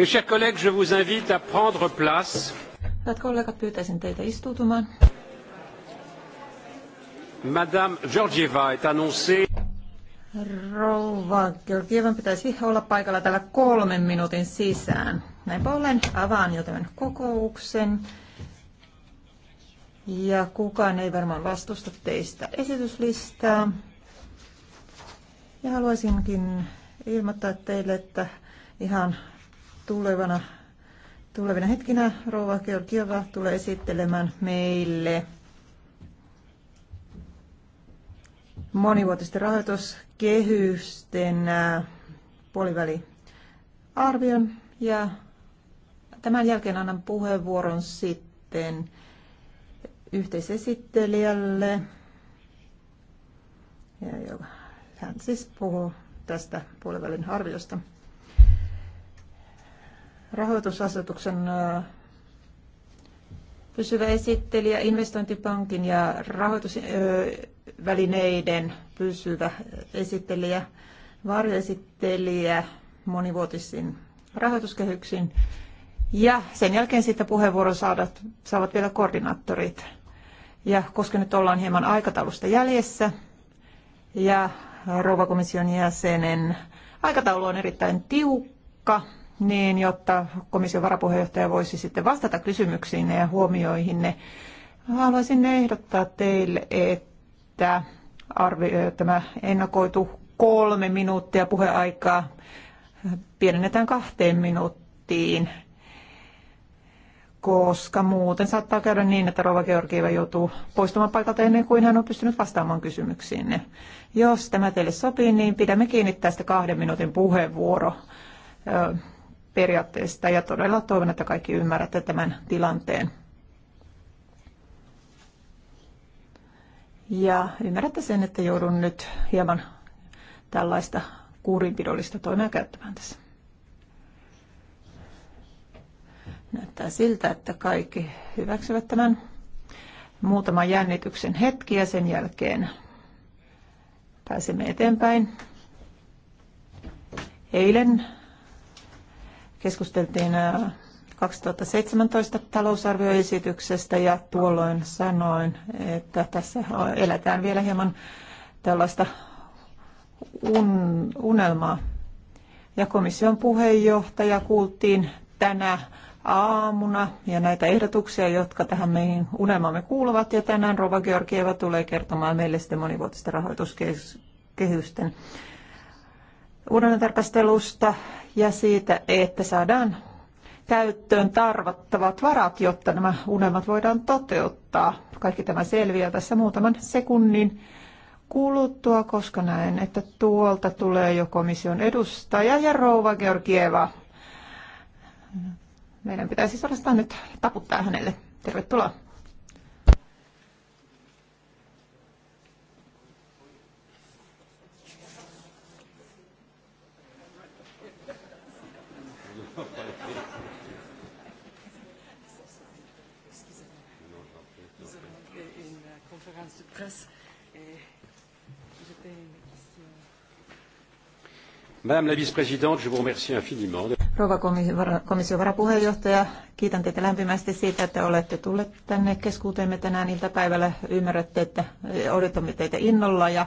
Mes chers collègues, je vous invite à prendre place. Hyvät kollegat, pyytäisin teitä istuutumaan. Madame Georgieva est annoncée. Rouva Georgievan pitäisi olla paikalla täällä kolmen minuutin sisään. Näin ollen avaan jo tämän kokouksen. Ja kukaan ei varmaan vastusta teistä esityslistaa. Ja haluaisinkin ilmoittaa teille, että ihan tulevana, tulevina hetkinä Rouva Georgieva tulee esittelemään meille monivuotisten rahoituskehysten äh, puoliväliarvion ja tämän jälkeen annan puheenvuoron sitten yhteisesittelijälle, hän siis puhuu tästä puolivälin arviosta rahoitusasetuksen pysyvä esittelijä, investointipankin ja rahoitusvälineiden pysyvä esittelijä, varjoesittelijä monivuotisiin rahoituskehyksiin. Ja sen jälkeen sitten puheenvuoron saavat, saavat vielä koordinaattorit. Ja koska nyt ollaan hieman aikataulusta jäljessä ja rouvakomission jäsenen aikataulu on erittäin tiukka, niin jotta komission varapuheenjohtaja voisi sitten vastata kysymyksiinne ja huomioihinne. Haluaisin ehdottaa teille, että arvio, tämä ennakoitu kolme minuuttia puheaikaa pienennetään kahteen minuuttiin, koska muuten saattaa käydä niin, että Rova Georgieva joutuu poistumaan paikalta ennen kuin hän on pystynyt vastaamaan kysymyksiinne. Jos tämä teille sopii, niin pidämme kiinni tästä kahden minuutin puheenvuoro periaatteesta ja todella toivon, että kaikki ymmärrätte tämän tilanteen. Ja ymmärrätte sen, että joudun nyt hieman tällaista kuurinpidollista toimia käyttämään tässä. Näyttää siltä, että kaikki hyväksyvät tämän muutama jännityksen hetki ja sen jälkeen pääsemme eteenpäin. Eilen keskusteltiin 2017 äh, talousarvioesityksestä ja tuolloin sanoin, että tässä eletään vielä hieman tällaista un, unelmaa. Ja komission puheenjohtaja kuultiin tänä aamuna ja näitä ehdotuksia, jotka tähän meihin unelmaamme kuuluvat. Ja tänään Rova Georgieva tulee kertomaan meille sitten monivuotisten rahoituskehysten uuden tarkastelusta ja siitä, että saadaan käyttöön tarvattavat varat, jotta nämä unelmat voidaan toteuttaa. Kaikki tämä selviää tässä muutaman sekunnin kuluttua, koska näen, että tuolta tulee jo komission edustaja ja rouva Georgieva. Meidän pitäisi suorastaan nyt taputtaa hänelle. Tervetuloa. Madame la vice-présidente, je vous remercie infiniment. Rouva komission varapuheenjohtaja, kiitän teitä lämpimästi siitä, että olette tulleet tänne keskuuteemme tänään iltapäivällä. Ymmärrätte, että eh, odotamme teitä innolla ja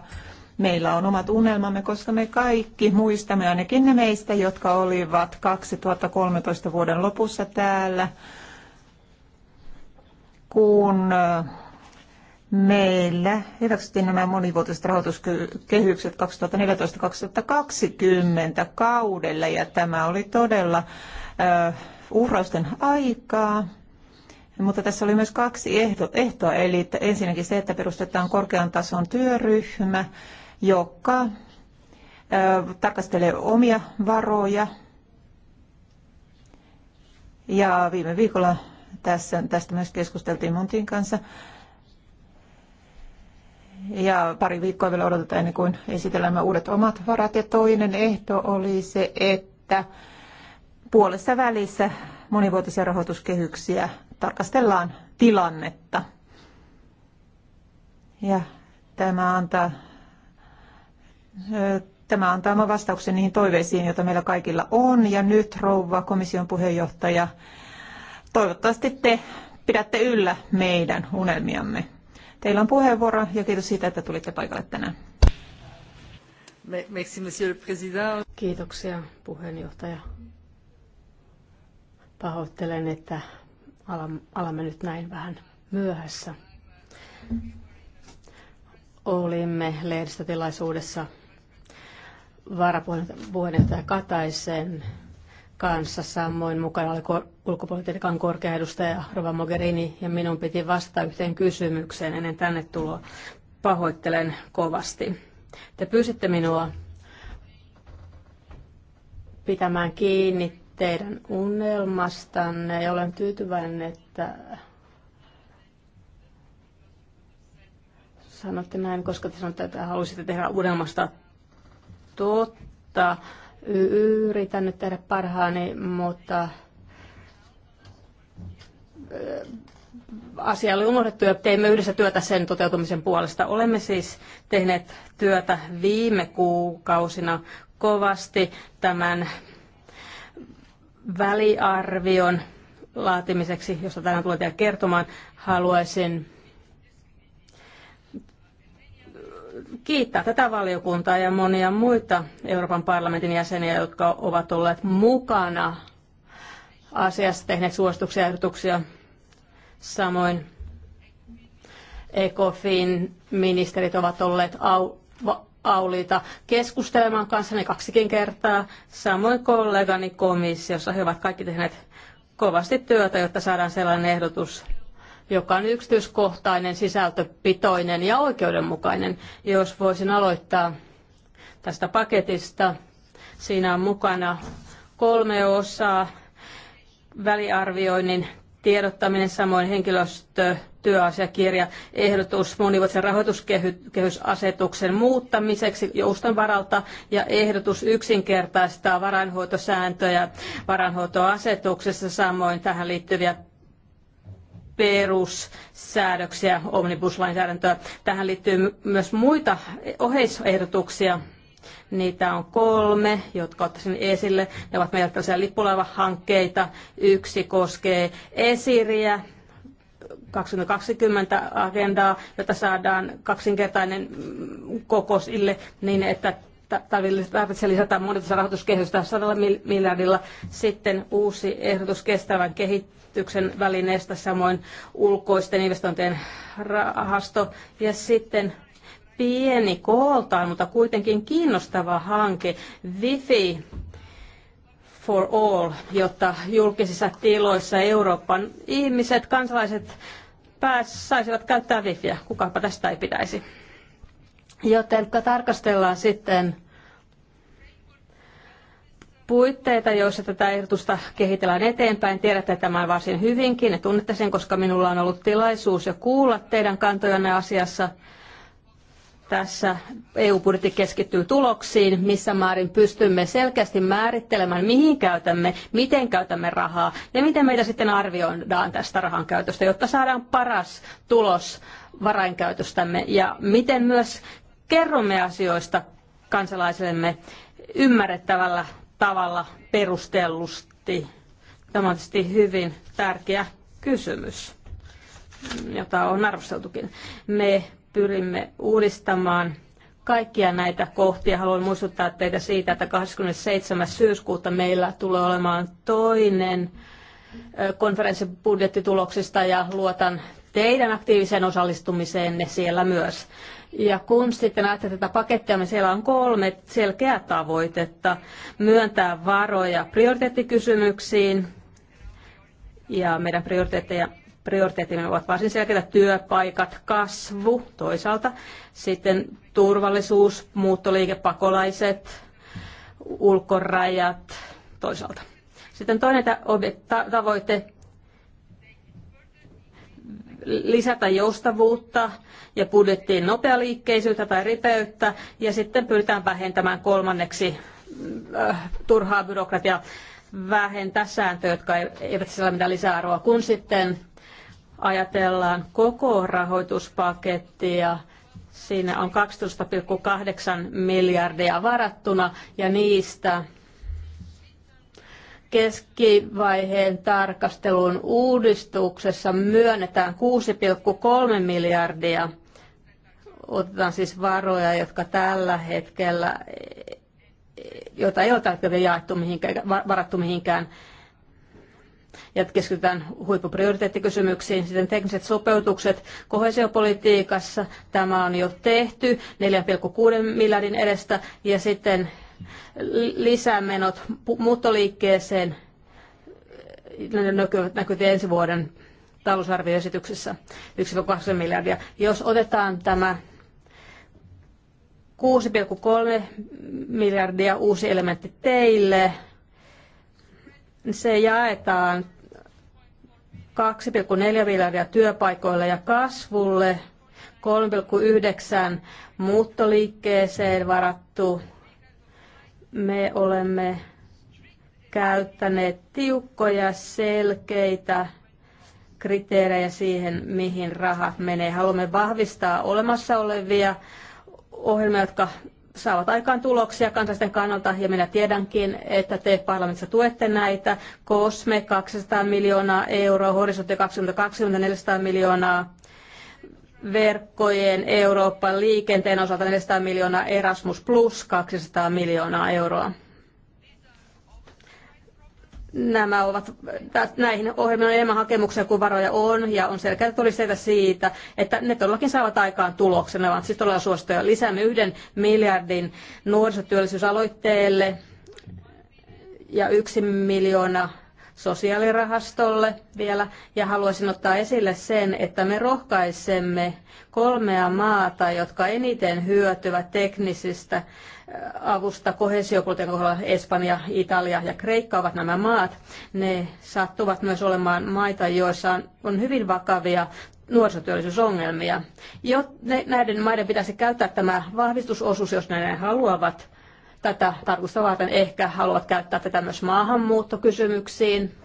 meillä on omat unelmamme, koska me kaikki muistamme ainakin ne meistä, jotka olivat 2013 vuoden lopussa täällä, kun eh, meillä hyväksyttiin nämä monivuotiset rahoituskehykset 2014-2020 kaudella ja tämä oli todella äh, uhrausten aikaa. Mutta tässä oli myös kaksi ehto, ehtoa, eli ensinnäkin se, että perustetaan korkean tason työryhmä, joka äh, tarkastelee omia varoja. Ja viime viikolla tässä, tästä myös keskusteltiin Montin kanssa ja pari viikkoa vielä odotetaan ennen kuin esitellään uudet omat varat. Ja toinen ehto oli se, että puolessa välissä monivuotisia rahoituskehyksiä tarkastellaan tilannetta. Ja tämä antaa, tämä antaa oman vastauksen niihin toiveisiin, joita meillä kaikilla on. Ja nyt rouva komission puheenjohtaja, toivottavasti te pidätte yllä meidän unelmiamme. Teillä on puheenvuoro ja kiitos siitä, että tulitte paikalle tänään. Merci, monsieur le président. Kiitoksia, puheenjohtaja. Pahoittelen, että alamme nyt näin vähän myöhässä. Olimme lehdistötilaisuudessa varapuheenjohtaja Kataisen kanssa. Samoin mukana oli ulkopolitiikan korkea edustaja Rova Mogherini ja minun piti vastata yhteen kysymykseen ennen tänne tuloa. Pahoittelen kovasti. Te pyysitte minua pitämään kiinni teidän unelmastanne ja olen tyytyväinen, että sanotte näin, koska te sanotte, että halusitte tehdä unelmasta totta. Yritän nyt tehdä parhaani, mutta asia oli unohdettu ja teimme yhdessä työtä sen toteutumisen puolesta. Olemme siis tehneet työtä viime kuukausina kovasti tämän väliarvion laatimiseksi, josta tänään tulee kertomaan. Haluaisin kiittää tätä valiokuntaa ja monia muita Euroopan parlamentin jäseniä, jotka ovat olleet mukana asiassa tehneet suosituksia ja ehdotuksia. Samoin ECOFIN ministerit ovat olleet au, va, auliita keskustelemaan kanssani kaksikin kertaa. Samoin kollegani komissiossa he ovat kaikki tehneet kovasti työtä, jotta saadaan sellainen ehdotus, joka on yksityiskohtainen, sisältöpitoinen ja oikeudenmukainen. Jos voisin aloittaa tästä paketista, siinä on mukana kolme osaa, väliarvioinnin tiedottaminen, samoin henkilöstö, työasiakirja, ehdotus monivuotisen rahoituskehysasetuksen muuttamiseksi jouston varalta ja ehdotus yksinkertaistaa varainhoitosääntöjä varainhoitoasetuksessa, samoin tähän liittyviä perussäädöksiä omnibuslainsäädäntöä. Tähän liittyy myös muita oheisehdotuksia. Niitä on kolme, jotka ottaisin esille. Ne ovat meillä tällaisia lippulaivahankkeita. Yksi koskee esiriä, 2020 agendaa, jota saadaan kaksinkertainen koko sille niin, että tarvitsee lisätä monivuotista rahoituskehystä 100 miljardilla. Sitten uusi ehdotus kestävän kehittämisen kehityksen välineestä, samoin ulkoisten investointien rahasto ja sitten pieni kooltaan, mutta kuitenkin kiinnostava hanke, Wifi for all, jotta julkisissa tiloissa Euroopan ihmiset, kansalaiset pääs, saisivat käyttää wifiä. Kukapa tästä ei pitäisi. Joten tarkastellaan sitten puitteita, joissa tätä ehdotusta kehitellään eteenpäin. Tiedätte tämän varsin hyvinkin ja tunnette sen, koska minulla on ollut tilaisuus jo kuulla teidän kantojanne asiassa. Tässä EU-budjetti keskittyy tuloksiin, missä määrin pystymme selkeästi määrittelemään, mihin käytämme, miten käytämme rahaa ja miten meitä sitten arvioidaan tästä rahan käytöstä, jotta saadaan paras tulos varainkäytöstämme ja miten myös kerromme asioista kansalaisillemme ymmärrettävällä tavalla perustellusti? Tämä on tietysti hyvin tärkeä kysymys, jota on arvosteltukin. Me pyrimme uudistamaan kaikkia näitä kohtia. Haluan muistuttaa teitä siitä, että 27. syyskuuta meillä tulee olemaan toinen konferenssin budjettituloksista ja luotan teidän aktiiviseen osallistumiseenne siellä myös. Ja kun sitten ajattelee tätä pakettia, niin siellä on kolme selkeää tavoitetta. Myöntää varoja prioriteettikysymyksiin, ja meidän prioriteetteja prioriteettimme ovat varsin selkeitä työpaikat, kasvu toisaalta, sitten turvallisuus, muuttoliikepakolaiset, ulkorajat toisaalta. Sitten toinen tavoite lisätä joustavuutta ja budjettiin nopealiikkeisyyttä tai ripeyttä ja sitten pyritään vähentämään kolmanneksi äh, turhaa byrokratiaa vähentää sääntöjä, jotka eivät sisällä mitään lisäarvoa, kun sitten ajatellaan koko rahoituspakettia, siinä on 12,8 miljardia varattuna ja niistä keskivaiheen tarkastelun uudistuksessa myönnetään 6,3 miljardia. Otetaan siis varoja, jotka tällä hetkellä, joita ei ole tällä jaettu mihinkään, varattu mihinkään. Ja keskitytään huippuprioriteettikysymyksiin. Sitten tekniset sopeutukset kohesiopolitiikassa. Tämä on jo tehty 4,6 miljardin edestä. Ja sitten lisämenot muuttoliikkeeseen näkyy ensi vuoden talousarvioesityksessä 1,8 miljardia. Jos otetaan tämä 6,3 miljardia uusi elementti teille, se jaetaan 2,4 miljardia työpaikoille ja kasvulle, 3,9 muuttoliikkeeseen varattu me olemme käyttäneet tiukkoja, selkeitä kriteerejä siihen, mihin raha menee. Haluamme vahvistaa olemassa olevia ohjelmia, jotka saavat aikaan tuloksia kansallisten kannalta, ja minä tiedänkin, että te parlamentissa tuette näitä. COSME 200 miljoonaa euroa, Horisontti 2020 400 miljoonaa, verkkojen Euroopan liikenteen osalta 400 miljoonaa Erasmus Plus 200 miljoonaa euroa. Nämä ovat, näihin ohjelmiin on enemmän hakemuksia kuin varoja on, ja on selkeitä todisteita siitä, että ne todellakin saavat aikaan tuloksen. Ne ovat siis todella suosittuja. Lisäämme yhden miljardin nuorisotyöllisyysaloitteelle ja yksi miljoona sosiaalirahastolle vielä. Ja haluaisin ottaa esille sen, että me rohkaisemme kolmea maata, jotka eniten hyötyvät teknisistä avusta kohesiopolitiikan kohdalla Espanja, Italia ja Kreikka ovat nämä maat. Ne sattuvat myös olemaan maita, joissa on hyvin vakavia nuorisotyöllisyysongelmia. Jo näiden maiden pitäisi käyttää tämä vahvistusosuus, jos ne haluavat tätä tarkoitusta varten ehkä haluavat käyttää tätä myös maahanmuuttokysymyksiin.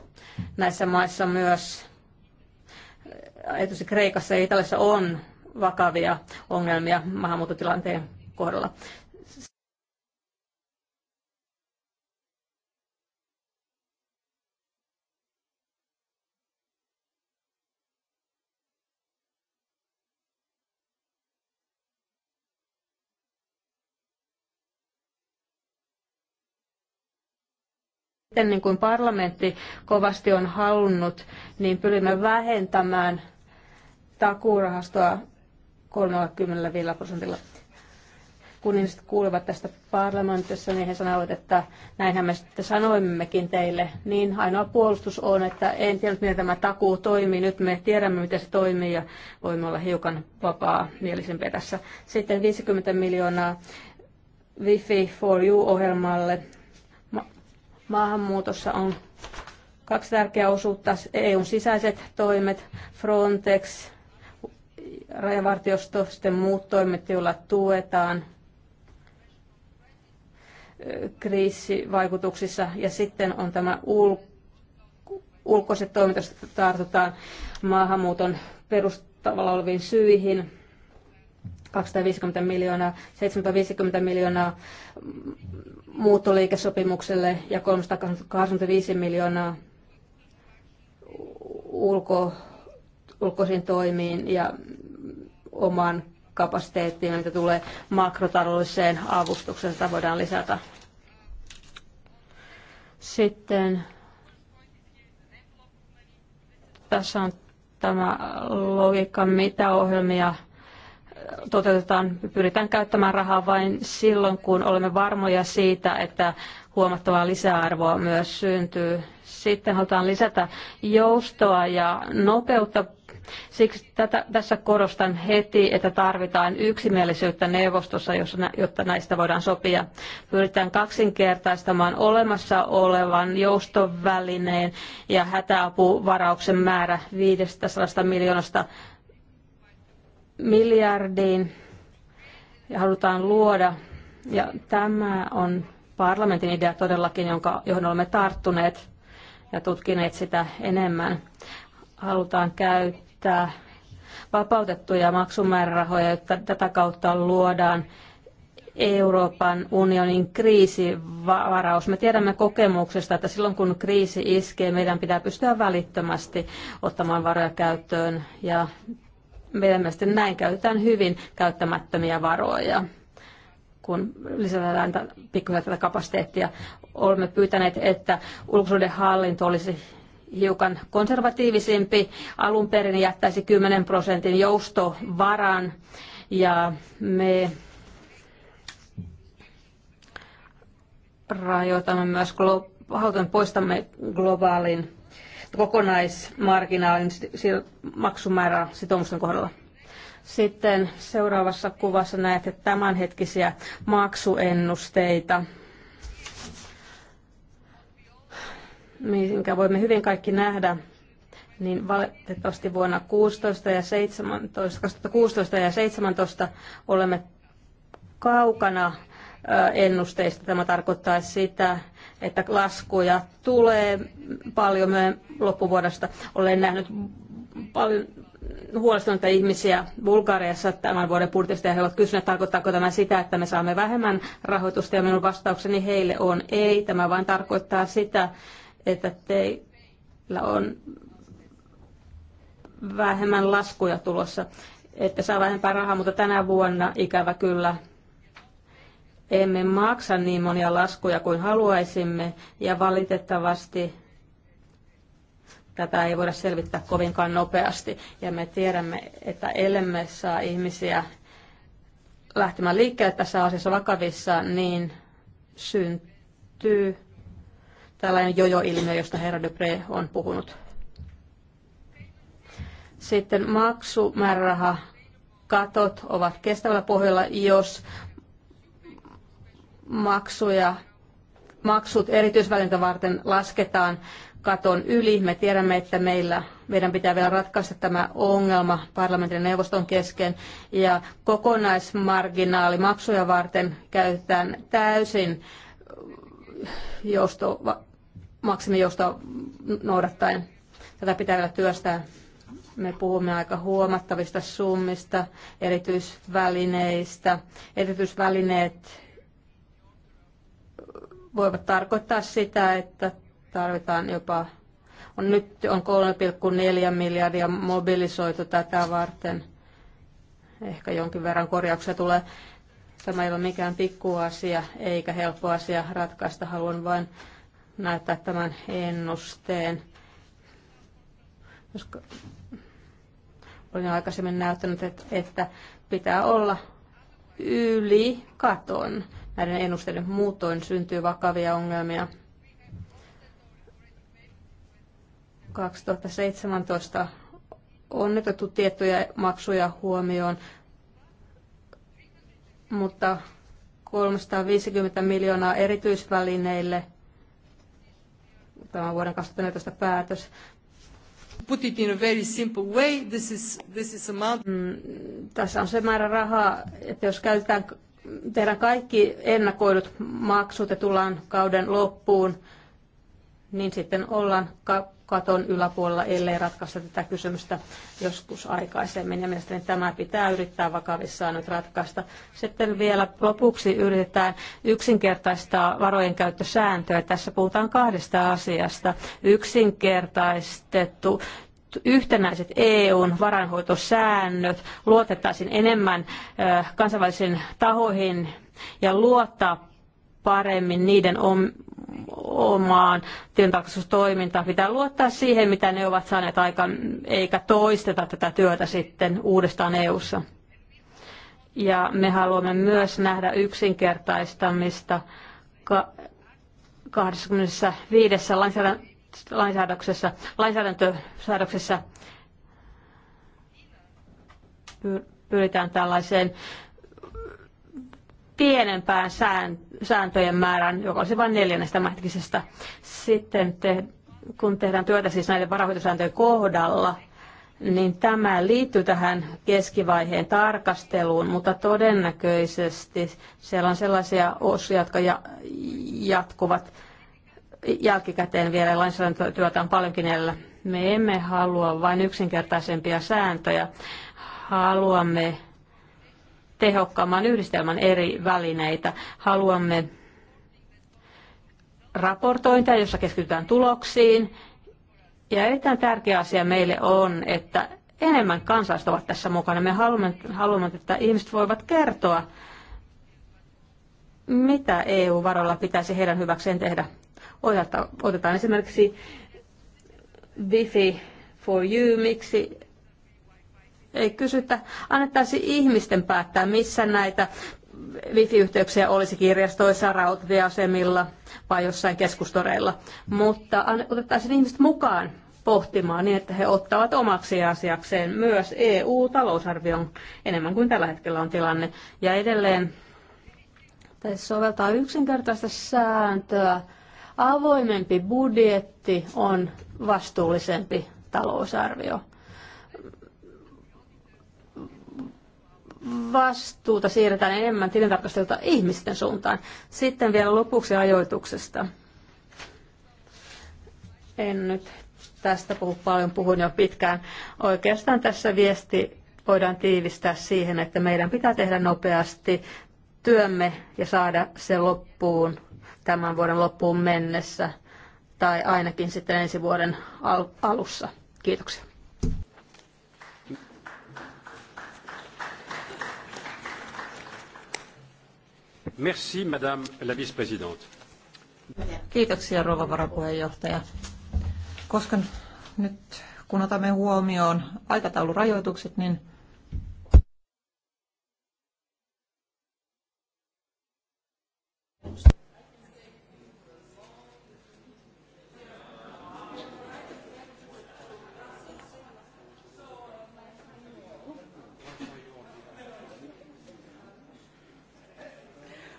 Näissä maissa myös, erityisesti Kreikassa ja Italiassa on vakavia ongelmia maahanmuuttotilanteen kohdalla. sitten, niin kuin parlamentti kovasti on halunnut, niin pyrimme vähentämään takuurahastoa 35 prosentilla. Kun ihmiset kuulevat tästä parlamentissa, niin he sanoivat, että näinhän me sitten sanoimmekin teille. Niin ainoa puolustus on, että en tiedä, miten tämä takuu toimii. Nyt me tiedämme, miten se toimii ja voimme olla hiukan vapaa mielisempiä tässä. Sitten 50 miljoonaa Wi-Fi for You-ohjelmalle Maahanmuutossa on kaksi tärkeää osuutta, EUn sisäiset toimet, Frontex, rajavartiosto, sitten muut toimet, joilla tuetaan kriisivaikutuksissa ja sitten on tämä ul- ulkoiset toimet, joissa tartutaan maahanmuuton perustavalla oleviin syihin, 250 miljoonaa, 750 miljoonaa muuttoliikesopimukselle ja 385 miljoonaa ulko, ulkoisiin toimiin ja omaan kapasiteettiin, mitä tulee makrotaloudelliseen avustukseen, sitä voidaan lisätä. Sitten tässä on tämä logiikka, mitä ohjelmia toteutetaan, pyritään käyttämään rahaa vain silloin, kun olemme varmoja siitä, että huomattavaa lisäarvoa myös syntyy. Sitten halutaan lisätä joustoa ja nopeutta. Siksi tätä, tässä korostan heti, että tarvitaan yksimielisyyttä neuvostossa, jotta näistä voidaan sopia. Pyritään kaksinkertaistamaan olemassa olevan joustovälineen ja hätäapuvarauksen määrä 500 miljoonasta miljardiin ja halutaan luoda. Ja tämä on parlamentin idea todellakin, jonka, johon olemme tarttuneet ja tutkineet sitä enemmän. Halutaan käyttää vapautettuja maksumäärärahoja, jotta tätä kautta luodaan Euroopan unionin kriisivaraus. Me tiedämme kokemuksesta, että silloin kun kriisi iskee, meidän pitää pystyä välittömästi ottamaan varoja käyttöön ja meidän mielestä näin käytetään hyvin käyttämättömiä varoja kun lisätään pikkuhiljaa tätä kapasiteettia. Olemme pyytäneet, että ulkosuuden hallinto olisi hiukan konservatiivisempi. Alun perin jättäisi 10 prosentin joustovaran ja me rajoitamme myös, halutaan poistamme globaalin kokonaismarginaalin maksumäärä sitoumusten kohdalla. Sitten seuraavassa kuvassa näette tämänhetkisiä maksuennusteita, minkä voimme hyvin kaikki nähdä, niin valitettavasti vuonna 16 ja 17, 2016 ja 2017 olemme kaukana ennusteista. Tämä tarkoittaa sitä, että laskuja tulee paljon loppuvuodesta. Olen nähnyt paljon huolestuneita ihmisiä Bulgariassa tämän vuoden budjetista ja he ovat kysyneet, tarkoittaako tämä sitä, että me saamme vähemmän rahoitusta ja minun vastaukseni heille on ei. Tämä vain tarkoittaa sitä, että teillä on vähemmän laskuja tulossa, että saa vähempää rahaa, mutta tänä vuonna ikävä kyllä emme maksa niin monia laskuja kuin haluaisimme ja valitettavasti tätä ei voida selvittää kovinkaan nopeasti. Ja me tiedämme, että ellemme saa ihmisiä lähtemään liikkeelle tässä asiassa vakavissa, niin syntyy tällainen jojo-ilmiö, josta herra Dupré on puhunut. Sitten maksumääräraha katot ovat kestävällä pohjalla, jos maksuja, maksut erityisvälintä varten lasketaan katon yli. Me tiedämme, että meillä meidän pitää vielä ratkaista tämä ongelma parlamentin ja neuvoston kesken. Ja kokonaismarginaali maksuja varten käytetään täysin jousto, maksimijoustoa noudattaen. Tätä pitää vielä työstää. Me puhumme aika huomattavista summista, erityisvälineistä. Erityisvälineet voivat tarkoittaa sitä, että tarvitaan jopa, on nyt on 3,4 miljardia mobilisoitu tätä varten. Ehkä jonkin verran korjauksia tulee. Tämä ei ole mikään pikkuasia eikä helppo asia ratkaista. Haluan vain näyttää tämän ennusteen. Koska olin aikaisemmin näyttänyt, että pitää olla yli katon näiden ennusteiden muutoin syntyy vakavia ongelmia. 2017 on otettu tiettyjä maksuja huomioon, mutta 350 miljoonaa erityisvälineille tämä vuoden 2014 päätös. Put it in a very simple way. This is, this is amount. Mm, tässä on se määrä rahaa, että jos käytetään tehdä kaikki ennakoidut maksut ja tullaan kauden loppuun, niin sitten ollaan katon yläpuolella, ellei ratkaista tätä kysymystä joskus aikaisemmin. Ja mielestäni tämä pitää yrittää vakavissaan nyt ratkaista. Sitten vielä lopuksi yritetään yksinkertaistaa varojen käyttösääntöä. Tässä puhutaan kahdesta asiasta. Yksinkertaistettu yhtenäiset EUn varainhoitosäännöt, luotettaisiin enemmän kansainvälisiin tahoihin ja luottaa paremmin niiden om, omaan tilintarkastustoimintaan. Pitää luottaa siihen, mitä ne ovat saaneet aikaan, eikä toisteta tätä työtä sitten uudestaan EU:ssa. Ja me haluamme myös nähdä yksinkertaistamista 25 lainsäädännön lainsäädäksessä, lainsäädäntösäädöksessä pyritään tällaiseen pienempään sääntöjen määrään, joka olisi vain neljännestä tämänhetkisestä. Sitten te, kun tehdään työtä siis näiden varahoitosääntöjen kohdalla, niin tämä liittyy tähän keskivaiheen tarkasteluun, mutta todennäköisesti siellä on sellaisia osia, jotka jatkuvat jälkikäteen vielä lainsäädäntötyötä on paljonkin edellä. Me emme halua vain yksinkertaisempia sääntöjä. Haluamme tehokkaamman yhdistelmän eri välineitä. Haluamme raportointia, jossa keskitytään tuloksiin. Ja erittäin tärkeä asia meille on, että enemmän kansalaiset ovat tässä mukana. Me haluamme, haluamme että ihmiset voivat kertoa, mitä EU-varoilla pitäisi heidän hyväkseen tehdä. Otetaan esimerkiksi Wi-Fi for you, miksi ei kysytä, annettaisiin ihmisten päättää, missä näitä wifi-yhteyksiä olisi kirjastoissa, rautatieasemilla vai jossain keskustoreilla. Mutta otettaisiin ihmiset mukaan pohtimaan niin, että he ottavat omaksi asiakseen myös EU-talousarvion enemmän kuin tällä hetkellä on tilanne. Ja edelleen tässä soveltaa yksinkertaista sääntöä Avoimempi budjetti on vastuullisempi talousarvio. Vastuuta siirretään enemmän tilintarkastajilta ihmisten suuntaan. Sitten vielä lopuksi ajoituksesta. En nyt tästä puhu paljon, puhun jo pitkään. Oikeastaan tässä viesti voidaan tiivistää siihen, että meidän pitää tehdä nopeasti työmme ja saada se loppuun tämän vuoden loppuun mennessä tai ainakin sitten ensi vuoden al- alussa. Kiitoksia. Merci, madame la vice-présidente. Kiitoksia, rouva varapuheenjohtaja. Koska nyt kun otamme huomioon aikataulurajoitukset, niin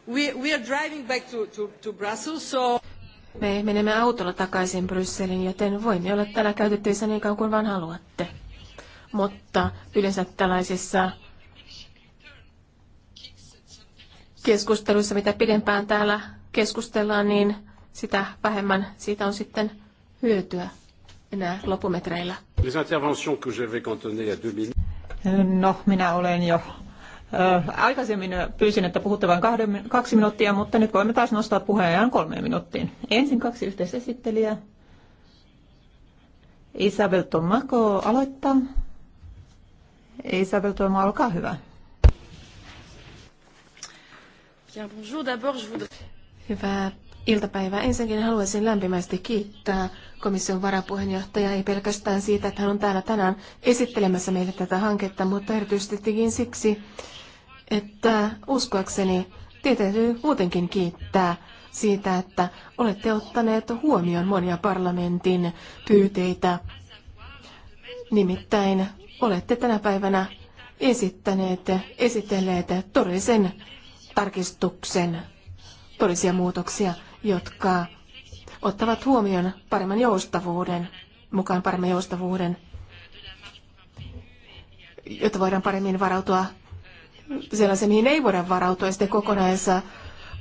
We, are driving back to, to Brussels, so... Me menemme autolla takaisin Brysseliin, joten voimme olla täällä käytettävissä niin kauan kuin vaan haluatte. Mutta yleensä tällaisissa keskusteluissa, mitä pidempään täällä keskustellaan, niin sitä vähemmän siitä on sitten hyötyä enää loppumetreillä. No, minä olen jo Aikaisemmin pyysin, että puhutte vain kahden, kaksi minuuttia, mutta nyt voimme taas nostaa puheenjohtajan kolmeen minuuttiin. Ensin kaksi yhteisesittelijää. Isabel Tomako aloittaa. Isabel Tomako, olkaa hyvä. Bien, bonjour. D'abord, je voudrais... Hyvää iltapäivää. Ensinnäkin haluaisin lämpimästi kiittää komission varapuheenjohtajaa ei pelkästään siitä, että hän on täällä tänään esittelemässä meille tätä hanketta, mutta erityisesti siksi, että uskoakseni teitä täytyy muutenkin kiittää siitä, että olette ottaneet huomioon monia parlamentin pyyteitä. Nimittäin olette tänä päivänä esittäneet, esitelleet todellisen tarkistuksen, todellisia muutoksia, jotka ottavat huomioon paremman joustavuuden, mukaan paremman joustavuuden, jotta voidaan paremmin varautua sellaisia, mihin ei voida varautua. Sitten kokonaisessa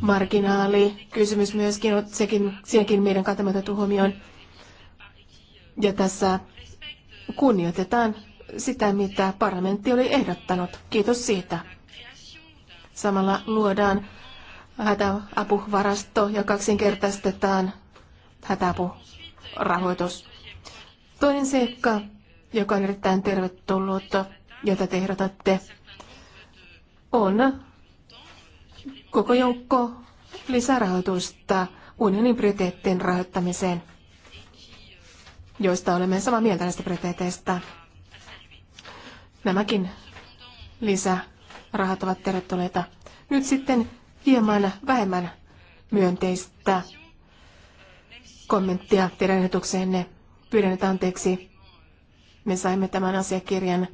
marginaali kysymys myöskin, sekin, siihenkin meidän kantamatta huomioon. Ja tässä kunnioitetaan sitä, mitä parlamentti oli ehdottanut. Kiitos siitä. Samalla luodaan hätäapuvarasto ja kaksinkertaistetaan hätäapurahoitus. Toinen seikka, joka on erittäin tervetullut, jota te ehdotatte, on koko joukko lisärahoitusta unionin prioriteettien rahoittamiseen, joista olemme samaa mieltä näistä prioriteeteista. Nämäkin lisärahat ovat tervetulleita. Nyt sitten hieman vähemmän myönteistä kommenttia teidän ehdotukseenne. Pyydän että anteeksi. Me saimme tämän asiakirjan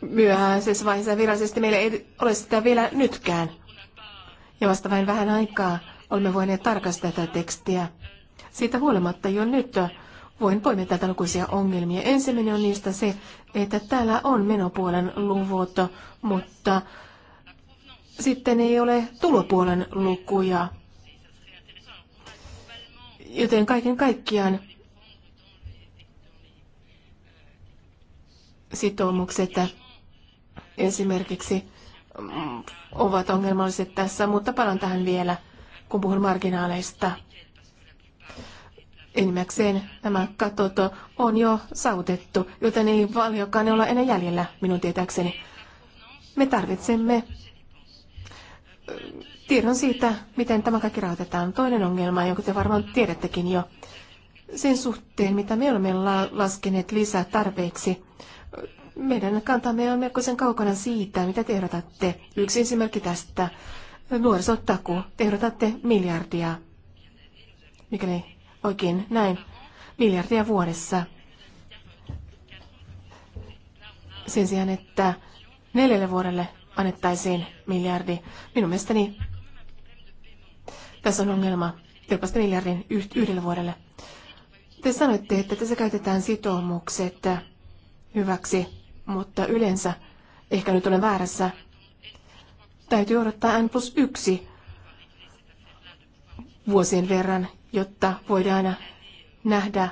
myöhäisessä vaiheessa virallisesti meillä ei ole sitä vielä nytkään. Ja vasta vain vähän aikaa olemme voineet tarkastaa tätä tekstiä. Siitä huolimatta jo nyt voin poimia tätä lukuisia ongelmia. Ensimmäinen on niistä se, että täällä on menopuolen luvut, mutta sitten ei ole tulopuolen lukuja. Joten kaiken kaikkiaan sitoumukset esimerkiksi mm, ovat ongelmalliset tässä, mutta palaan tähän vielä, kun puhun marginaaleista. Enimmäkseen nämä katot on jo saavutettu, joten ei paljonkaan olla enää jäljellä minun tietääkseni. Me tarvitsemme mm, tiedon siitä, miten tämä kaikki rahoitetaan. Toinen ongelma, jonka te varmaan tiedättekin jo, sen suhteen, mitä me olemme laskeneet lisää tarpeeksi meidän kantamme on melkoisen kaukana siitä, mitä te ehdotatte. Yksi esimerkki tästä. Nuorisotaku. Te ehdotatte miljardia. Mikäli oikein näin. Miljardia vuodessa. Sen sijaan, että neljälle vuodelle annettaisiin miljardi. Minun mielestäni tässä on ongelma. Tilpaista miljardin yhdelle vuodelle. Te sanoitte, että tässä käytetään sitoumukset hyväksi mutta yleensä, ehkä nyt olen väärässä, täytyy odottaa N plus 1 vuosien verran, jotta voidaan nähdä,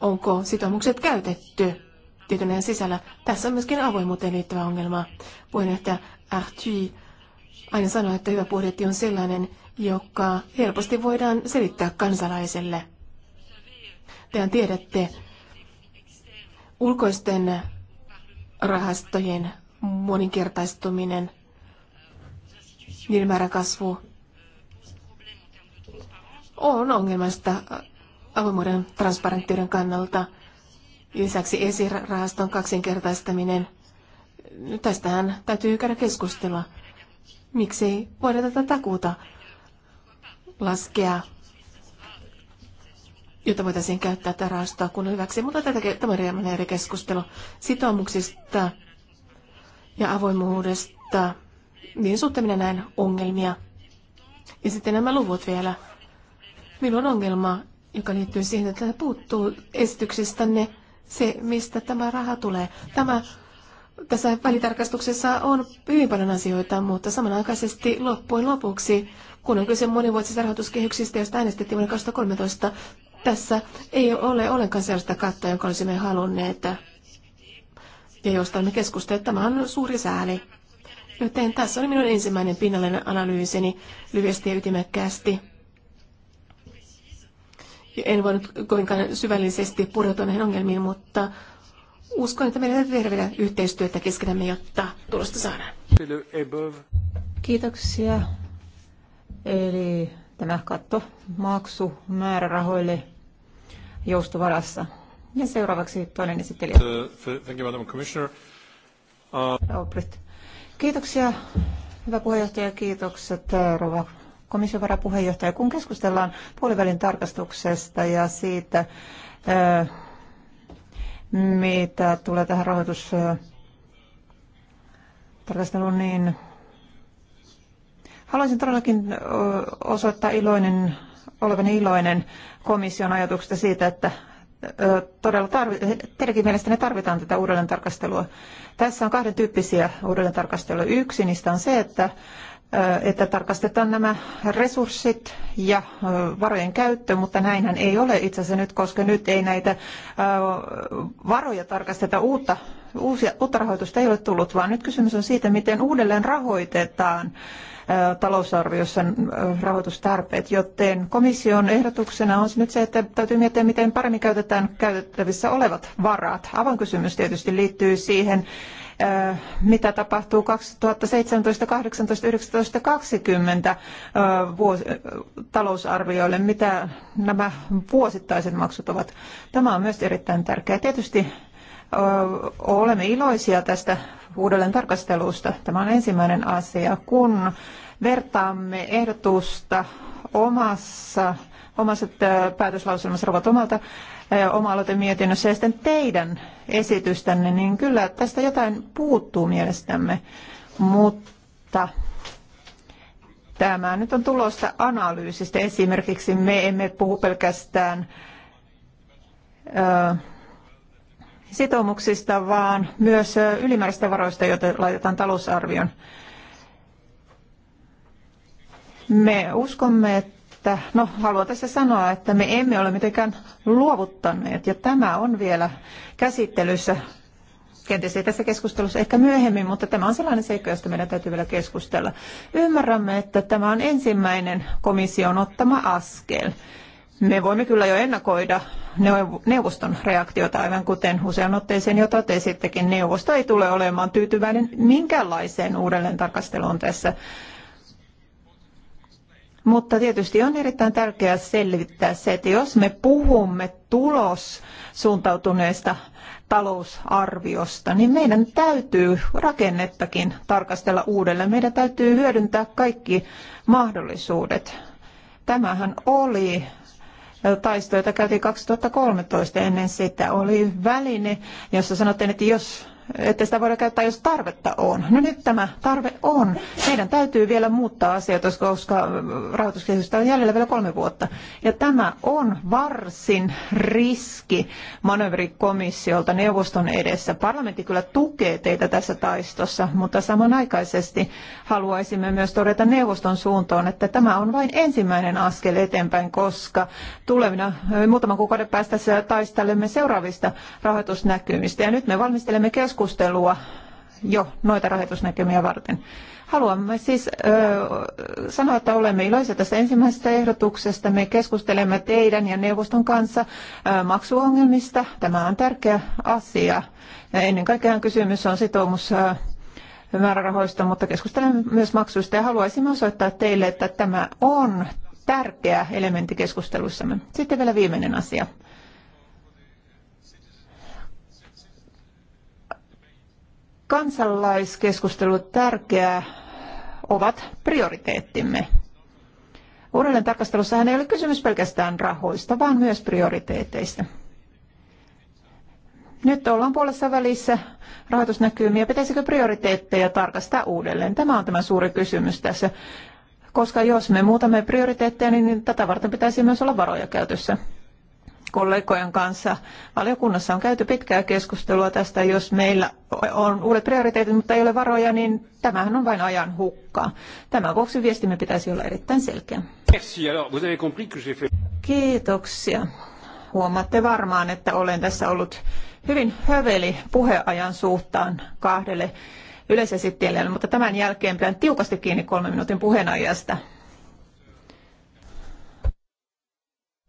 onko sitoumukset käytetty tietokoneen sisällä. Tässä on myöskin avoimuuteen liittyvä ongelma. Puheenjohtaja Arthur aina sanoo, että hyvä budjetti on sellainen, joka helposti voidaan selittää kansalaiselle. Tehän tiedätte, ulkoisten rahastojen moninkertaistuminen, niiden määrän kasvu on ongelmasta avoimuuden transparenttiuden kannalta. Lisäksi esirahaston kaksinkertaistaminen. Tästähän täytyy käydä Miksi ei voida tätä takuuta laskea jota voitaisiin käyttää tätä kun hyväksi. Mutta tätä tämä on hieman eri keskustelu sitoumuksista ja avoimuudesta. Niin suhteen minä näen ongelmia. Ja sitten nämä luvut vielä. Minulla on ongelma, joka liittyy siihen, että puuttuu esityksistänne se, mistä tämä raha tulee. Tämä tässä välitarkastuksessa on hyvin paljon asioita, mutta samanaikaisesti loppujen lopuksi, kun on kyse monivuotisista rahoituskehyksistä, joista äänestettiin vuonna 2013, tässä ei ole ollenkaan sellaista kattoa, jonka olisimme halunneet ja josta olemme keskustelleet. Tämä on suuri sääli. Joten tässä oli minun ensimmäinen pinnallinen analyysini lyhyesti ja ytimekkäästi. En voinut kovinkaan syvällisesti pureutua näihin ongelmiin, mutta uskon, että meidän täytyy tehdä vielä yhteistyötä keskenämme, jotta tulosta saadaan. Kiitoksia. Eli tämä katto maksu määrärahoille joustovarassa. Ja seuraavaksi toinen esittelijä. Uh, thank you, Madam Commissioner. Uh, Kiitoksia, hyvä puheenjohtaja, kiitokset uh, rouva komission varapuheenjohtaja. Kun keskustellaan puolivälin tarkastuksesta ja siitä, mitä tulee tähän rahoitustarkasteluun, niin haluaisin todellakin osoittaa iloinen olevani iloinen komission ajatuksesta siitä, että todella tarvi, teidänkin mielestänne tarvitaan tätä uudelleentarkastelua. tarkastelua. Tässä on kahden tyyppisiä uudelleen tarkastelua. Yksi niistä on se, että että tarkastetaan nämä resurssit ja varojen käyttö, mutta näinhän ei ole itse asiassa nyt, koska nyt ei näitä varoja tarkasteta uutta, uusia, uutta rahoitusta ei ole tullut, vaan nyt kysymys on siitä, miten uudelleen rahoitetaan talousarviossa rahoitustarpeet, joten komission ehdotuksena on nyt se, että täytyy miettiä, miten paremmin käytetään käytettävissä olevat varat. Avainkysymys tietysti liittyy siihen, mitä tapahtuu 2017, 18, 19, 20 vuosi, talousarvioille, mitä nämä vuosittaiset maksut ovat. Tämä on myös erittäin tärkeää. Tietysti olemme iloisia tästä uudelleen tarkastelusta. Tämä on ensimmäinen asia. Kun vertaamme ehdotusta omassa, omassa päätöslauselmassa Rovat omalta oma-aloitemietinnössä ja sitten teidän esitystänne, niin kyllä tästä jotain puuttuu mielestämme, mutta tämä nyt on tulosta analyysistä. Esimerkiksi me emme puhu pelkästään sitoumuksista, vaan myös ylimääräistä varoista, joita laitetaan talousarvion. Me uskomme, että, no haluan tässä sanoa, että me emme ole mitenkään luovuttaneet, ja tämä on vielä käsittelyssä kenties ei tässä keskustelussa ehkä myöhemmin, mutta tämä on sellainen seikka, josta meidän täytyy vielä keskustella. Ymmärrämme, että tämä on ensimmäinen komission ottama askel me voimme kyllä jo ennakoida neuvoston reaktiota, aivan kuten usean otteeseen jo totesittekin. Neuvosto ei tule olemaan tyytyväinen minkäänlaiseen uudelleentarkasteluun tässä. Mutta tietysti on erittäin tärkeää selvittää se, että jos me puhumme tulos suuntautuneesta talousarviosta, niin meidän täytyy rakennettakin tarkastella uudelleen. Meidän täytyy hyödyntää kaikki mahdollisuudet. Tämähän oli taistoita käytiin 2013. Ennen sitä oli väline, jossa sanottiin, että jos että sitä voidaan käyttää, jos tarvetta on. No nyt tämä tarve on. Meidän täytyy vielä muuttaa asioita, koska rahoituskehystä on jäljellä vielä kolme vuotta. Ja tämä on varsin riski manööverikomissiolta neuvoston edessä. Parlamentti kyllä tukee teitä tässä taistossa, mutta samanaikaisesti haluaisimme myös todeta neuvoston suuntaan, että tämä on vain ensimmäinen askel eteenpäin, koska tulevina muutaman kuukauden päästä taistelemme seuraavista rahoitusnäkymistä. Ja nyt me valmistelemme keskustelua keskustelua jo noita rahoitusnäkymiä varten. Haluamme siis sanoa, että olemme iloisia tästä ensimmäisestä ehdotuksesta. Me keskustelemme teidän ja neuvoston kanssa maksuongelmista. Tämä on tärkeä asia. Ennen kaikkea kysymys on sitoumus määrärahoista, mutta keskustelemme myös maksuista ja haluaisimme osoittaa teille, että tämä on tärkeä elementti keskustelussamme. Sitten vielä viimeinen asia. kansalaiskeskustelu tärkeää ovat prioriteettimme. Uudelleen tarkastelussahan ei ole kysymys pelkästään rahoista, vaan myös prioriteeteista. Nyt ollaan puolessa välissä rahoitusnäkymiä. Pitäisikö prioriteetteja tarkastaa uudelleen? Tämä on tämä suuri kysymys tässä, koska jos me muutamme prioriteetteja, niin tätä varten pitäisi myös olla varoja käytössä kollegojen kanssa valiokunnassa on käyty pitkää keskustelua tästä. Jos meillä on uudet prioriteetit, mutta ei ole varoja, niin tämähän on vain ajan hukkaa. Tämän vuoksi viestimme pitäisi olla erittäin selkeä. Kiitoksia. Huomaatte varmaan, että olen tässä ollut hyvin höveli puheajan suhtaan kahdelle yleisesittelijälle, mutta tämän jälkeen pidän tiukasti kiinni kolmen minuutin puheenajasta.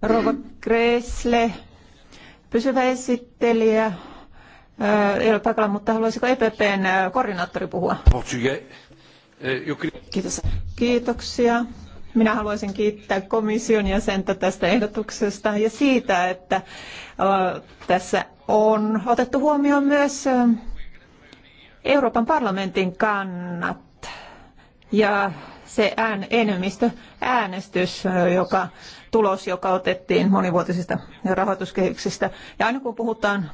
Rova Kresle, pysyvä esittelijä, äh, ei ole paikalla, mutta haluaisiko EPPn äh, koordinaattori puhua? Eh, Kiitos. Kiitoksia. Minä haluaisin kiittää komission jäsentä tästä ehdotuksesta ja siitä, että äh, tässä on otettu huomioon myös Euroopan parlamentin kannat ja se enemmistö äänestys, joka tulos, joka otettiin monivuotisista rahoituskehyksistä. Ja aina kun puhutaan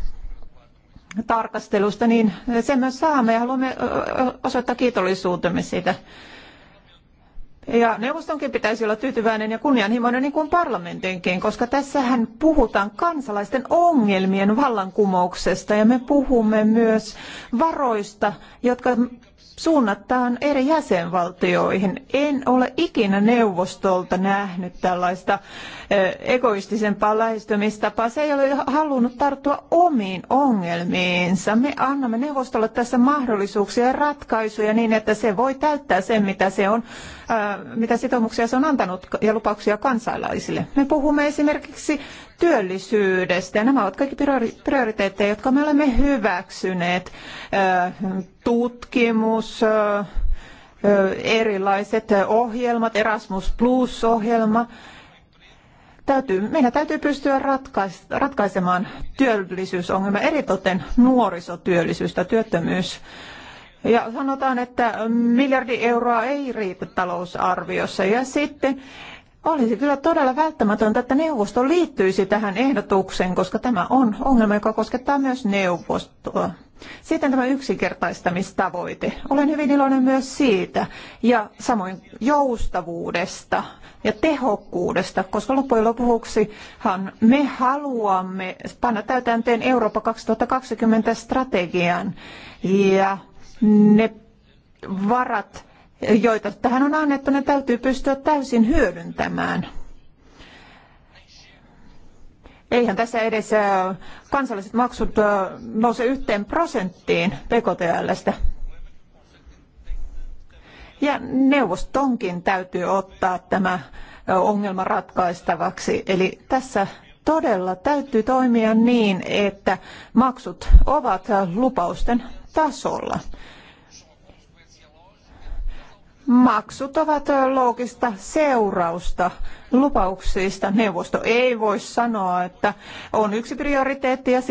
tarkastelusta, niin sen myös saamme ja haluamme osoittaa kiitollisuutemme siitä. Ja neuvostonkin pitäisi olla tyytyväinen ja kunnianhimoinen niin kuin parlamentinkin, koska tässähän puhutaan kansalaisten ongelmien vallankumouksesta ja me puhumme myös varoista, jotka suunnataan eri jäsenvaltioihin. En ole ikinä neuvostolta nähnyt tällaista egoistisempaa lähestymistapaa. Se ei ole halunnut tarttua omiin ongelmiinsa. Me annamme neuvostolle tässä mahdollisuuksia ja ratkaisuja niin, että se voi täyttää sen, mitä, se on, mitä sitoumuksia se on antanut ja lupauksia kansalaisille. Me puhumme esimerkiksi työllisyydestä. Ja nämä ovat kaikki prioriteetteja, jotka me olemme hyväksyneet. Tutkimus, erilaiset ohjelmat, Erasmus Plus-ohjelma. Täytyy, meidän täytyy pystyä ratkais, ratkaisemaan työllisyysongelma, eritoten nuorisotyöllisyys tai työttömyys. Ja sanotaan, että miljardi euroa ei riitä talousarviossa. Ja sitten olisi kyllä todella välttämätöntä, että neuvosto liittyisi tähän ehdotukseen, koska tämä on ongelma, joka koskettaa myös neuvostoa. Sitten tämä yksinkertaistamistavoite. Olen hyvin iloinen myös siitä ja samoin joustavuudesta ja tehokkuudesta, koska loppujen lopuksihan me haluamme panna täytäntöön Eurooppa 2020 strategian ja ne varat, joita tähän on annettu, ne täytyy pystyä täysin hyödyntämään. Eihän tässä edes äh, kansalliset maksut äh, nouse yhteen prosenttiin PKTLstä. Ja neuvostonkin täytyy ottaa tämä äh, ongelma ratkaistavaksi. Eli tässä todella täytyy toimia niin, että maksut ovat lupausten tasolla. Maksut ovat loogista seurausta lupauksista. Neuvosto ei voi sanoa, että on yksi prioriteetti ja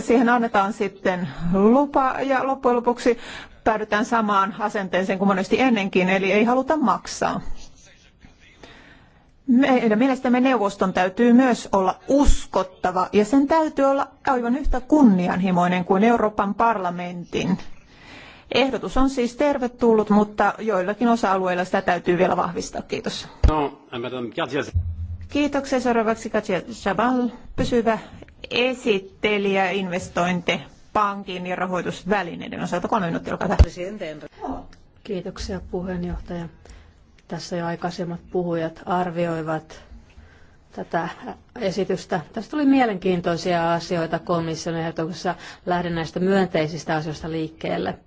siihen annetaan sitten lupa ja loppujen lopuksi päädytään samaan asenteeseen kuin monesti ennenkin, eli ei haluta maksaa. Meidän mielestämme neuvoston täytyy myös olla uskottava ja sen täytyy olla aivan yhtä kunnianhimoinen kuin Euroopan parlamentin Ehdotus on siis tervetullut, mutta joillakin osa-alueilla sitä täytyy vielä vahvistaa. Kiitos. No, äh, Kiitoksia seuraavaksi Katja Jabal, pysyvä esittelijä investointe pankin ja rahoitusvälineiden osalta. Kolme minuuttia, olkaa hyvä. Kiitoksia puheenjohtaja. Tässä jo aikaisemmat puhujat arvioivat tätä esitystä. Tässä tuli mielenkiintoisia asioita komission ehdotuksessa. Lähden näistä myönteisistä asioista liikkeelle.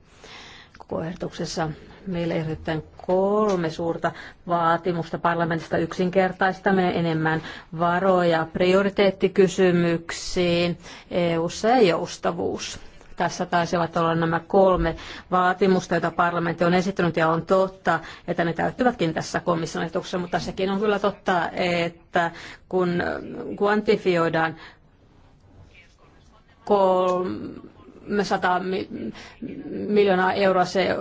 Koehdotuksessa meille ehdotetaan kolme suurta vaatimusta parlamentista yksinkertaistaminen enemmän varoja prioriteettikysymyksiin, EU-ssa ja joustavuus tässä taisivat olla nämä kolme vaatimusta, joita parlamentti on esittänyt ja on totta, että ne täyttyvätkin tässä komission ehdotuksessa, mutta sekin on kyllä totta, että kun kvantifioidaan kolme 100 miljoonaa euroa. Se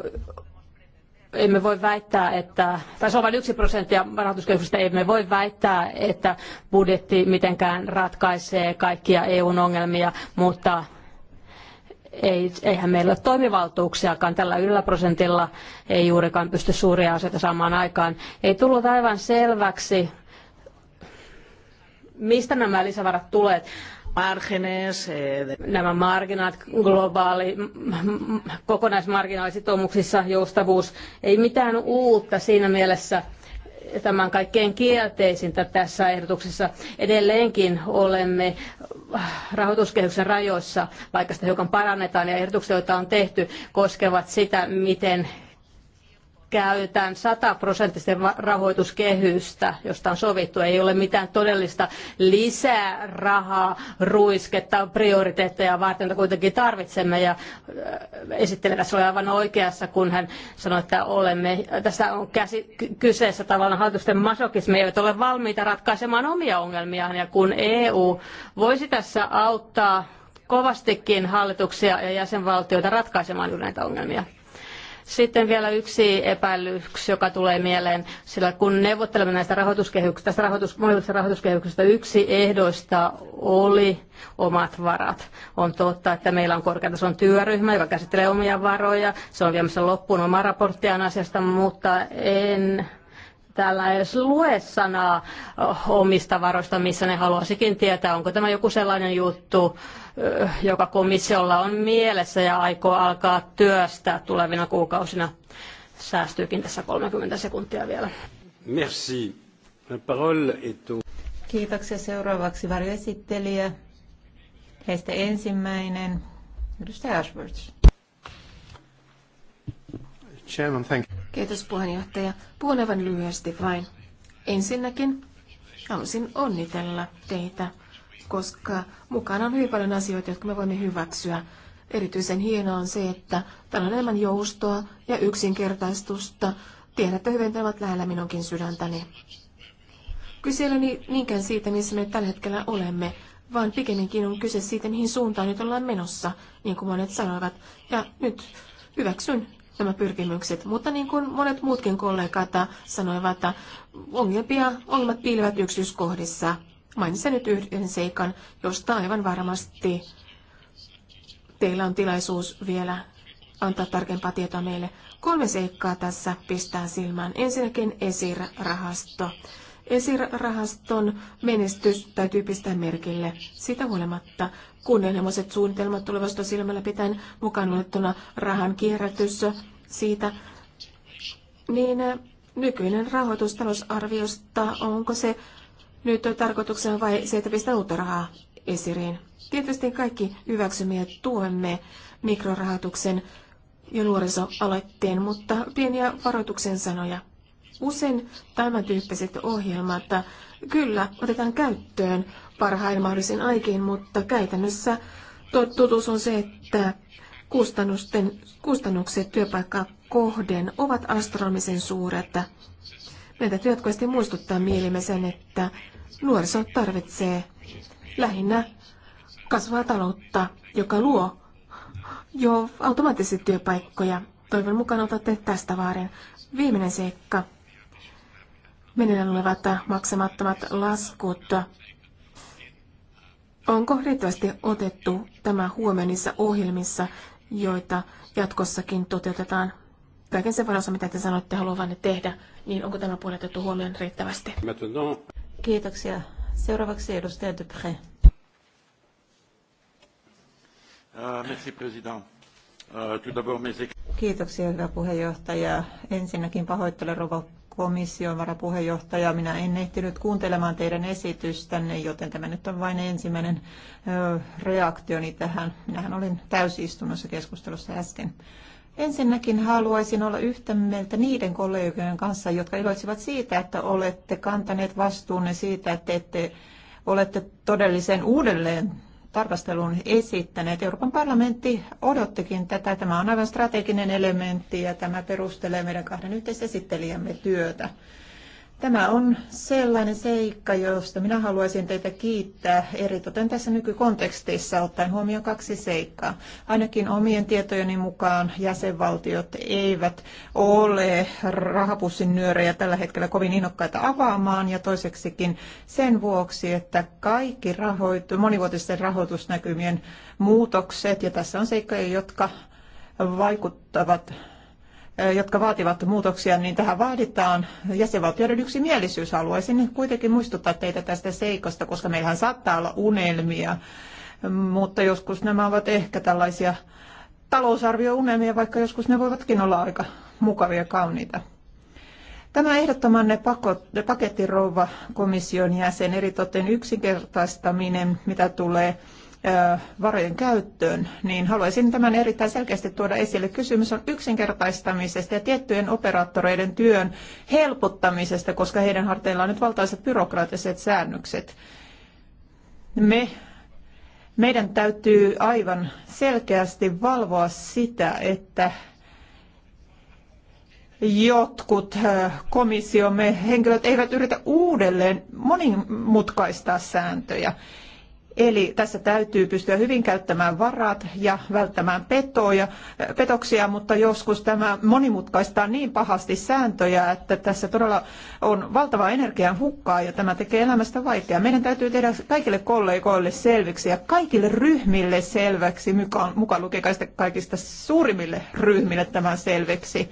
emme voi väittää, että, tai se on vain yksi prosenttia rahoituskehityksestä, emme voi väittää, että budjetti mitenkään ratkaisee kaikkia EUn ongelmia, mutta ei, eihän meillä ole toimivaltuuksiakaan tällä yllä prosentilla, ei juurikaan pysty suuria asioita saamaan aikaan. Ei tullut aivan selväksi, mistä nämä lisävarat tulevat. Eh, Nämä marginaalit, globaali, kokonaismarginaalisitoumuksissa joustavuus, ei mitään uutta siinä mielessä. Tämä on kaikkein kielteisintä tässä ehdotuksessa. Edelleenkin olemme äh, rahoituskehyksen rajoissa, vaikka sitä hiukan parannetaan, ja ehdotukset, joita on tehty, koskevat sitä, miten käytän sataprosenttista rahoituskehystä, josta on sovittu. Ei ole mitään todellista lisää rahaa, ruisketta, prioriteetteja varten, jota kuitenkin tarvitsemme. Ja äh, esittelijä tässä oli aivan oikeassa, kun hän sanoi, että olemme, tässä on käsi, kyseessä tavallaan hallitusten masokismi, eivät ole valmiita ratkaisemaan omia ongelmiaan. Ja kun EU voisi tässä auttaa kovastikin hallituksia ja jäsenvaltioita ratkaisemaan näitä ongelmia. Sitten vielä yksi epäilyksi, joka tulee mieleen, sillä kun neuvottelemme näistä rahoituskehyksistä, tästä rahoitus, rahoituskehyksestä yksi ehdoista oli omat varat. On totta, että meillä on korkeatason työryhmä, joka käsittelee omia varoja. Se on viemässä loppuun omaa raporttiaan asiasta, mutta en täällä edes lue sanaa omista varoista, missä ne haluaisikin tietää, onko tämä joku sellainen juttu, joka komissiolla on mielessä ja aikoo alkaa työstää tulevina kuukausina. Säästyykin tässä 30 sekuntia vielä. Merci. La parole est au... Kiitoksia. Seuraavaksi varjoesittelijä. Heistä ensimmäinen, edustaja Ashworth. Chairman, thank you. Kiitos puheenjohtaja. Puhun aivan lyhyesti vain. Ensinnäkin haluaisin onnitella teitä, koska mukana on hyvin paljon asioita, jotka me voimme hyväksyä. Erityisen hienoa on se, että täällä on enemmän joustoa ja yksinkertaistusta. Tiedätte hyvin, että ovat lähellä minunkin sydäntäni. Kyse ei ole niinkään siitä, missä me tällä hetkellä olemme, vaan pikemminkin on kyse siitä, mihin suuntaan nyt ollaan menossa, niin kuin monet sanoivat. Ja nyt hyväksyn nämä pyrkimykset. Mutta niin kuin monet muutkin kollegat sanoivat, että ongelmia, ongelmat piilevät yksityiskohdissa. Mainitsen nyt yhden seikan, josta aivan varmasti teillä on tilaisuus vielä antaa tarkempaa tietoa meille. Kolme seikkaa tässä pistää silmään. Ensinnäkin esirahasto. rahasto Esirahaston menestys täytyy pistää merkille. Sitä huolimatta kunnianhimoiset suunnitelmat tulevasta silmällä pitäen mukaan luettuna rahan kierrätys siitä, niin äh, nykyinen rahoitus talousarviosta, onko se nyt tarkoituksena vai se, että pistää uutta rahaa esiriin? Tietysti kaikki hyväksymiä tuemme mikrorahoituksen ja nuorisoaloitteen, mutta pieniä varoituksen sanoja. Usein tämän tyyppiset ohjelmat kyllä otetaan käyttöön parhain mahdollisin aikein, mutta käytännössä totuus on se, että kustannusten, kustannukset työpaikkaa kohden ovat astronomisen suuret. Meitä täytyy jatkuvasti muistuttaa mielimme sen, että nuoriso tarvitsee lähinnä kasvaa taloutta, joka luo jo automaattisesti työpaikkoja. Toivon mukaan otatte tästä vaaren. Viimeinen seikka meneillään olevat maksamattomat laskut. Onko riittävästi otettu tämä huomioon niissä ohjelmissa, joita jatkossakin toteutetaan? Kaiken sen varassa, mitä te sanoitte haluavanne tehdä, niin onko tämä puoli otettu huomioon riittävästi? Kiitoksia. Seuraavaksi edustaja Dupré. Ah, ah, Kiitoksia, hyvä puheenjohtaja. Ensinnäkin pahoittelen rouva komission varapuheenjohtaja. Minä en ehtinyt kuuntelemaan teidän esitystänne, joten tämä nyt on vain ensimmäinen reaktioni tähän. Minähän olin täysistunnossa keskustelussa äsken. Ensinnäkin haluaisin olla yhtä mieltä niiden kollegojen kanssa, jotka iloitsivat siitä, että olette kantaneet vastuunne siitä, että ette olette todellisen uudelleen tarkastelun esittäneet. Euroopan parlamentti odottikin tätä. Tämä on aivan strateginen elementti ja tämä perustelee meidän kahden yhteisesittelijämme työtä. Tämä on sellainen seikka, josta minä haluaisin teitä kiittää eritoten tässä nykykontekstissa ottaen huomioon kaksi seikkaa. Ainakin omien tietojeni mukaan jäsenvaltiot eivät ole rahapussin nyörejä tällä hetkellä kovin innokkaita avaamaan ja toiseksikin sen vuoksi, että kaikki rahoitu, monivuotisten rahoitusnäkymien muutokset ja tässä on seikkoja, jotka vaikuttavat jotka vaativat muutoksia, niin tähän vaaditaan jäsenvaltioiden yksimielisyys. Haluaisin kuitenkin muistuttaa teitä tästä seikasta, koska meillähän saattaa olla unelmia, mutta joskus nämä ovat ehkä tällaisia talousarviounelmia, vaikka joskus ne voivatkin olla aika mukavia ja kauniita. Tämä ehdottomanne pakettirouva komission jäsen, eritoten yksinkertaistaminen, mitä tulee varojen käyttöön, niin haluaisin tämän erittäin selkeästi tuoda esille. Kysymys on yksinkertaistamisesta ja tiettyjen operaattoreiden työn helpottamisesta, koska heidän harteillaan on nyt valtaiset byrokraattiset säännökset. Me, meidän täytyy aivan selkeästi valvoa sitä, että jotkut komissiomme henkilöt eivät yritä uudelleen monimutkaistaa sääntöjä. Eli tässä täytyy pystyä hyvin käyttämään varat ja välttämään petoja, petoksia, mutta joskus tämä monimutkaistaa niin pahasti sääntöjä, että tässä todella on valtava energian hukkaa ja tämä tekee elämästä vaikeaa. Meidän täytyy tehdä kaikille kollegoille selviksi ja kaikille ryhmille selväksi, mukaan, mukaan lukee kaikista suurimmille ryhmille tämän selväksi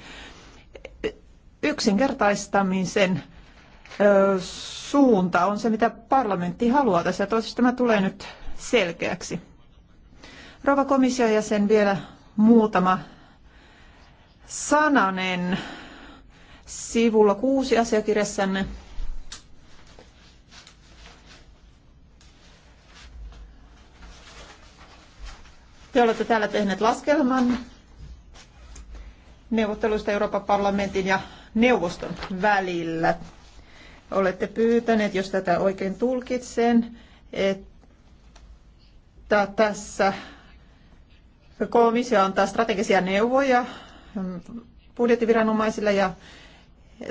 yksinkertaistamisen suunta on se, mitä parlamentti haluaa tässä. Ja toivottavasti tämä tulee nyt selkeäksi. Rova komission jäsen vielä muutama sananen sivulla kuusi asiakirjassanne. Te olette täällä tehneet laskelman neuvotteluista Euroopan parlamentin ja neuvoston välillä olette pyytäneet, jos tätä oikein tulkitsen, että tässä komissio antaa strategisia neuvoja budjettiviranomaisille ja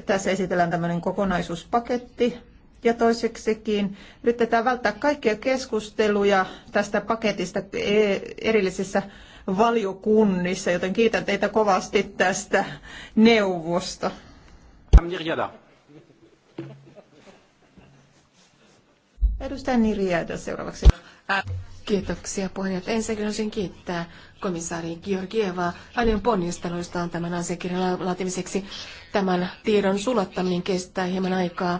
tässä esitellään tämmöinen kokonaisuuspaketti. Ja toiseksikin yritetään välttää kaikkia keskusteluja tästä paketista e- erillisissä valiokunnissa, joten kiitän teitä kovasti tästä neuvosta. Amnirjada. Edustaja Niriäytö seuraavaksi. Kiitoksia puheenjohtaja. Ensinnäkin haluaisin kiittää komissaari Georgievaa hänen ponnisteluistaan tämän asiakirjan laatimiseksi. Tämän tiedon sulattaminen kestää hieman aikaa.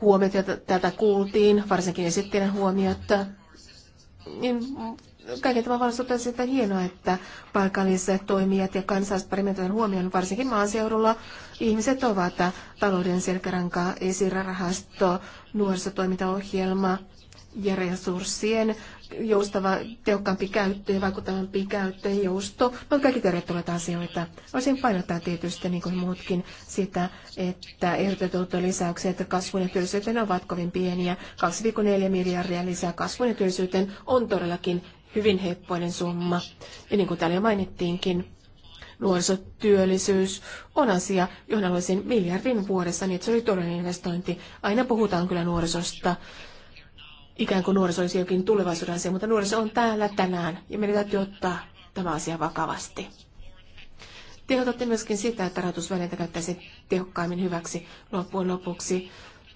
Huomiota tätä kuultiin, varsinkin esittelen huomiota. Niin kaiken tämän valossa totesi, hienoa, että paikalliset toimijat ja kansalaiset paremmin huomioon, varsinkin maaseudulla ihmiset ovat talouden selkärankaa, esirahasto, nuorisotoimintaohjelma ja resurssien joustava, tehokkaampi käyttö ja vaikuttavampi käyttö ja jousto. Ne ovat kaikki tervetulleita asioita. Olisin painottaa tietysti, niin kuin muutkin, sitä, että ehdotetut lisäykset kasvun ja työllisyyteen ovat kovin pieniä. 2,4 miljardia lisää kasvun ja työllisyyteen on todellakin hyvin heppoinen summa. Ja niin kuin täällä jo mainittiinkin, nuorisotyöllisyys on asia, johon haluaisin miljardin vuodessa, niin että se oli todellinen investointi. Aina puhutaan kyllä nuorisosta, ikään kuin nuoriso olisi jokin tulevaisuuden asia, mutta nuoriso on täällä tänään ja meidän täytyy ottaa tämä asia vakavasti. Tehotatte myöskin sitä, että rahoitusvälineitä käyttäisiin tehokkaimmin hyväksi loppujen lopuksi.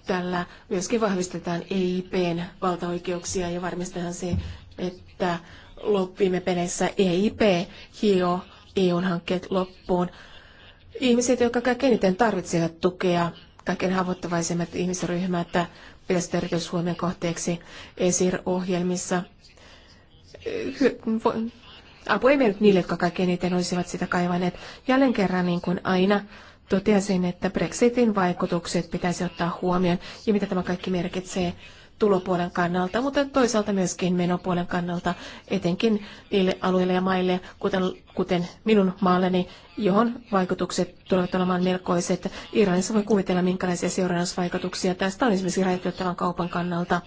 Tällä myöskin vahvistetaan EIPn valtaoikeuksia ja varmistetaan se, että loppimme peleissä EIP hio eu hankkeet loppuun. Ihmiset, jotka kaikkein eniten tarvitsevat tukea, kaikkein haavoittavaisimmat ihmisryhmät, pitäisi erityishuomion kohteeksi ESIR-ohjelmissa. Apu ei mennyt niille, jotka kaikkein eniten olisivat sitä kaivaneet. Jälleen kerran, niin kuin aina, totesin, että Brexitin vaikutukset pitäisi ottaa huomioon ja mitä tämä kaikki merkitsee tulopuolen kannalta, mutta toisaalta myöskin menopuolen kannalta, etenkin niille alueille ja maille, kuten, kuten minun maalleni, johon vaikutukset tulevat olemaan melkoiset. Iranissa voi kuvitella, minkälaisia seurausvaikutuksia tästä on esimerkiksi rajoitettavan kaupan kannalta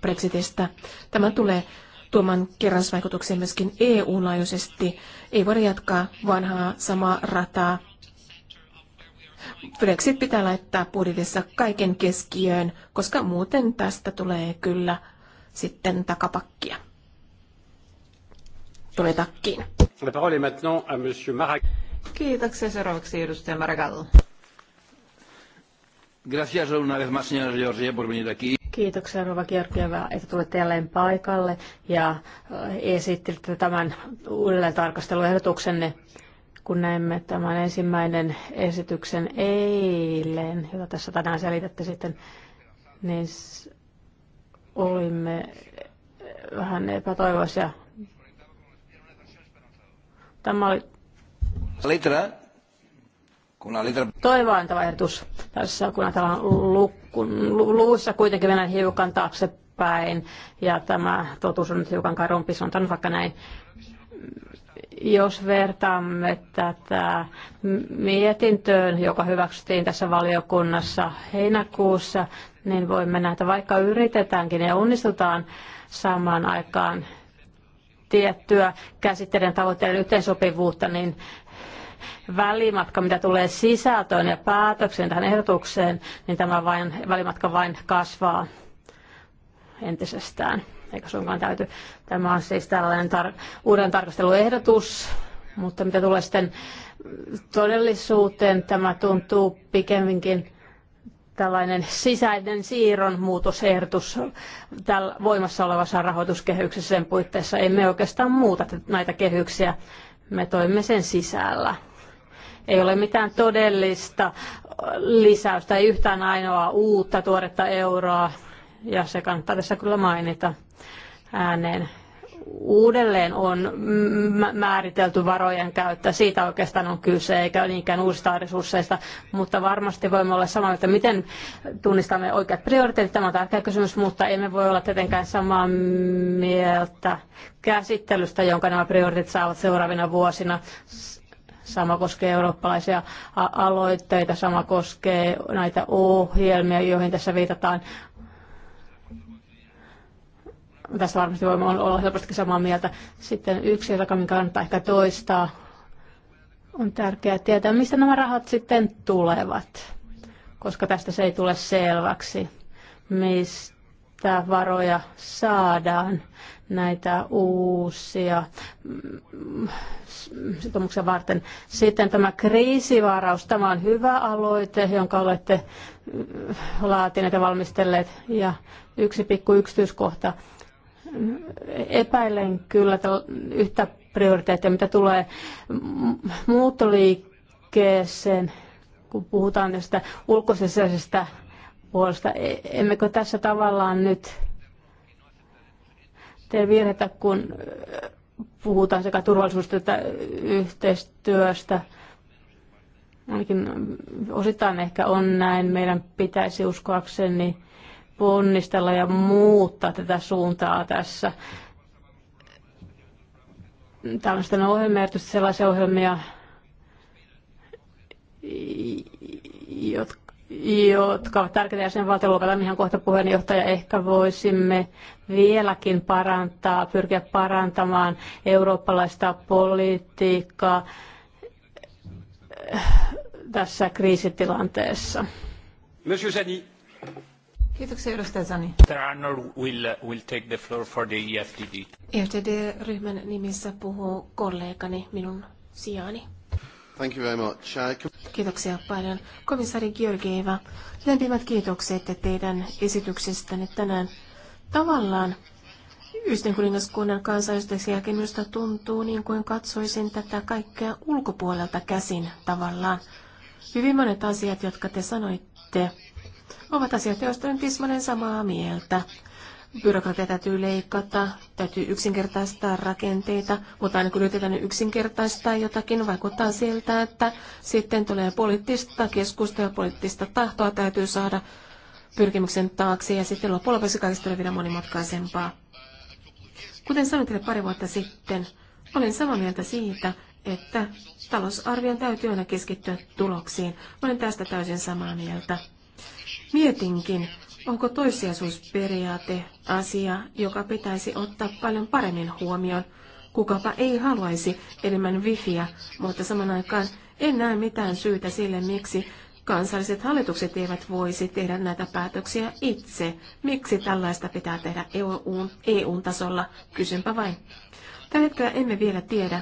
Brexitistä. Tämä tulee tuomaan kerransvaikutuksia myöskin EU-laajuisesti. Ei voida jatkaa vanhaa samaa rataa Brexit pitää laittaa budjetissa kaiken keskiöön, koska muuten tästä tulee kyllä sitten takapakkia. Tule takkiin. Kiitoksia. Seuraavaksi edustaja Maragall. Gracias una vez más, señora Georgia, por venir aquí. Kiitoksia Rova Georgieva, että tulitte jälleen paikalle ja äh, esittelitte tämän uudelleen tarkasteluehdotuksenne kun näimme tämän ensimmäinen esityksen eilen, jota tässä tänään selitätte sitten, niin olimme vähän epätoivoisia. Tämä oli Litra, kun litra... Toivoantava ehdotus tässä, kun ajatellaan lukkun, luussa kuitenkin mennään hiukan taaksepäin ja tämä totuus on nyt hiukan karumpi, sanotaan vaikka näin jos vertaamme tätä mietintöön, joka hyväksyttiin tässä valiokunnassa heinäkuussa, niin voimme nähdä, vaikka yritetäänkin ja onnistutaan samaan aikaan tiettyä käsitteiden tavoitteiden yhteensopivuutta, niin välimatka, mitä tulee sisältöön ja päätökseen tähän ehdotukseen, niin tämä vain, välimatka vain kasvaa entisestään eikä suinkaan täyty. Tämä on siis tällainen tar- uuden tarkasteluehdotus, mutta mitä tulee sitten todellisuuteen, tämä tuntuu pikemminkin tällainen sisäinen siirron muutosehdotus tällä voimassa olevassa rahoituskehyksessä sen puitteissa. Emme oikeastaan muuta näitä kehyksiä, me toimme sen sisällä. Ei ole mitään todellista lisäystä, ei yhtään ainoa uutta tuoretta euroa ja se kannattaa tässä kyllä mainita ääneen. Uudelleen on määritelty varojen käyttö, siitä oikeastaan on kyse, eikä niinkään uusista resursseista, mutta varmasti voimme olla samaa, että miten tunnistamme oikeat prioriteetit, tämä on tärkeä kysymys, mutta emme voi olla tietenkään samaa mieltä käsittelystä, jonka nämä prioriteetit saavat seuraavina vuosina. Sama koskee eurooppalaisia aloitteita, sama koskee näitä ohjelmia, joihin tässä viitataan. Tässä varmasti voimme olla helposti samaa mieltä. Sitten yksi, joka minkä kannattaa ehkä toistaa, on tärkeää tietää, mistä nämä rahat sitten tulevat, koska tästä se ei tule selväksi, mistä varoja saadaan näitä uusia mm, sitoumuksia varten. Sitten tämä kriisivaraus, tämä on hyvä aloite, jonka olette mm, laatineet ja valmistelleet. Ja yksi pikku yksityiskohta epäilen kyllä yhtä prioriteettia, mitä tulee muuttoliikkeeseen, kun puhutaan tästä ulkosisäisestä puolesta. E-, emmekö tässä tavallaan nyt tee virhettä, kun puhutaan sekä turvallisuudesta että yhteistyöstä? Ainakin osittain ehkä on näin. Meidän pitäisi uskoakseni ponnistella ja muuttaa tätä suuntaa tässä. Tällaisten ohjelmiertystä sellaisia ohjelmia, jotka jotka ovat tärkeitä jäsenvaltioluokalla, ihan kohta puheenjohtaja, ehkä voisimme vieläkin parantaa, pyrkiä parantamaan eurooppalaista politiikkaa tässä kriisitilanteessa. Monsieur Jani. Kiitoksia edustaja Sani. Arnold will, uh, will take the floor for the EFTD. EFTD-ryhmän nimissä puhuu kollegani minun sijaani. Thank you very much. Uh, Kiitoksia paljon. Komissaari Georgieva, lämpimät kiitokset teidän esityksestänne tänään. Tavallaan Yhdistön kuningaskunnan kansanedustajien jälkeen minusta tuntuu niin kuin katsoisin tätä kaikkea ulkopuolelta käsin tavallaan. Hyvin monet asiat, jotka te sanoitte, ovat asiat, joista on tismalleen samaa mieltä. Byrokratia täytyy leikata, täytyy yksinkertaistaa rakenteita, mutta aina kun yritetään niin yksinkertaistaa jotakin, vaikuttaa siltä, että sitten tulee poliittista keskustelua, poliittista tahtoa täytyy saada pyrkimyksen taakse ja sitten loppujen lopuksi kaikista tulee vielä monimutkaisempaa. Kuten sanoin teille pari vuotta sitten, olen samaa mieltä siitä, että talousarvion täytyy aina keskittyä tuloksiin. Olen tästä täysin samaa mieltä. Mietinkin, onko toissijaisuusperiaate asia, joka pitäisi ottaa paljon paremmin huomioon. Kukapa ei haluaisi enemmän wifiä, mutta saman aikaan en näe mitään syytä sille, miksi kansalliset hallitukset eivät voisi tehdä näitä päätöksiä itse. Miksi tällaista pitää tehdä EUn, EUn tasolla? Kysynpä vain. Tällä hetkellä emme vielä tiedä,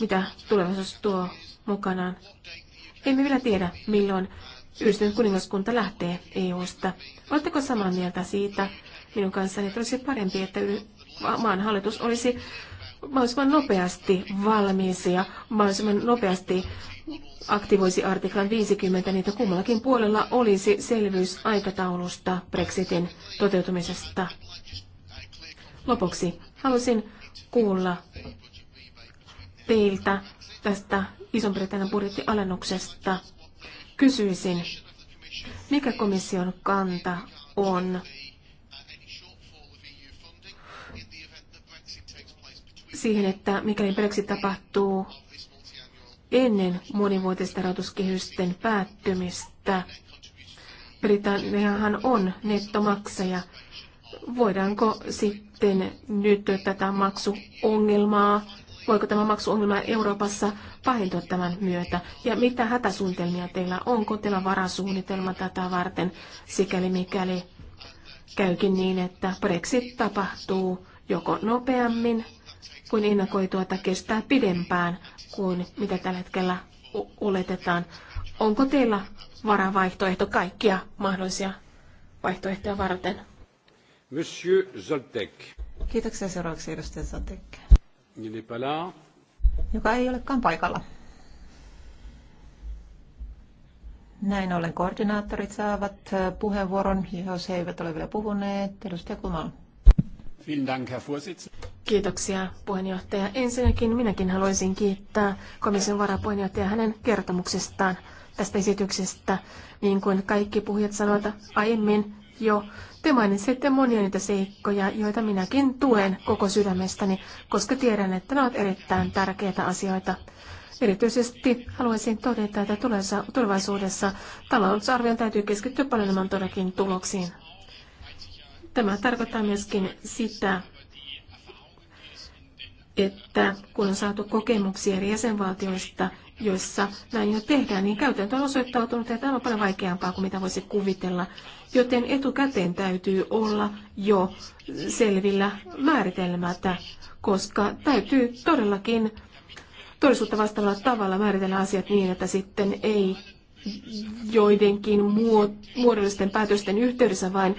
mitä tulevaisuus tuo mukanaan. Emme vielä tiedä, milloin yhdistynyt kuningaskunta lähtee EU-sta. Oletteko samaa mieltä siitä minun kanssani, että olisi parempi, että maan hallitus olisi mahdollisimman nopeasti valmis ja mahdollisimman nopeasti aktivoisi artiklan 50, niin että kummallakin puolella olisi selvyys aikataulusta Brexitin toteutumisesta. Lopuksi halusin kuulla teiltä tästä Ison-Britannian budjettialennuksesta. Kysyisin, mikä komission kanta on siihen, että mikäli Brexit tapahtuu ennen monivuotisten rahoituskehysten päättymistä, Britanniahan on nettomaksaja. Voidaanko sitten nyt tätä maksuongelmaa Voiko tämä maksuongelma Euroopassa pahentua tämän myötä? Ja mitä hätäsuunnitelmia teillä on? Onko teillä varasuunnitelma tätä varten, sikäli mikäli käykin niin, että Brexit tapahtuu joko nopeammin kuin ennakoitua tai kestää pidempään kuin mitä tällä hetkellä oletetaan. Onko teillä varavaihtoehto kaikkia mahdollisia vaihtoehtoja varten? Monsieur Zoltek. Kiitoksia seuraavaksi edustaja Zoltek joka ei olekaan paikalla. Näin ollen koordinaattorit saavat äh, puheenvuoron, jos he eivät ole vielä puhuneet. Edustaja Kumala. Kiitoksia puheenjohtaja. Ensinnäkin minäkin haluaisin kiittää komission varapuheenjohtaja hänen kertomuksestaan tästä esityksestä. Niin kuin kaikki puhujat sanoivat aiemmin, jo. Te mainitsitte monia niitä seikkoja, joita minäkin tuen koko sydämestäni, koska tiedän, että ne ovat erittäin tärkeitä asioita. Erityisesti haluaisin todeta, että tulevaisuudessa talousarvion täytyy keskittyä paljon enemmän todellakin tuloksiin. Tämä tarkoittaa myöskin sitä, että kun on saatu kokemuksia eri jäsenvaltioista joissa näin jo tehdään, niin käytäntö on osoittautunut, että tämä on paljon vaikeampaa kuin mitä voisi kuvitella. Joten etukäteen täytyy olla jo selvillä määritelmätä, koska täytyy todellakin todellisuutta vastaavalla tavalla määritellä asiat niin, että sitten ei joidenkin muodollisten päätösten yhteydessä vain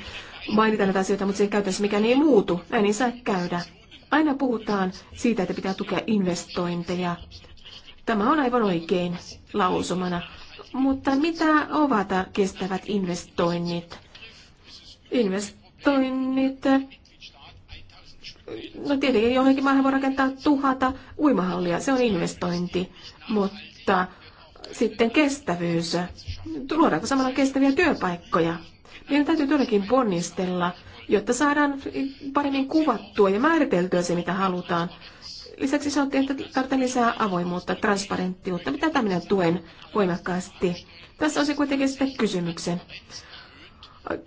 mainita näitä asioita, mutta se käytännössä mikään ei muutu. Näin ei saa käydä. Aina puhutaan siitä, että pitää tukea investointeja Tämä on aivan oikein lausumana. Mutta mitä ovat kestävät investoinnit? Investoinnit No tietenkin johonkin maahan voi rakentaa tuhata uimahallia, se on investointi, mutta sitten kestävyys. Luodaanko samalla kestäviä työpaikkoja? Meidän täytyy todellakin ponnistella, jotta saadaan paremmin kuvattua ja määriteltyä se, mitä halutaan. Lisäksi sanottiin, että tarvitaan lisää avoimuutta, transparenttiutta. Tätä minä tuen voimakkaasti. Tässä on se kuitenkin sitten kysymyksen.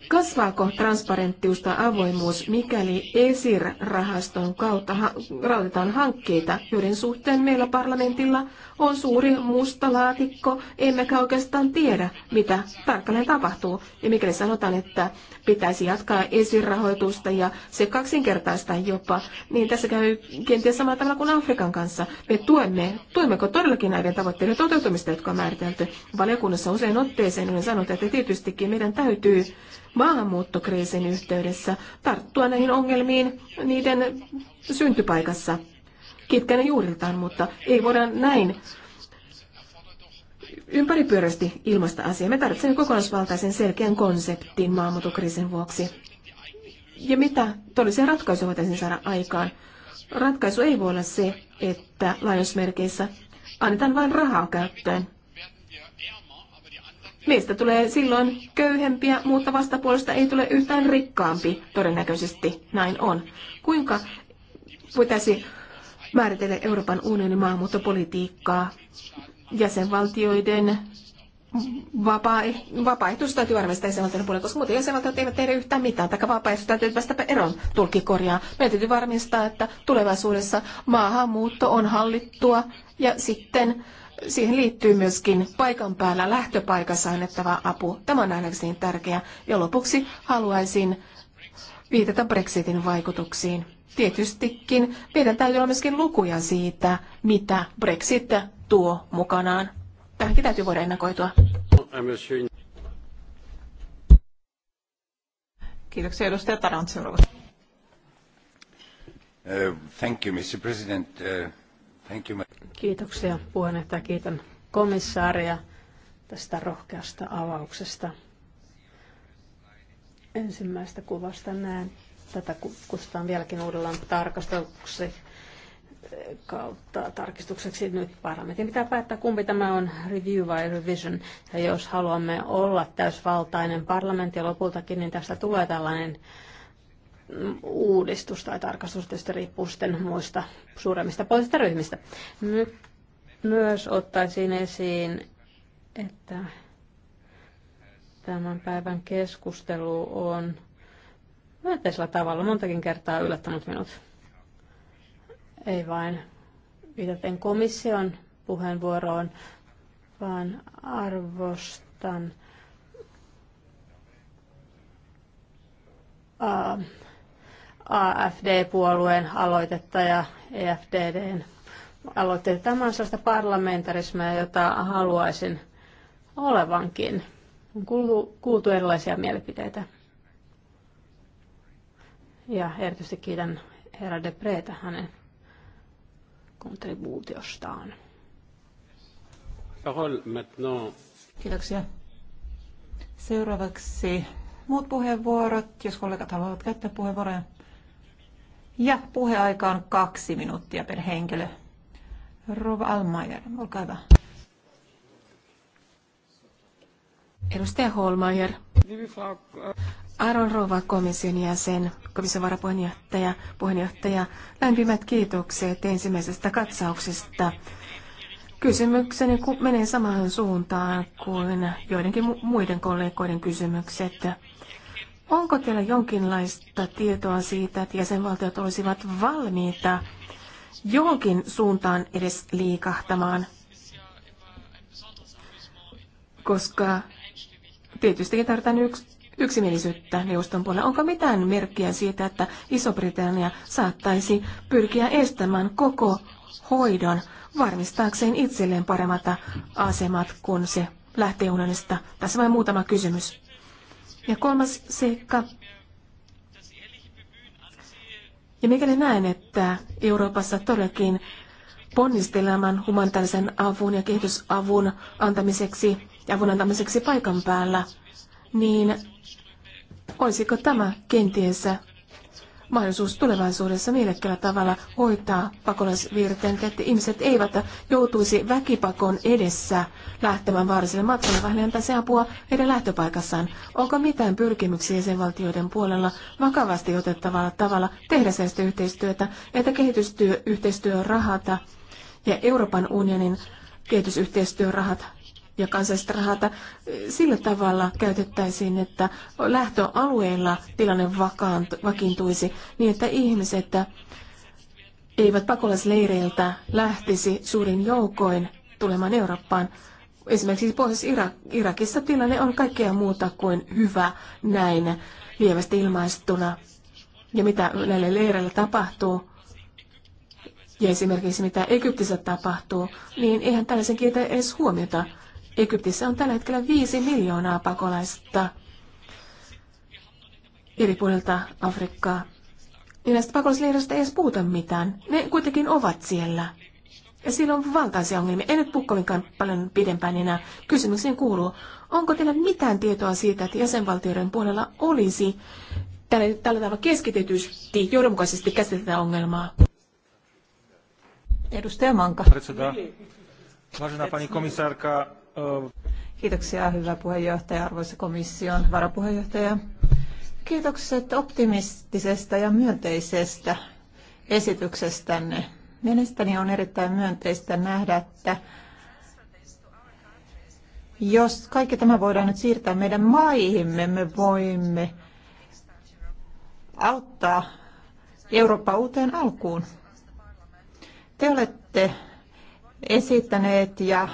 Kasvaako transparenttius tai avoimuus, mikäli ESIR-rahaston kautta rahoitetaan hankkeita, joiden suhteen meillä parlamentilla on suuri musta laatikko, emmekä oikeastaan tiedä, mitä tarkalleen tapahtuu. Ja mikäli sanotaan, että pitäisi jatkaa esirahoitusta ja se kaksinkertaista jopa, niin tässä käy kenties samalla tavalla kuin Afrikan kanssa. Me tuemme, tuemmeko todellakin näiden tavoitteiden toteutumista, jotka on määritelty. Valiokunnassa usein otteeseen niin sanotaan, että tietystikin meidän täytyy maahanmuuttokriisin yhteydessä tarttua näihin ongelmiin niiden syntypaikassa – ketkä ne juuriltaan, mutta ei voida näin ympäripyörästi ilmaista asiaa. Me tarvitsemme kokonaisvaltaisen selkeän konseptin maahanmuutokriisin vuoksi. Ja mitä todellisia ratkaisuja voitaisiin saada aikaan? Ratkaisu ei voi olla se, että lainausmerkeissä annetaan vain rahaa käyttöön. Meistä tulee silloin köyhempiä, mutta vastapuolesta ei tule yhtään rikkaampi, todennäköisesti näin on. Kuinka voitaisiin määritellä Euroopan unionin maahanmuuttopolitiikkaa jäsenvaltioiden vapaaehtoista täytyy arvioida jäsenvaltioiden puolella, koska muuten jäsenvaltiot eivät tehdä yhtään mitään, tai vapaaehtoista täytyy päästä eron tulkikorjaa. Meidän täytyy varmistaa, että tulevaisuudessa maahanmuutto on hallittua ja sitten siihen liittyy myöskin paikan päällä lähtöpaikassa annettava apu. Tämä on ainakin tärkeää. Ja lopuksi haluaisin viitata Brexitin vaikutuksiin tietystikin meidän täytyy olla myöskin lukuja siitä, mitä Brexit tuo mukanaan. Tähänkin täytyy voida ennakoitua. Kiitoksia edustaja Tarant seuraavaksi. Uh, thank you, Mr. President. Uh, thank you. Kiitoksia puheenjohtaja. Kiitän komissaaria tästä rohkeasta avauksesta. Ensimmäistä kuvasta näen Tätä kutsutaan vieläkin uudellaan tarkastukseksi. kautta tarkistukseksi nyt parlamentin pitää päättää, kumpi tämä on, review vai revision. Ja jos haluamme olla täysvaltainen parlamentti lopultakin, niin tästä tulee tällainen uudistus tai tarkastus, tietysti riippuu sitten muista suuremmista poliittisista ryhmistä. My- myös ottaisin esiin, että tämän päivän keskustelu on myönteisellä tavalla montakin kertaa yllättänyt minut. Ei vain viitaten komission puheenvuoroon, vaan arvostan AFD-puolueen aloitetta ja EFDDn aloitteita. Tämä on sellaista parlamentarismia, jota haluaisin olevankin. On kuultu erilaisia mielipiteitä. Ja erityisesti kiitän herra de Preta hänen kontribuutiostaan. Kiitoksia. Seuraavaksi muut puheenvuorot, jos kollegat haluavat käyttää puheenvuoroja. Ja puheaika on kaksi minuuttia per henkilö. Rova Almayer, olkaa hyvä. Edustaja Holmayer. Aron Rova, komission jäsen, komission varapuheenjohtaja, puheenjohtaja, lämpimät kiitokset ensimmäisestä katsauksesta. Kysymykseni menee samaan suuntaan kuin joidenkin muiden kollegoiden kysymykset. Onko teillä jonkinlaista tietoa siitä, että jäsenvaltiot olisivat valmiita johonkin suuntaan edes liikahtamaan? Koska Tietystikin tarvitaan yks, yksimielisyyttä neuvoston puolella. Onko mitään merkkiä siitä, että Iso-Britannia saattaisi pyrkiä estämään koko hoidon varmistaakseen itselleen paremmat asemat, kun se lähtee unionista? Tässä vain muutama kysymys. Ja kolmas seikka. Ja mikäli näen, että Euroopassa todellakin ponnistelemaan humanitaarisen avun ja kehitysavun antamiseksi ja avun antamiseksi paikan päällä, niin olisiko tämä kenties mahdollisuus tulevaisuudessa mielekkäällä tavalla hoitaa pakolaisvirteen, että ihmiset eivät joutuisi väkipakon edessä lähtemään vaaralliselle matkalle, vaan antaisivat apua heidän lähtöpaikassaan. Onko mitään pyrkimyksiä jäsenvaltioiden puolella vakavasti otettavalla tavalla tehdä sellaista yhteistyötä, että kehitystyö, yhteistyörahata ja Euroopan unionin kehitysyhteistyörahat ja kansallista rahata eh, sillä tavalla käytettäisiin, että lähtöalueilla tilanne vakiintuisi niin, että ihmiset eivät pakolaisleireiltä lähtisi suurin joukoin tulemaan Eurooppaan. Esimerkiksi Pohjois-Irakissa tilanne on kaikkea muuta kuin hyvä näin lievästi ilmaistuna. Ja mitä näille leireille tapahtuu, ja esimerkiksi mitä Egyptissä tapahtuu, niin eihän tällaisen kiitä edes huomiota. Egyptissä on tällä hetkellä viisi miljoonaa pakolaista eri puolilta Afrikkaa. Ja niin näistä pakolaisleireistä ei edes puhuta mitään. Ne kuitenkin ovat siellä. Ja siellä on valtaisia ongelmia. En nyt puhu paljon pidempään enää. Kysymykseen kuuluu, onko teillä mitään tietoa siitä, että jäsenvaltioiden puolella olisi tällä, tällä tavalla keskitetysti, johdonmukaisesti käsitetään ongelmaa? Edustaja Manka. Vážená pani komisárka, Kiitoksia, hyvä puheenjohtaja, arvoisa komission varapuheenjohtaja. Kiitokset optimistisesta ja myönteisestä esityksestänne. Mielestäni on erittäin myönteistä nähdä, että jos kaikki tämä voidaan nyt siirtää meidän maihimme, me voimme auttaa Eurooppa uuteen alkuun. Te olette esittäneet ja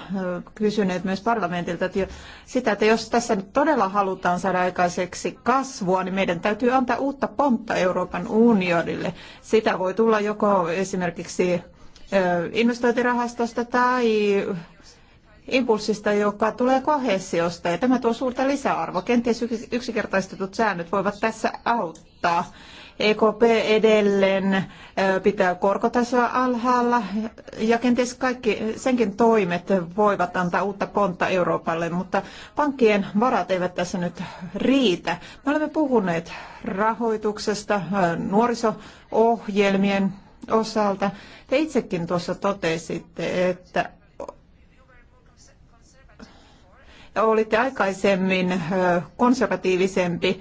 kysyneet myös parlamentilta että sitä, että jos tässä nyt todella halutaan saada aikaiseksi kasvua, niin meidän täytyy antaa uutta pontta Euroopan unionille. Sitä voi tulla joko esimerkiksi investointirahastosta tai impulssista, joka tulee koheesiosta Ja tämä tuo suurta lisäarvoa. Kenties yksinkertaistetut säännöt voivat tässä auttaa. EKP edelleen pitää korkotasoa alhaalla ja kenties kaikki senkin toimet voivat antaa uutta pontta Euroopalle, mutta pankkien varat eivät tässä nyt riitä. Me olemme puhuneet rahoituksesta, nuoriso-ohjelmien osalta. Te itsekin tuossa totesitte, että olitte aikaisemmin konservatiivisempi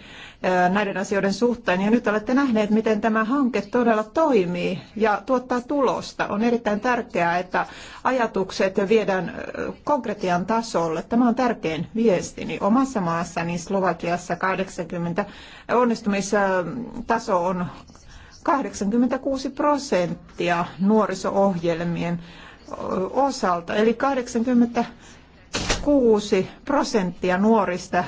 näiden asioiden suhteen. Ja nyt olette nähneet, miten tämä hanke todella toimii ja tuottaa tulosta. On erittäin tärkeää, että ajatukset viedään konkretian tasolle. Tämä on tärkein viestini. Omassa maassani Slovakiassa 80 onnistumistaso on 86 prosenttia nuoriso-ohjelmien osalta, eli 80 6 prosenttia nuorista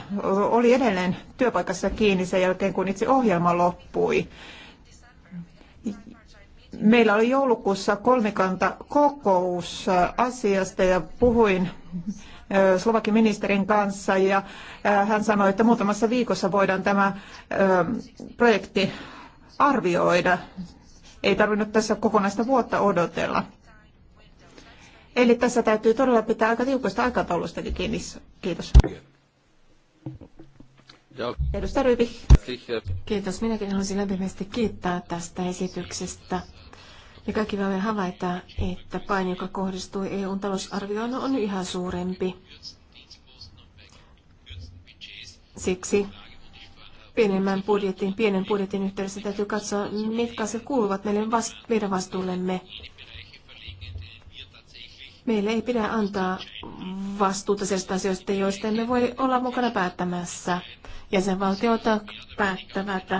oli edelleen työpaikassa kiinni sen jälkeen, kun itse ohjelma loppui. Meillä oli joulukuussa kolmikanta kokous asiasta ja puhuin Slovakin ministerin kanssa ja hän sanoi, että muutamassa viikossa voidaan tämä projekti arvioida. Ei tarvinnut tässä kokonaista vuotta odotella. Eli tässä täytyy todella pitää aika tiukasta aikataulustakin kiinni. Kiitos. Edustaja Ryby. Kiitos. Minäkin haluaisin lämpimästi kiittää tästä esityksestä. Ja kaikki voi havaita, että paine, joka kohdistuu EUn talousarvioon, on yhä suurempi. Siksi pienemmän budjetin, pienen budjetin yhteydessä täytyy katsoa, mitkä se kuuluvat meidän vastuullemme. Meille ei pidä antaa vastuuta sellaisista asioista, joista emme voi olla mukana päättämässä. Jäsenvaltiota päättävät.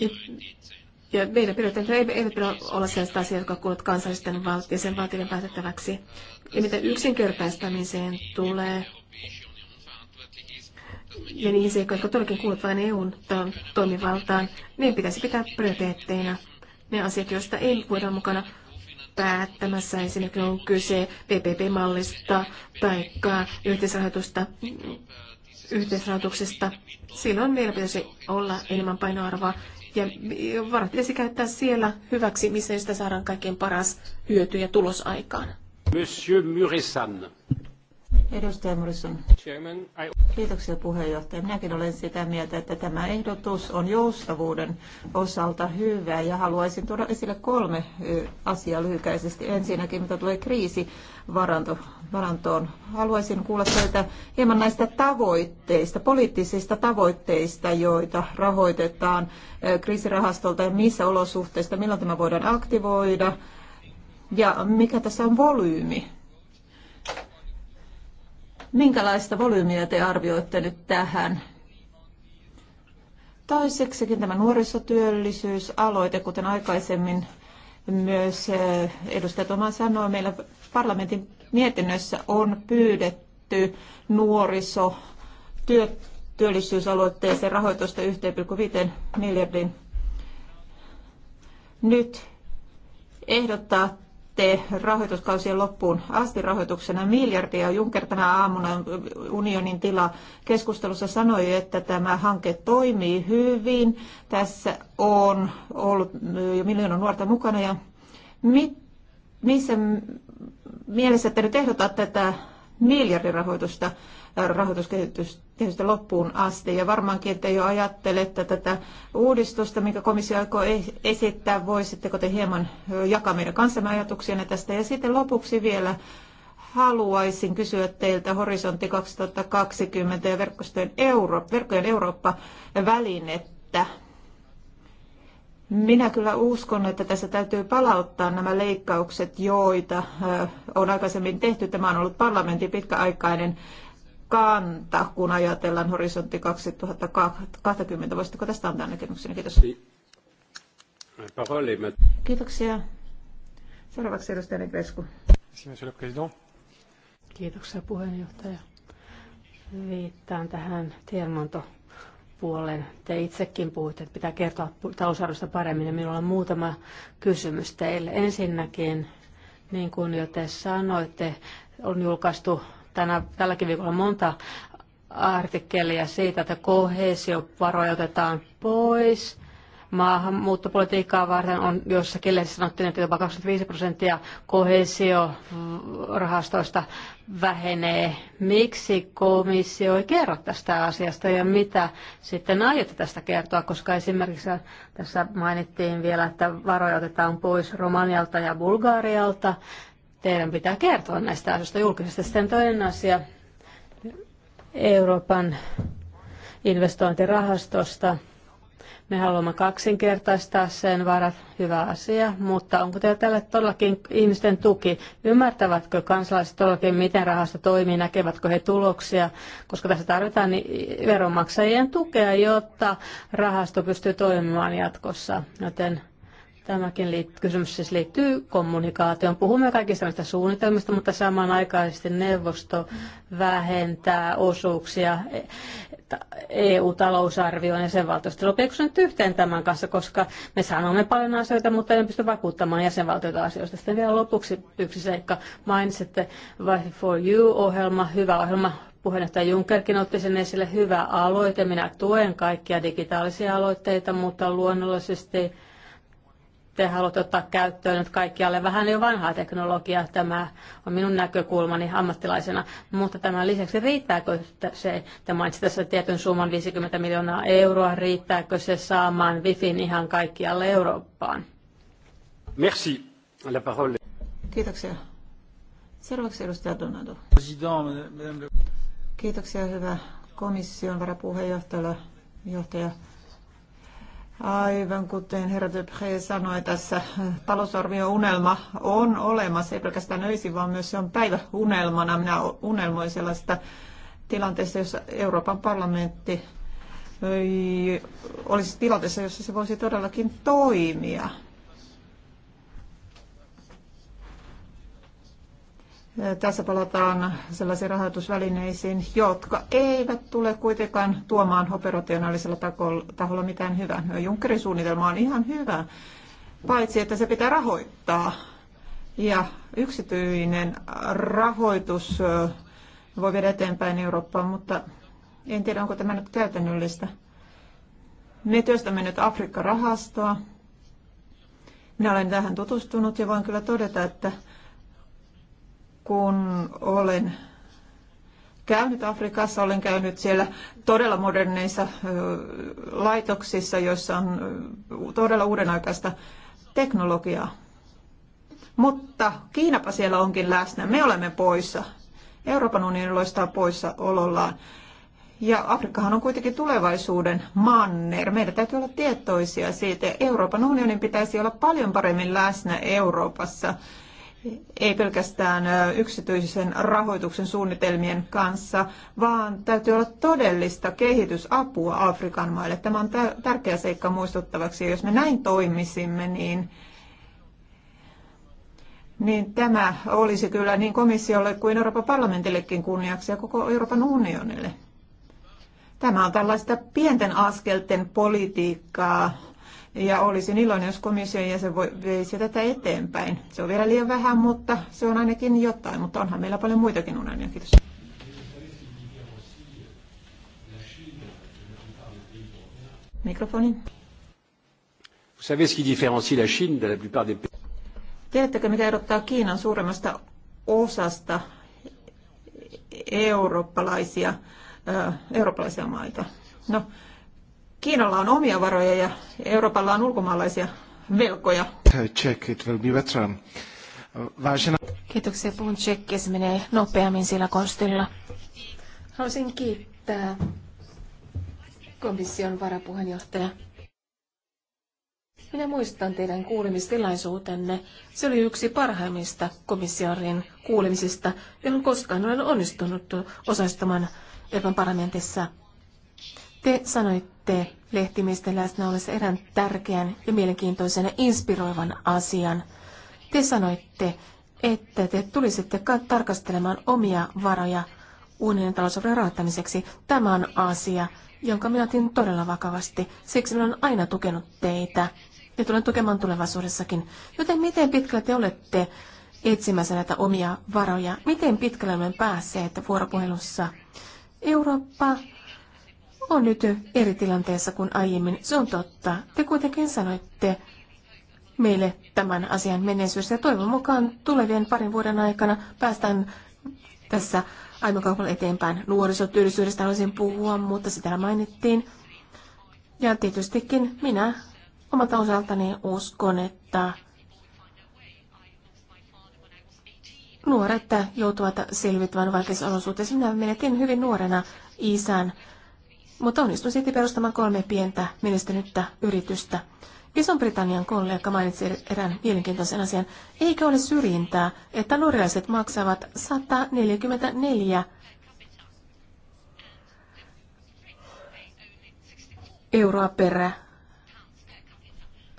Ja, ja meidän pidetään, ei, ei pidä olla sellaista asiaa, jotka kuuluvat kansallisten jäsenvaltioiden päätettäväksi. Ja mitä yksinkertaistamiseen tulee, ja niihin seikkoihin, jotka todellakin kuuluvat vain EUn toimivaltaan, niin pitäisi pitää prioriteetteina ne asiat, joista ei voida mukana päättämässä. Ensinnäkin on kyse PPP-mallista tai yhteisrahoituksesta. Silloin meillä pitäisi olla enemmän painoarvoa ja varat pitäisi käyttää siellä hyväksi, missä sitä saadaan kaikkein paras hyöty ja tulos aikaan. Monsieur Edustaja Morrison. Kiitoksia puheenjohtaja. Minäkin olen sitä mieltä, että tämä ehdotus on joustavuuden osalta hyvä ja haluaisin tuoda esille kolme asiaa lyhykäisesti. Ensinnäkin, mitä tulee kriisivarantoon. Haluaisin kuulla teiltä hieman näistä tavoitteista, poliittisista tavoitteista, joita rahoitetaan kriisirahastolta ja missä olosuhteista, milloin tämä voidaan aktivoida ja mikä tässä on volyymi Minkälaista volyymiä te arvioitte nyt tähän? Toiseksikin tämä nuorisotyöllisyysaloite, kuten aikaisemmin myös eh, edustaja Toma sanoi, meillä parlamentin mietinnössä on pyydetty nuorisotyöllisyysaloitteeseen rahoitusta 1,5 miljardin. Nyt ehdottaa tee rahoituskausien loppuun asti rahoituksena miljardia. Juncker tänä aamuna unionin tila keskustelussa sanoi, että tämä hanke toimii hyvin. Tässä on ollut jo miljoona nuorta mukana ja mit, missä mielessä te nyt ehdotatte tätä miljardirahoitusta rahoituskehitystä? tietysti loppuun asti. Ja varmaankin, että jo ajattelette tätä uudistusta, minkä komissio aikoo e- esittää, voisitteko te hieman jakaa meidän kanssamme ajatuksia tästä. Ja sitten lopuksi vielä haluaisin kysyä teiltä Horisontti 2020 ja verkkojen, Euro- verkkojen Eurooppa-välinettä. Minä kyllä uskon, että tässä täytyy palauttaa nämä leikkaukset, joita on aikaisemmin tehty. Tämä on ollut parlamentin pitkäaikainen kanta, kun ajatellaan horisontti 2020. Voisitteko tästä antaa näkemyksiä? Kiitos. Kiitoksia. Seuraavaksi edustaja Negresku. Kiitoksia puheenjohtaja. Viittaan tähän tiedonanto puolen. Te itsekin puhuitte, että pitää kertoa talousarvosta paremmin ja minulla on muutama kysymys teille. Ensinnäkin, niin kuin jo te sanoitte, on julkaistu tänä, tälläkin viikolla monta artikkelia siitä, että kohesiovaroja otetaan pois. Maahanmuuttopolitiikkaa varten on jossakin lehdessä sanottiin, että jopa 25 prosenttia kohesiorahastoista vähenee. Miksi komissio ei kerro tästä asiasta ja mitä sitten aiotte tästä kertoa, koska esimerkiksi tässä mainittiin vielä, että varoja otetaan pois Romanialta ja Bulgarialta teidän pitää kertoa näistä asioista julkisesti. Sitten toinen asia Euroopan investointirahastosta. Me haluamme kaksinkertaistaa sen varat, hyvä asia, mutta onko teillä tällä todellakin ihmisten tuki? Ymmärtävätkö kansalaiset todellakin, miten rahasto toimii, näkevätkö he tuloksia? Koska tässä tarvitaan veronmaksajien tukea, jotta rahasto pystyy toimimaan jatkossa. Joten Tämäkin liittyy, kysymys siis liittyy kommunikaatioon. Puhumme kaikista näistä suunnitelmista, mutta samanaikaisesti neuvosto vähentää osuuksia EU-talousarvioon e ja sen valtiosta. Lopuksi nyt yhteen tämän kanssa, koska me sanomme paljon asioita, mutta en pysty vakuuttamaan jäsenvaltioita asioista. Sitten vielä lopuksi yksi seikka. Mainitsitte Wife for You-ohjelma, hyvä ohjelma, puheenjohtaja Junckerkin otti sen esille, hyvä aloite. Minä tuen kaikkia digitaalisia aloitteita, mutta luonnollisesti te haluatte ottaa käyttöön nyt kaikkialle vähän jo vanhaa teknologiaa. Tämä on minun näkökulmani ammattilaisena. Mutta tämän lisäksi riittääkö se, te mainitsitte tässä tietyn summan 50 miljoonaa euroa, riittääkö se saamaan Wifin ihan kaikkialle Eurooppaan? Merci. La parole. Kiitoksia. Seuraavaksi edustaja Donato. Kiitoksia hyvä komission varapuheenjohtaja. Johtaja. Aivan kuten herra Töpche sanoi tässä, talousarviounelma on olemassa, ei pelkästään öisin, vaan myös se on päiväunelmana. Minä unelmoin sellaista tilanteesta, jossa Euroopan parlamentti olisi tilanteessa, jossa se voisi todellakin toimia. Tässä palataan sellaisiin rahoitusvälineisiin, jotka eivät tule kuitenkaan tuomaan operationaalisella taholla mitään hyvää. No, Junckerin suunnitelma on ihan hyvä, paitsi että se pitää rahoittaa. Ja yksityinen rahoitus voi viedä eteenpäin Eurooppaan, mutta en tiedä, onko tämä nyt käytännöllistä. Me työstämme nyt Afrikka-rahastoa. Minä olen tähän tutustunut ja voin kyllä todeta, että kun olen käynyt Afrikassa, olen käynyt siellä todella moderneissa laitoksissa, joissa on todella uudenaikaista teknologiaa. Mutta Kiinapa siellä onkin läsnä. Me olemme poissa. Euroopan unioni loistaa poissa olollaan. Ja Afrikkahan on kuitenkin tulevaisuuden manner. Meidän täytyy olla tietoisia siitä. Euroopan unionin pitäisi olla paljon paremmin läsnä Euroopassa ei pelkästään yksityisen rahoituksen suunnitelmien kanssa, vaan täytyy olla todellista kehitysapua Afrikan maille. Tämä on tärkeä seikka muistuttavaksi. Jos me näin toimisimme, niin, niin tämä olisi kyllä niin komissiolle kuin Euroopan parlamentillekin kunniaksi ja koko Euroopan unionille. Tämä on tällaista pienten askelten politiikkaa, ja olisin iloinen, jos komission jäsen voi, veisi tätä eteenpäin. Se on vielä liian vähän, mutta se on ainakin jotain. Mutta onhan meillä paljon muitakin unelmia. Kiitos. Mikrofoni. Vous savez ce qui différencie la Chine de la plupart des pays? Tiedättekö, mikä erottaa Kiinan suuremmasta osasta eurooppalaisia, eurooppalaisia maita? No, Kiinalla on omia varoja ja Euroopalla on ulkomaalaisia velkoja. Check, it will be better. Kiitoksia, puhun tsekkiä. Se menee nopeammin sillä konstilla. Haluaisin kiittää komission varapuheenjohtaja. Minä muistan teidän kuulemistilaisuutenne. Se oli yksi parhaimmista komissaarin kuulemisista, johon koskaan olen onnistunut osallistumaan Euroopan parlamentissa. Te sanoitte lehtimiesten läsnä ollessa erään tärkeän ja mielenkiintoisen ja inspiroivan asian. Te sanoitte, että te tulisitte tarkastelemaan omia varoja unionin talousarvion rahoittamiseksi. Tämä on asia, jonka minä otin todella vakavasti. Siksi minä olen aina tukenut teitä ja tulen tukemaan tulevaisuudessakin. Joten miten pitkällä te olette etsimässä näitä omia varoja? Miten pitkälle olemme päässeet vuoropuhelussa? Eurooppa on nyt eri tilanteessa kuin aiemmin. Se on totta. Te kuitenkin sanoitte meille tämän asian menneisyys ja toivon mukaan tulevien parin vuoden aikana päästään tässä aimokaupalla eteenpäin. Nuorisotyöllisyydestä haluaisin puhua, mutta sitä mainittiin. Ja tietystikin minä omalta osaltani uskon, että nuoret joutuvat selvittämään vaikeissa olosuhteissa. Minä menetin hyvin nuorena isän mutta onnistui silti perustamaan kolme pientä menestynyttä yritystä. Ison-Britannian kollega mainitsi erään mielenkiintoisen asian. Eikö ole syrjintää, että norjalaiset maksavat 144 euroa per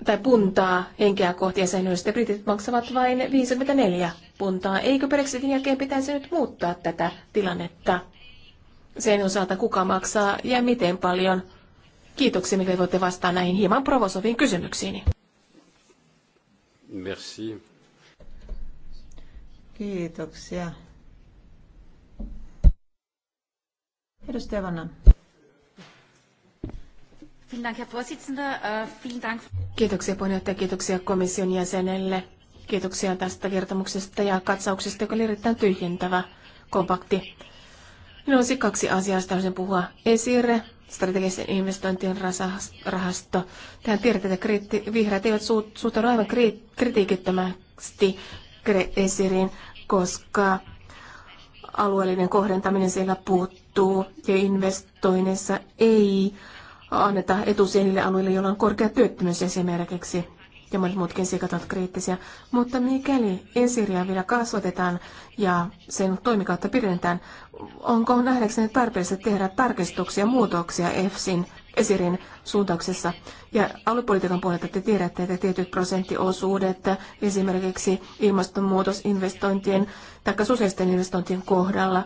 tai puntaa henkeä kohti ja Britit maksavat vain 54 puntaa. Eikö Brexitin jälkeen pitäisi nyt muuttaa tätä tilannetta? sen osalta, kuka maksaa ja miten paljon. Kiitoksia, mikä voitte vastata näihin hieman provosoviin kysymyksiin? Merci. Kiitoksia. Edustaja Vanna. Äh, kiitoksia puheenjohtaja, kiitoksia komission jäsenelle. Kiitoksia tästä kertomuksesta ja katsauksesta, joka oli erittäin tyhjentävä, kompakti. Minulla olisi kaksi asiaa, josta haluaisin puhua. Esire, strategisen investointien rahasto. Tähän tiedetään, että kriitti, vihreät eivät suhtaudu aivan kri, kritiikittömästi esiriin, koska alueellinen kohdentaminen siellä puuttuu ja investoinnissa ei anneta etusienille alueille, joilla on korkea työttömyys esimerkiksi ja monet muutkin seikat ovat kriittisiä, mutta mikäli esiriä vielä kasvatetaan ja sen toimikautta pidennetään, onko nähdäkseni tarpeellista tehdä tarkistuksia, muutoksia EFSin esirin suuntauksessa. Ja aluepolitiikan puolelta te tiedätte, että tietyt prosenttiosuudet esimerkiksi ilmastonmuutosinvestointien tai sosiaalisten investointien kohdalla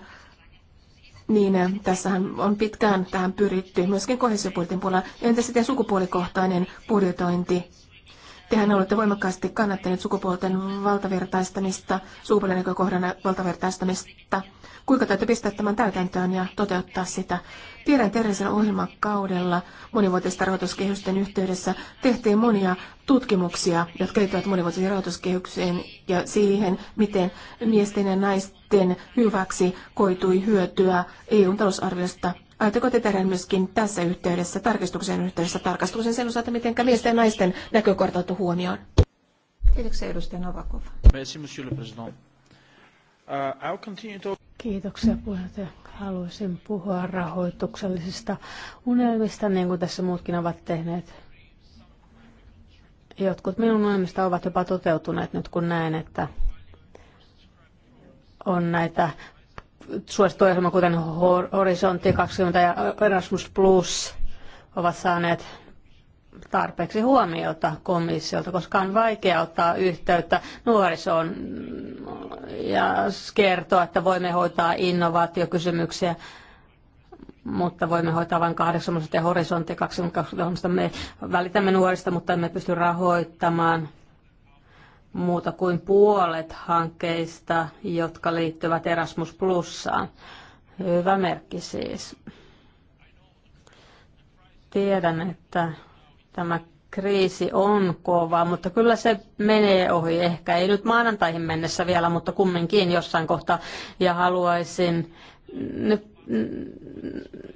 niin, tässähän on pitkään tähän pyritty, myöskin kohesiopuolten puolella. Entä sitten sukupuolikohtainen budjetointi? Tehän olette voimakkaasti kannattaneet sukupuolten valtavirtaistamista, sukupuolen näkökohdan valtavirtaistamista. Kuinka täytyy pistää tämän täytäntöön ja toteuttaa sitä? Tiedän Teresen ohjelmakaudella monivuotisten rahoituskehysten yhteydessä tehtiin monia tutkimuksia, jotka liittyvät monivuotisiin rahoituskehykseen ja siihen, miten miesten ja naisten hyväksi koitui hyötyä EUn talousarviosta Aiotteko te tehdä myöskin tässä yhteydessä, tarkistuksen yhteydessä, tarkastuksen sen osalta, miten miesten ja naisten näkökohta otettu huomioon? Kiitoksia, edustaja Novakov. Merci, monsieur le président. Uh, Kiitoksia puheenjohtaja. Haluaisin puhua rahoituksellisista unelmista, niin kuin tässä muutkin ovat tehneet. Jotkut minun unelmista ovat jopa toteutuneet nyt, kun näen, että on näitä suosittu ohjelma, kuten Horisontti 20 ja Erasmus Plus, ovat saaneet tarpeeksi huomiota komissiolta, koska on vaikea ottaa yhteyttä nuorisoon ja kertoa, että voimme hoitaa innovaatiokysymyksiä, mutta voimme hoitaa vain 8 ja horisontti 2020. Me välitämme nuorista, mutta emme pysty rahoittamaan muuta kuin puolet hankkeista, jotka liittyvät Erasmus Plussaan. Hyvä merkki siis. Tiedän, että tämä kriisi on kova, mutta kyllä se menee ohi. Ehkä ei nyt maanantaihin mennessä vielä, mutta kumminkin jossain kohtaa. Ja haluaisin nyt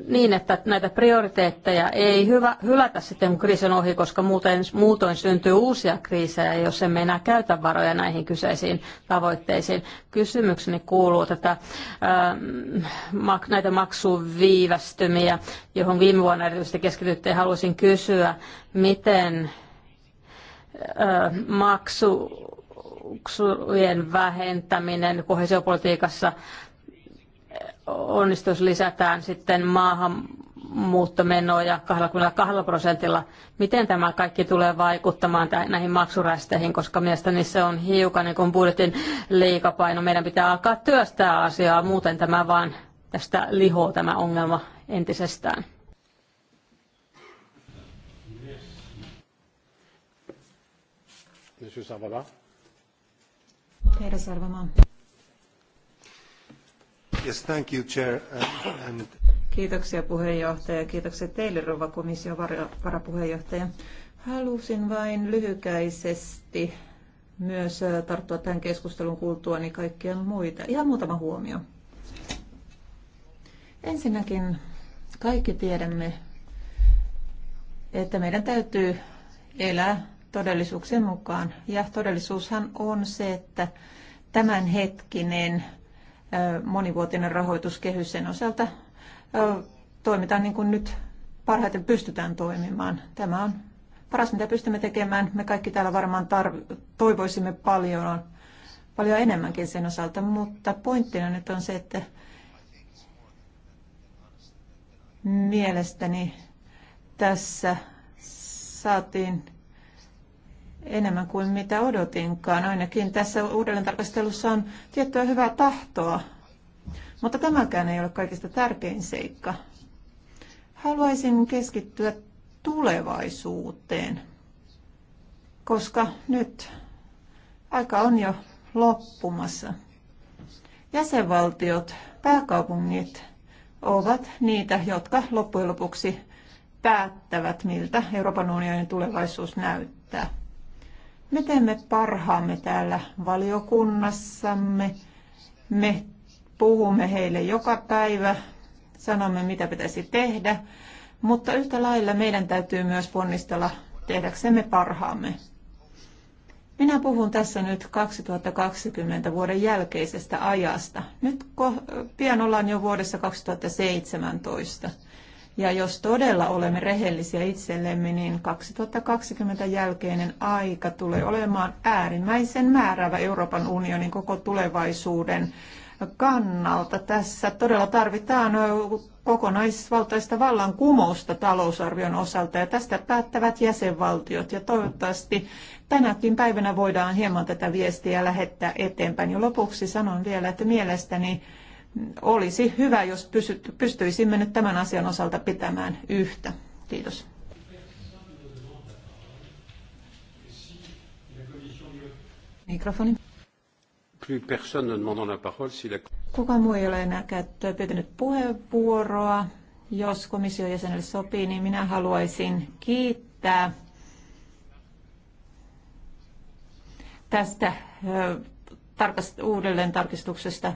niin, että näitä prioriteetteja ei hyvä, hylätä sitten, kun kriisi on ohi, koska muuten, muutoin syntyy uusia kriisejä, jos emme enää käytä varoja näihin kyseisiin tavoitteisiin. Kysymykseni kuuluu tätä, ää, ähm, näitä maksuviivästymiä, johon viime vuonna erityisesti keskityttiin. Haluaisin kysyä, miten ää, äh, maksujen vähentäminen kohesiopolitiikassa – onnistus lisätään sitten maahanmuuttomenoja 22 prosentilla. Miten tämä kaikki tulee vaikuttamaan näihin maksurästeihin, koska mielestäni se on hiukan niin kuin budjetin liikapaino. Meidän pitää alkaa työstää asiaa, muuten tämä vaan tästä lihoo tämä ongelma entisestään. Monsieur Sarvamaa. Teidän Sarvamaa. Yes, thank you, Chair. Uh, and... Kiitoksia puheenjohtaja. Kiitoksia teille, rouva komission varapuheenjohtaja. Halusin vain lyhykäisesti myös äh, tarttua tähän keskustelun kuultua niin kaikkia muita. Ihan muutama huomio. Ensinnäkin kaikki tiedämme, että meidän täytyy elää todellisuuksien mukaan. Ja todellisuushan on se, että tämänhetkinen monivuotinen rahoituskehys sen osalta toimitaan niin kuin nyt parhaiten pystytään toimimaan. Tämä on paras, mitä pystymme tekemään. Me kaikki täällä varmaan tarv- toivoisimme paljon, paljon enemmänkin sen osalta, mutta pointtina nyt on se, että mielestäni tässä saatiin enemmän kuin mitä odotinkaan. Ainakin tässä tarkastelussa on tiettyä hyvää tahtoa, mutta tämäkään ei ole kaikista tärkein seikka. Haluaisin keskittyä tulevaisuuteen, koska nyt aika on jo loppumassa. Jäsenvaltiot, pääkaupungit ovat niitä, jotka loppujen lopuksi päättävät, miltä Euroopan unionin tulevaisuus näyttää. Me teemme parhaamme täällä valiokunnassamme. Me puhumme heille joka päivä, sanomme mitä pitäisi tehdä, mutta yhtä lailla meidän täytyy myös ponnistella tehdäksemme parhaamme. Minä puhun tässä nyt 2020 vuoden jälkeisestä ajasta. Nyt pian ollaan jo vuodessa 2017. Ja jos todella olemme rehellisiä itsellemme, niin 2020 jälkeinen aika tulee olemaan äärimmäisen määrävä Euroopan unionin koko tulevaisuuden kannalta. Tässä todella tarvitaan kokonaisvaltaista vallankumousta talousarvion osalta ja tästä päättävät jäsenvaltiot ja toivottavasti tänäkin päivänä voidaan hieman tätä viestiä lähettää eteenpäin. Ja lopuksi sanon vielä, että mielestäni olisi hyvä, jos pystyisimme nyt tämän asian osalta pitämään yhtä. Kiitos. Mikrofoni. Kuka muu ei ole enää käyttöä pyytänyt puheenvuoroa. Jos komission jäsenelle sopii, niin minä haluaisin kiittää tästä uudelleen tarkistuksesta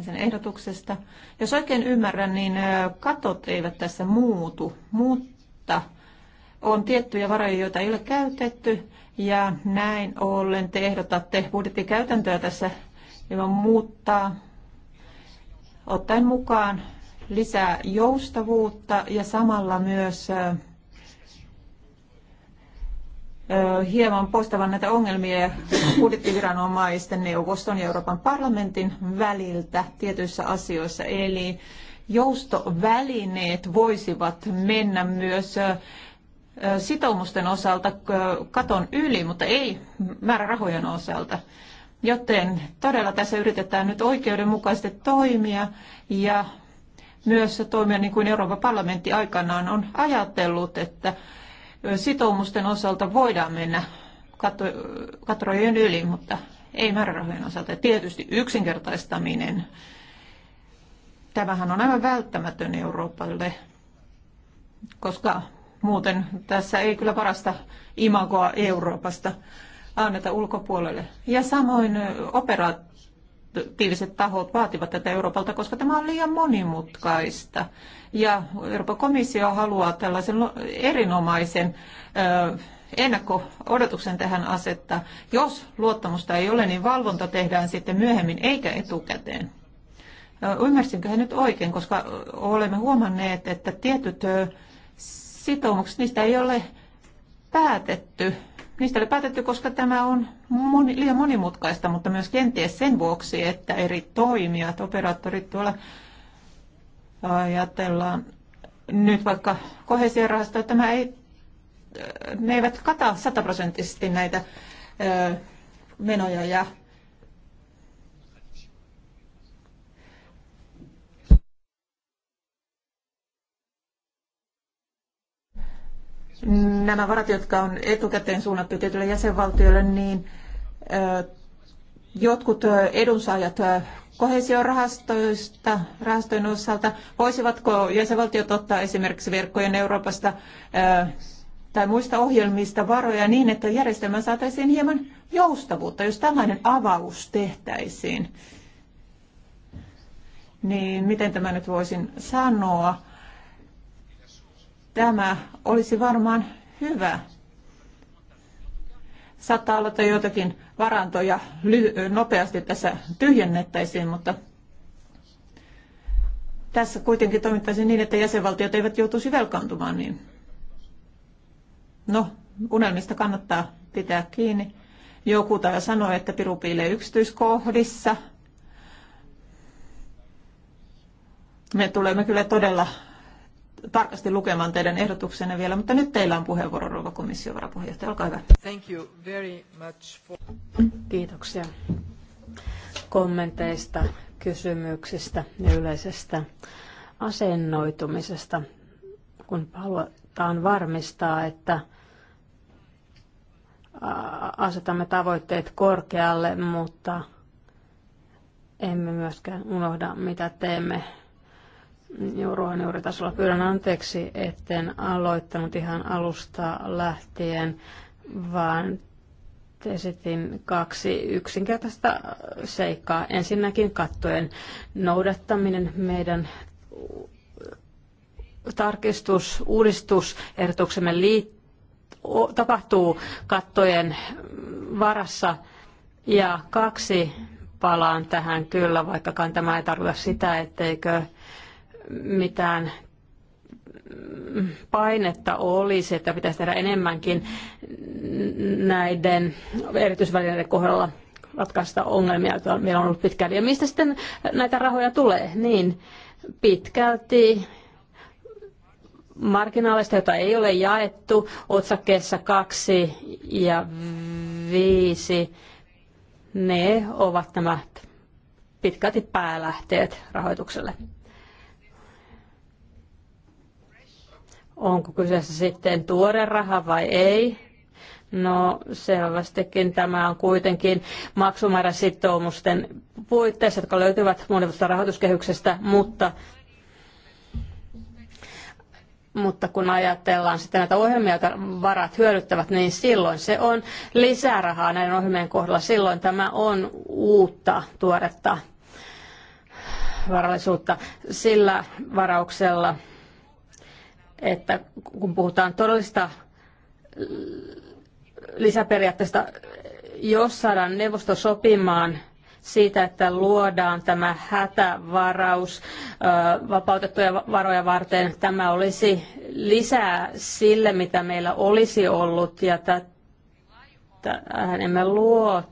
sen ehdotuksesta. Jos oikein ymmärrän, niin katot eivät tässä muutu, mutta on tiettyjä varoja, joita ei ole käytetty, ja näin ollen te ehdotatte budjettikäytäntöä tässä hieman muuttaa, ottaen mukaan lisää joustavuutta ja samalla myös hieman poistavan näitä ongelmia budjettiviranomaisten neuvoston ja Euroopan parlamentin väliltä tietyissä asioissa. Eli joustovälineet voisivat mennä myös sitoumusten osalta katon yli, mutta ei määrärahojen osalta. Joten todella tässä yritetään nyt oikeudenmukaisesti toimia ja myös toimia niin kuin Euroopan parlamentti aikanaan on ajatellut, että sitoumusten osalta voidaan mennä katrojen yli, mutta ei määrärahojen osalta. Tietysti yksinkertaistaminen. Tämähän on aivan välttämätön Euroopalle, koska muuten tässä ei kyllä parasta imagoa Euroopasta anneta ulkopuolelle. Ja samoin operaat aktiiviset tahot vaativat tätä Euroopalta, koska tämä on liian monimutkaista. Ja Euroopan komissio haluaa tällaisen erinomaisen ennakko-odotuksen tähän asettaa. Jos luottamusta ei ole, niin valvonta tehdään sitten myöhemmin eikä etukäteen. he nyt oikein, koska olemme huomanneet, että tietyt sitoumukset, niistä ei ole päätetty Niistä oli päätetty, koska tämä on moni, liian monimutkaista, mutta myös kenties sen vuoksi, että eri toimijat, operaattorit tuolla ajatellaan nyt vaikka että tämä ei, ne eivät kata sataprosenttisesti näitä menoja ja nämä varat, jotka on etukäteen suunnattu tietyille jäsenvaltioille, niin jotkut edunsaajat kohesiorahastoista rahastojen osalta, voisivatko jäsenvaltiot ottaa esimerkiksi verkkojen Euroopasta tai muista ohjelmista varoja niin, että järjestelmään saataisiin hieman joustavuutta, jos tällainen avaus tehtäisiin. Niin miten tämä nyt voisin sanoa? Tämä olisi varmaan hyvä. Saattaa olla, että joitakin varantoja nopeasti tässä tyhjennettäisiin, mutta tässä kuitenkin toimittaisiin niin, että jäsenvaltiot eivät joutuisi velkaantumaan niin. No, unelmista kannattaa pitää kiinni. Joku tai sanoi, että piru piilee yksityiskohdissa. Me tulemme kyllä todella tarkasti lukemaan teidän ehdotuksenne vielä, mutta nyt teillä on puheenvuoro, rouva komission varapuheenjohtaja. Olkaa hyvä. Thank you very much for... Kiitoksia kommenteista, kysymyksistä ja yleisestä asennoitumisesta, kun halutaan varmistaa, että asetamme tavoitteet korkealle, mutta emme myöskään unohda, mitä teemme ruohonjuuritasolla. Pyydän anteeksi, etten aloittanut ihan alusta lähtien, vaan esitin kaksi yksinkertaista seikkaa. Ensinnäkin kattojen noudattaminen meidän tarkistus, uudistusehdotuksemme liit tapahtuu kattojen varassa. Ja kaksi palaan tähän kyllä, vaikkakaan tämä ei tarkoita sitä, etteikö mitään painetta olisi, että pitäisi tehdä enemmänkin näiden erityisvälineiden kohdalla ratkaista ongelmia, joita meillä on ollut pitkään. Ja mistä sitten näitä rahoja tulee? Niin pitkälti marginaalista, jota ei ole jaettu, otsakkeessa kaksi ja viisi, ne ovat nämä pitkälti päälähteet rahoitukselle. Onko kyseessä sitten tuore raha vai ei? No selvästikin tämä on kuitenkin maksumääräsitoumusten puitteissa, jotka löytyvät monivuotisesta rahoituskehyksestä, mutta mutta kun ajatellaan sitten näitä ohjelmia, joita varat hyödyttävät, niin silloin se on lisärahaa näiden ohjelmien kohdalla. Silloin tämä on uutta tuoretta varallisuutta sillä varauksella että kun puhutaan todellista lisäperiaatteesta, jos saadaan neuvosto sopimaan siitä, että luodaan tämä hätävaraus vapautettuja varoja varten. Tämä olisi lisää sille, mitä meillä olisi ollut, ja tähän emme luota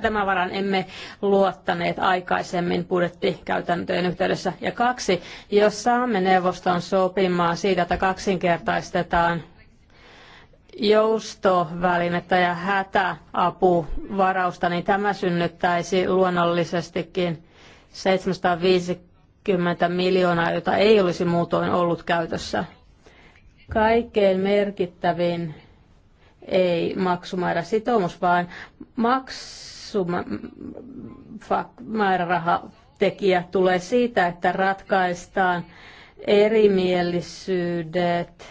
tämän varan emme luottaneet aikaisemmin budjettikäytäntöjen yhteydessä. Ja kaksi, jos saamme neuvoston sopimaan siitä, että kaksinkertaistetaan joustovälinettä ja hätäapuvarausta, niin tämä synnyttäisi luonnollisestikin 750 miljoonaa, jota ei olisi muutoin ollut käytössä. Kaikkein merkittävin ei maksumäärä sitoumus, vaan maksumäärärahatekijä tulee siitä, että ratkaistaan erimielisyydet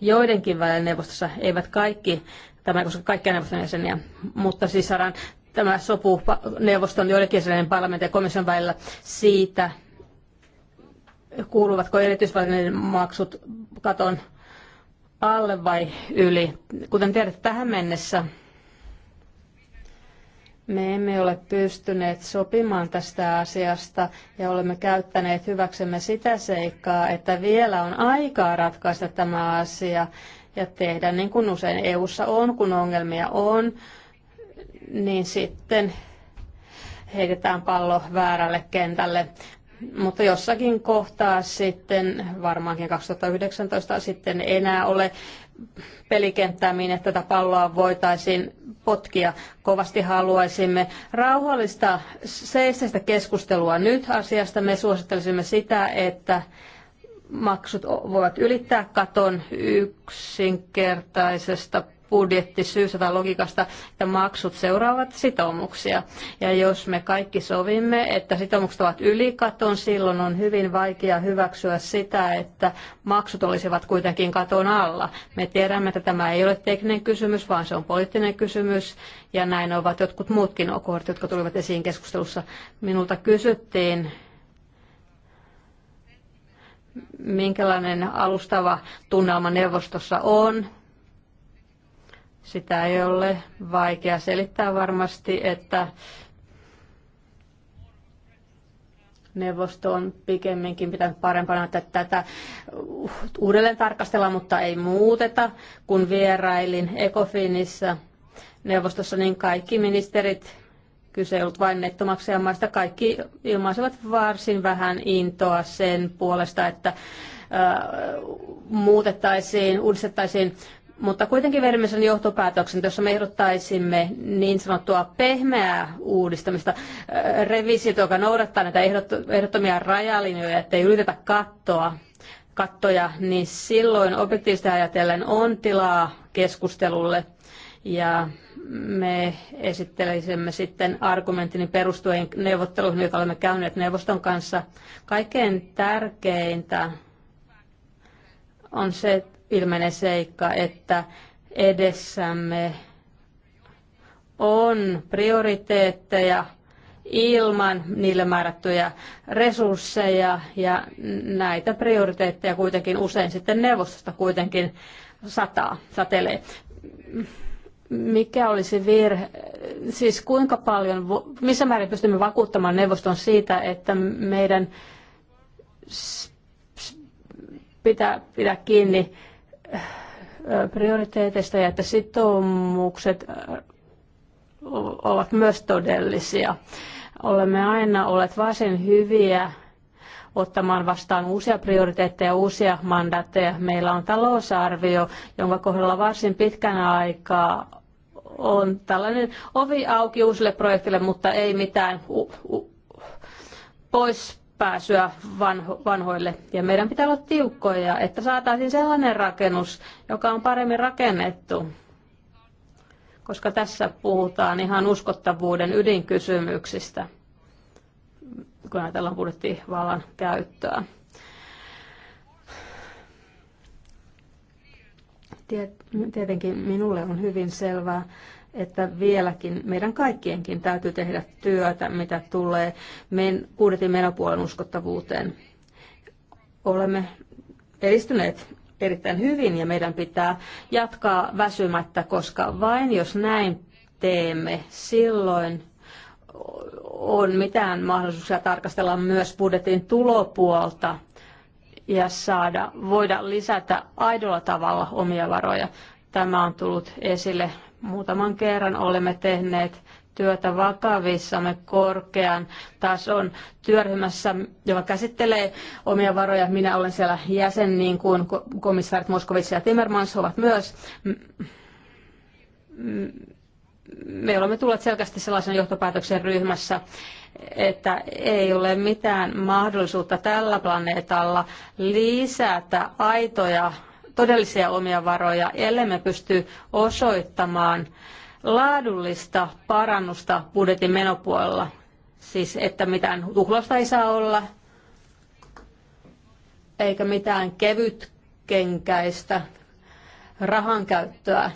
joidenkin välillä neuvostossa, eivät kaikki, tämä koska kaikkia neuvoston jäseniä, mutta siis saadaan tämä sopu neuvoston joidenkin jäsenen parlamentin ja komission välillä siitä, kuuluvatko erityisvälineiden maksut katon alle vai yli. Kuten tiedät tähän mennessä me emme ole pystyneet sopimaan tästä asiasta ja olemme käyttäneet hyväksemme sitä seikkaa, että vielä on aikaa ratkaista tämä asia ja tehdä niin kuin usein EU:ssa on, kun ongelmia on, niin sitten heitetään pallo väärälle kentälle mutta jossakin kohtaa sitten, varmaankin 2019 sitten enää ole pelikenttää, minne tätä palloa voitaisiin potkia. Kovasti haluaisimme rauhallista seisestä keskustelua nyt asiasta. Me suosittelisimme sitä, että maksut voivat ylittää katon yksinkertaisesta budjettisyystä tai logiikasta, että maksut seuraavat sitoumuksia. Ja jos me kaikki sovimme, että sitoumukset ovat ylikaton, silloin on hyvin vaikea hyväksyä sitä, että maksut olisivat kuitenkin katon alla. Me tiedämme, että tämä ei ole tekninen kysymys, vaan se on poliittinen kysymys, ja näin ovat jotkut muutkin kohdat, jotka tulivat esiin keskustelussa. Minulta kysyttiin, minkälainen alustava tunnelma neuvostossa on sitä ei ole vaikea selittää varmasti, että neuvosto on pikemminkin pitänyt parempana, että tätä uh, uudelleen tarkastella, mutta ei muuteta. Kun vierailin Ecofinissa neuvostossa, niin kaikki ministerit, kyse ei ollut vain nettomaksajamaista, kaikki ilmaisivat varsin vähän intoa sen puolesta, että äh, muutettaisiin, uudistettaisiin mutta kuitenkin vedimme sen johtopäätöksen, jossa me ehdottaisimme niin sanottua pehmeää uudistamista, äh, revisit, joka noudattaa näitä ehdottomia rajalinjoja, ettei ylitetä kattoa, kattoja, niin silloin objektiivisesti ajatellen on tilaa keskustelulle. Ja me esittelisimme sitten argumentin perustuen neuvotteluihin, joita olemme käyneet neuvoston kanssa. Kaikkein tärkeintä on se, ilmenee seikka, että edessämme on prioriteetteja ilman niille määrättyjä resursseja ja näitä prioriteetteja kuitenkin usein sitten neuvostosta kuitenkin sataa, satelee. Mikä olisi virhe, siis kuinka paljon, missä määrin pystymme vakuuttamaan neuvoston siitä, että meidän pitää, pitää kiinni prioriteeteista ja että sitoumukset äh, ovat myös todellisia. Olemme aina olleet varsin hyviä ottamaan vastaan uusia prioriteetteja, uusia mandaatteja. Meillä on talousarvio, jonka kohdalla varsin pitkän aikaa on tällainen ovi auki uusille projekteille, mutta ei mitään u- u- pois pääsyä vanho, vanhoille. Ja meidän pitää olla tiukkoja, että saataisiin sellainen rakennus, joka on paremmin rakennettu. Koska tässä puhutaan ihan uskottavuuden ydinkysymyksistä, kun ajatellaan budjettivallan käyttöä. Tietenkin minulle on hyvin selvää, että vieläkin meidän kaikkienkin täytyy tehdä työtä, mitä tulee men, budjetin menopuolen uskottavuuteen. Olemme edistyneet erittäin hyvin ja meidän pitää jatkaa väsymättä, koska vain jos näin teemme, silloin on mitään mahdollisuuksia tarkastella myös budjetin tulopuolta ja saada, voida lisätä aidolla tavalla omia varoja. Tämä on tullut esille Muutaman kerran olemme tehneet työtä vakavissamme korkean tason työryhmässä, joka käsittelee omia varoja. Minä olen siellä jäsen, niin kuin komissaarit Moskovits ja Timmermans ovat myös. Me olemme tulleet selkeästi sellaisen johtopäätöksen ryhmässä, että ei ole mitään mahdollisuutta tällä planeetalla lisätä aitoja todellisia omia varoja, ellei me pysty osoittamaan laadullista parannusta budjetin menopuolella. Siis että mitään tuhlausta ei saa olla, eikä mitään kevytkenkäistä rahankäyttöä.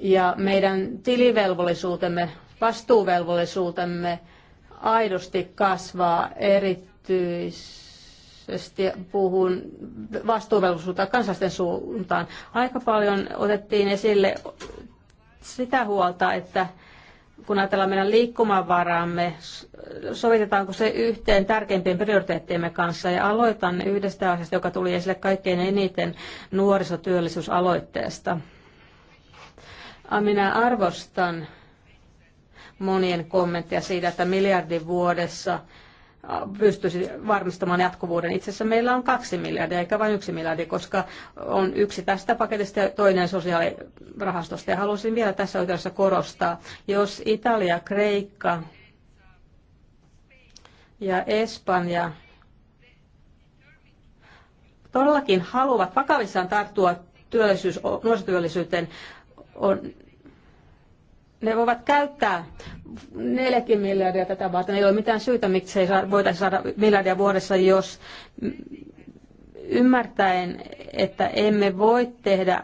Ja meidän tilivelvollisuutemme, vastuuvelvollisuutemme aidosti kasvaa erityisesti puhun vastuuvelvollisuutta kansalaisten suuntaan. Aika paljon otettiin esille sitä huolta, että kun ajatellaan meidän liikkumavaraamme, sovitetaanko se yhteen tärkeimpien prioriteettiemme kanssa. Ja aloitan yhdestä asiasta, joka tuli esille kaikkein eniten nuorisotyöllisyysaloitteesta. Minä arvostan monien kommenttia siitä, että miljardin vuodessa – pystyisi varmistamaan jatkuvuuden. Itse asiassa meillä on kaksi miljardia, eikä vain yksi miljardi, koska on yksi tästä paketista ja toinen sosiaalirahastosta. Ja haluaisin vielä tässä yhteydessä korostaa, jos Italia, Kreikka ja Espanja todellakin haluavat vakavissaan tarttua työllisyys, nuorisotyöllisyyteen, on, ne voivat käyttää 4 miljardia tätä varten. Ei ole mitään syytä, ei saa, voitaisiin saada miljardia vuodessa, jos ymmärtäen, että emme voi tehdä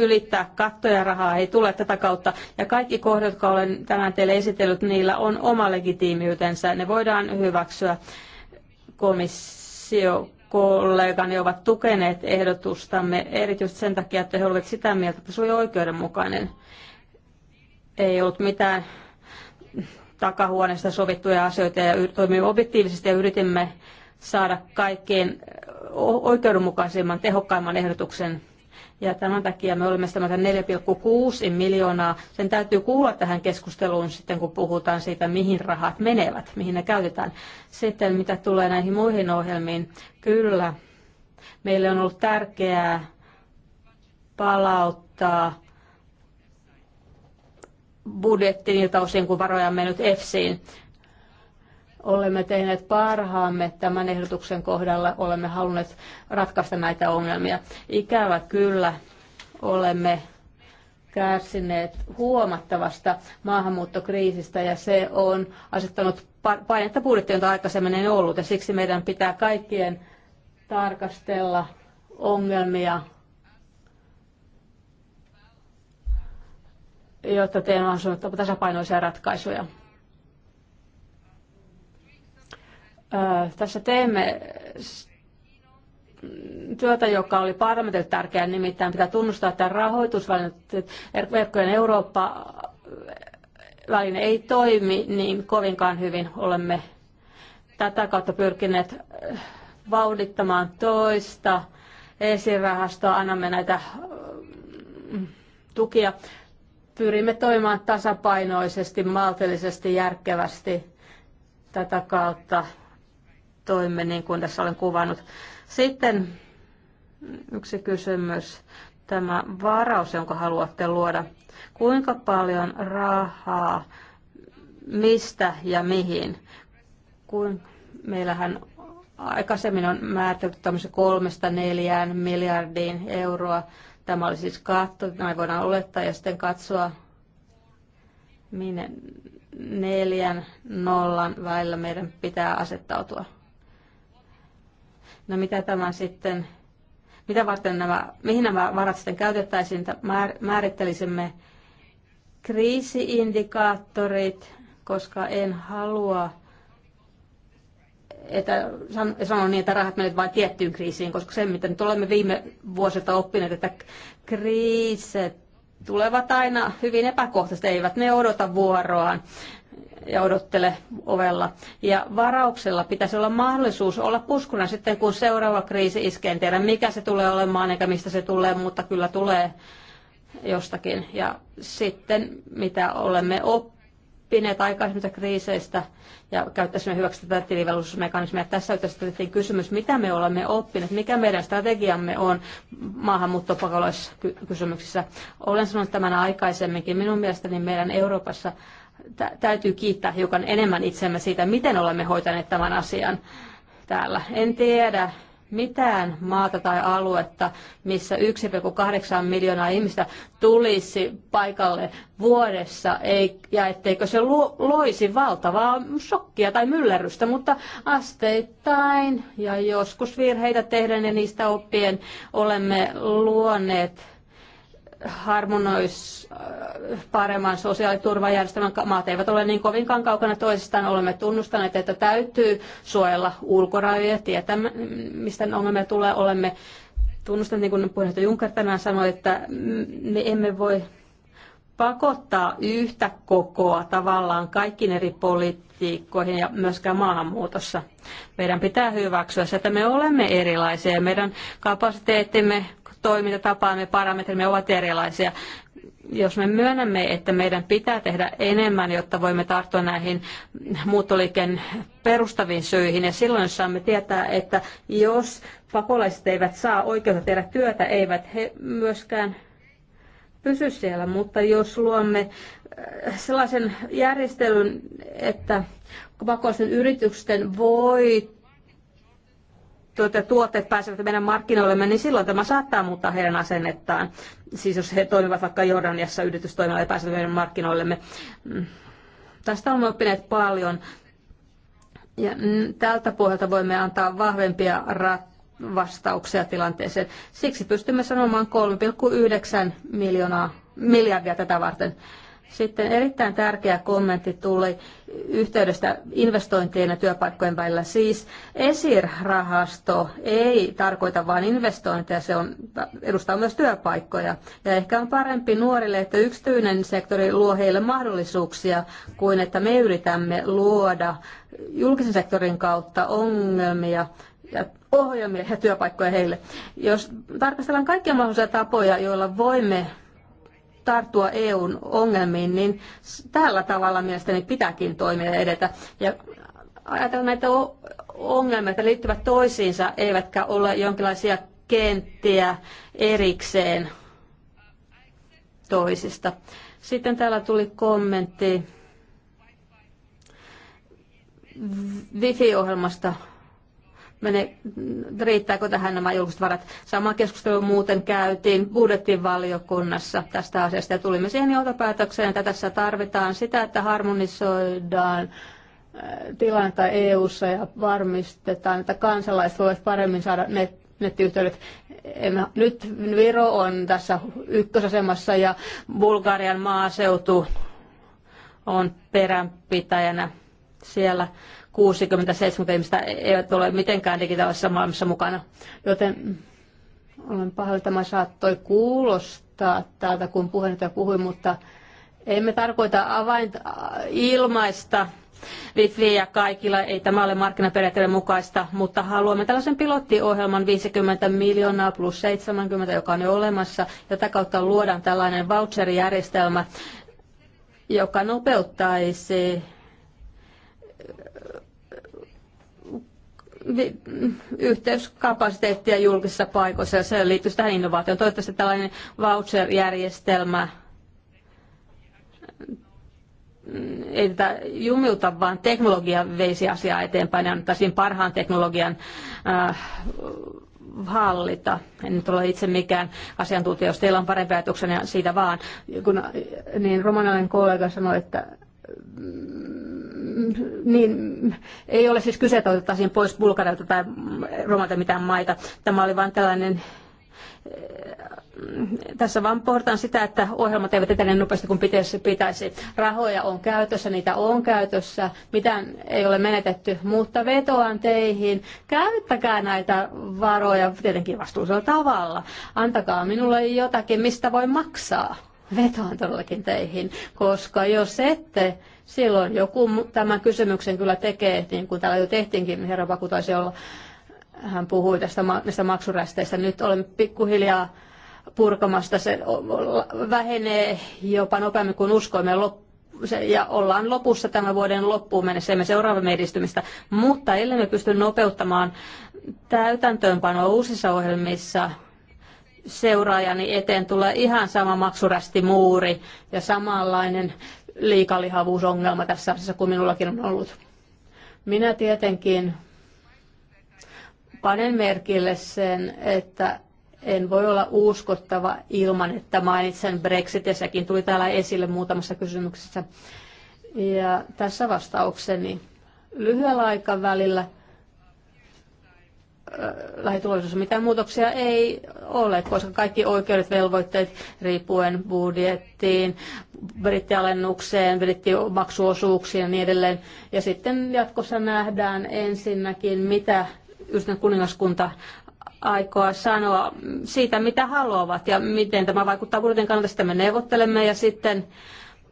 ylittää kattoja rahaa ei tule tätä kautta. Ja kaikki kohdat, jotka olen tänään teille esitellyt, niillä on oma legitiimiytensä. Ne voidaan hyväksyä. Komissio kollegani ovat tukeneet ehdotustamme erityisesti sen takia, että he olivat sitä mieltä, että se oli oikeudenmukainen ei ollut mitään takahuoneesta sovittuja asioita ja toimimme objektiivisesti ja yritimme saada kaikkein oikeudenmukaisimman, tehokkaimman ehdotuksen. Ja tämän takia me olemme sitä 4,6 miljoonaa. Sen täytyy kuulla tähän keskusteluun sitten, kun puhutaan siitä, mihin rahat menevät, mihin ne käytetään. Sitten mitä tulee näihin muihin ohjelmiin, kyllä, meille on ollut tärkeää palauttaa budjetti niiltä osin, kun varoja on mennyt EFSiin. Olemme tehneet parhaamme tämän ehdotuksen kohdalla, olemme halunneet ratkaista näitä ongelmia. Ikävä kyllä olemme kärsineet huomattavasta maahanmuuttokriisistä ja se on asettanut painetta budjettiin, jota aikaisemmin ei ollut ja siksi meidän pitää kaikkien tarkastella ongelmia jotta teemme tasapainoisia ratkaisuja. Tässä teemme työtä, joka oli parlamentille tärkeää, nimittäin pitää tunnustaa, että rahoitusvälineet, er- Eurooppa väline ei toimi niin kovinkaan hyvin. Olemme tätä kautta pyrkineet vauhdittamaan toista esirahastoa, annamme näitä tukia pyrimme toimimaan tasapainoisesti, maltillisesti, järkevästi tätä kautta toimme, niin kuin tässä olen kuvannut. Sitten yksi kysymys, tämä varaus, jonka haluatte luoda. Kuinka paljon rahaa, mistä ja mihin? Kun meillähän aikaisemmin on määritelty tämmöisen kolmesta neljään miljardiin euroa Tämä oli siis katto, näin voidaan olettaa, ja sitten katsoa, minne neljän nollan välillä meidän pitää asettautua. No mitä tämä sitten, mitä varten nämä, mihin nämä varat sitten käytettäisiin, määrittelisimme kriisiindikaattorit, koska en halua että sanon niin, että rahat menet vain tiettyyn kriisiin, koska se, mitä nyt olemme viime vuosilta oppineet, että kriiset tulevat aina hyvin epäkohtaisesti, eivät ne odota vuoroaan ja odottele ovella. Ja varauksella pitäisi olla mahdollisuus olla puskuna sitten, kun seuraava kriisi iskee. En tiedä, mikä se tulee olemaan eikä mistä se tulee, mutta kyllä tulee jostakin. Ja sitten, mitä olemme oppineet oppineet aikaisemmista kriiseistä ja käyttäisimme hyväksi tätä tilivelvollisuusmekanismia. Tässä yhteydessä tehtiin kysymys, mitä me olemme oppineet, mikä meidän strategiamme on kysymyksissä. Olen sanonut tämän aikaisemminkin. Minun mielestäni meidän Euroopassa täytyy kiittää hiukan enemmän itsemme siitä, miten olemme hoitaneet tämän asian täällä. En tiedä, mitään maata tai aluetta, missä 1,8 miljoonaa ihmistä tulisi paikalle vuodessa, ei, ja etteikö se lu, loisi valtavaa shokkia tai myllerrystä, mutta asteittain ja joskus virheitä tehden ja niistä oppien olemme luoneet harmonoisi äh, paremman sosiaaliturvajärjestelmän. Maat eivät ole niin kovinkaan kaukana toisistaan. Olemme tunnustaneet, että täytyy suojella ulkorajoja, tietää mistä ongelmia tulee. Olemme tunnustaneet, niin kuin puheenjohtaja Juncker tänään sanoi, että me emme voi pakottaa yhtä kokoa tavallaan kaikkiin eri politiikkoihin ja myöskään maahanmuutossa. Meidän pitää hyväksyä se, että me olemme erilaisia ja meidän kapasiteettimme toimintatapaamme, parametrimme ovat erilaisia. Jos me myönnämme, että meidän pitää tehdä enemmän, jotta voimme tarttua näihin muuttoliikkeen perustaviin syihin, ja silloin saamme tietää, että jos pakolaiset eivät saa oikeutta tehdä työtä, eivät he myöskään pysy siellä, mutta jos luomme äh, sellaisen järjestelyn, että pakollisten yritysten voit tuota, tuotteet pääsevät meidän markkinoillemme, niin silloin tämä saattaa muuttaa heidän asennettaan. Siis jos he toimivat vaikka Jordaniassa yritystoimilla ja pääsevät meidän markkinoillemme. Mm. Tästä olemme oppineet paljon. Ja tältä pohjalta voimme antaa vahvempia rat- vastauksia tilanteeseen. Siksi pystymme sanomaan 3,9 miljoonaa, miljardia tätä varten. Sitten erittäin tärkeä kommentti tuli yhteydestä investointien ja työpaikkojen välillä. Siis ESIR-rahasto ei tarkoita vain investointeja, se on, edustaa myös työpaikkoja. Ja ehkä on parempi nuorille, että yksityinen sektori luo heille mahdollisuuksia, kuin että me yritämme luoda julkisen sektorin kautta ongelmia ja ohjelmia ja työpaikkoja heille. Jos tarkastellaan kaikkia mahdollisia tapoja, joilla voimme tarttua EUn ongelmiin, niin tällä tavalla mielestäni pitääkin toimia ja edetä. Ja ajatella näitä ongelmia, jotka liittyvät toisiinsa, eivätkä ole jonkinlaisia kenttiä erikseen toisista. Sitten täällä tuli kommentti Wifi-ohjelmasta mene, riittääkö tähän nämä julkiset varat. Sama keskustelu muuten käytiin valiokunnassa tästä asiasta ja tulimme siihen johtopäätökseen, että tässä tarvitaan sitä, että harmonisoidaan äh, tilannetta EU-ssa ja varmistetaan, että kansalaiset voivat paremmin saada net, nettiyhteydet. Nyt Viro on tässä ykkösasemassa ja Bulgarian maaseutu on peränpitäjänä siellä 60-70 ihmistä eivät ole mitenkään digitaalisessa maailmassa mukana. Joten olen pahoillani, tämä saattoi kuulostaa täältä, kun puheenjohtaja puhui, mutta emme tarkoita avainta ilmaista ja kaikilla, ei tämä ole markkinaperiaatteiden mukaista, mutta haluamme tällaisen pilottiohjelman 50 miljoonaa plus 70, joka on jo olemassa. ja Tätä kautta luodaan tällainen voucherijärjestelmä, joka nopeuttaisi yhteyskapasiteettia julkisissa paikoissa ja se liittyy tähän innovaatioon. Toivottavasti tällainen voucher-järjestelmä mm, ei tätä jumiuta, vaan teknologia veisi asiaa eteenpäin ja annettaisiin parhaan teknologian äh, hallita. En nyt ole itse mikään asiantuntija, jos teillä on parempi ajatuksena niin siitä vaan. Kun, niin romanilainen kollega sanoi, että mm, niin ei ole siis kyse, että otettaisiin pois Bulgarilta tai Romalta mitään maita. Tämä oli vain tällainen eh, tässä vaan pohditaan sitä, että ohjelmat eivät etene nopeasti kuin pitäisi. Rahoja on käytössä, niitä on käytössä, mitään ei ole menetetty, mutta vetoan teihin. Käyttäkää näitä varoja tietenkin vastuullisella tavalla. Antakaa minulle jotakin, mistä voi maksaa. Vetoan todellakin teihin, koska jos ette, silloin joku tämän kysymyksen kyllä tekee, niin kuin täällä jo tehtiinkin, niin herra Vaku taisi olla, hän puhui tästä, näistä maksurästeistä. Nyt olemme pikkuhiljaa purkamasta, se vähenee jopa nopeammin kuin uskoimme ja ollaan lopussa tämän vuoden loppuun mennessä, emme seuraava edistymistä, mutta ellei me pysty nopeuttamaan täytäntöönpanoa uusissa ohjelmissa, seuraajani eteen tulee ihan sama maksurästi muuri ja samanlainen liikalihavuusongelma tässä asiassa kuin minullakin on ollut. Minä tietenkin panen merkille sen, että en voi olla uskottava ilman, että mainitsen Brexitin. Sekin tuli täällä esille muutamassa kysymyksessä. Ja tässä vastaukseni lyhyellä aikavälillä lähituloisuus. Mitään muutoksia ei ole, koska kaikki oikeudet, velvoitteet riippuen budjettiin, brittialennukseen, brittimaksuosuuksiin ja niin edelleen. Ja sitten jatkossa nähdään ensinnäkin, mitä yhden kuningaskunta aikoa sanoa siitä, mitä haluavat ja miten tämä vaikuttaa budjetin kannalta. Sitten me neuvottelemme ja sitten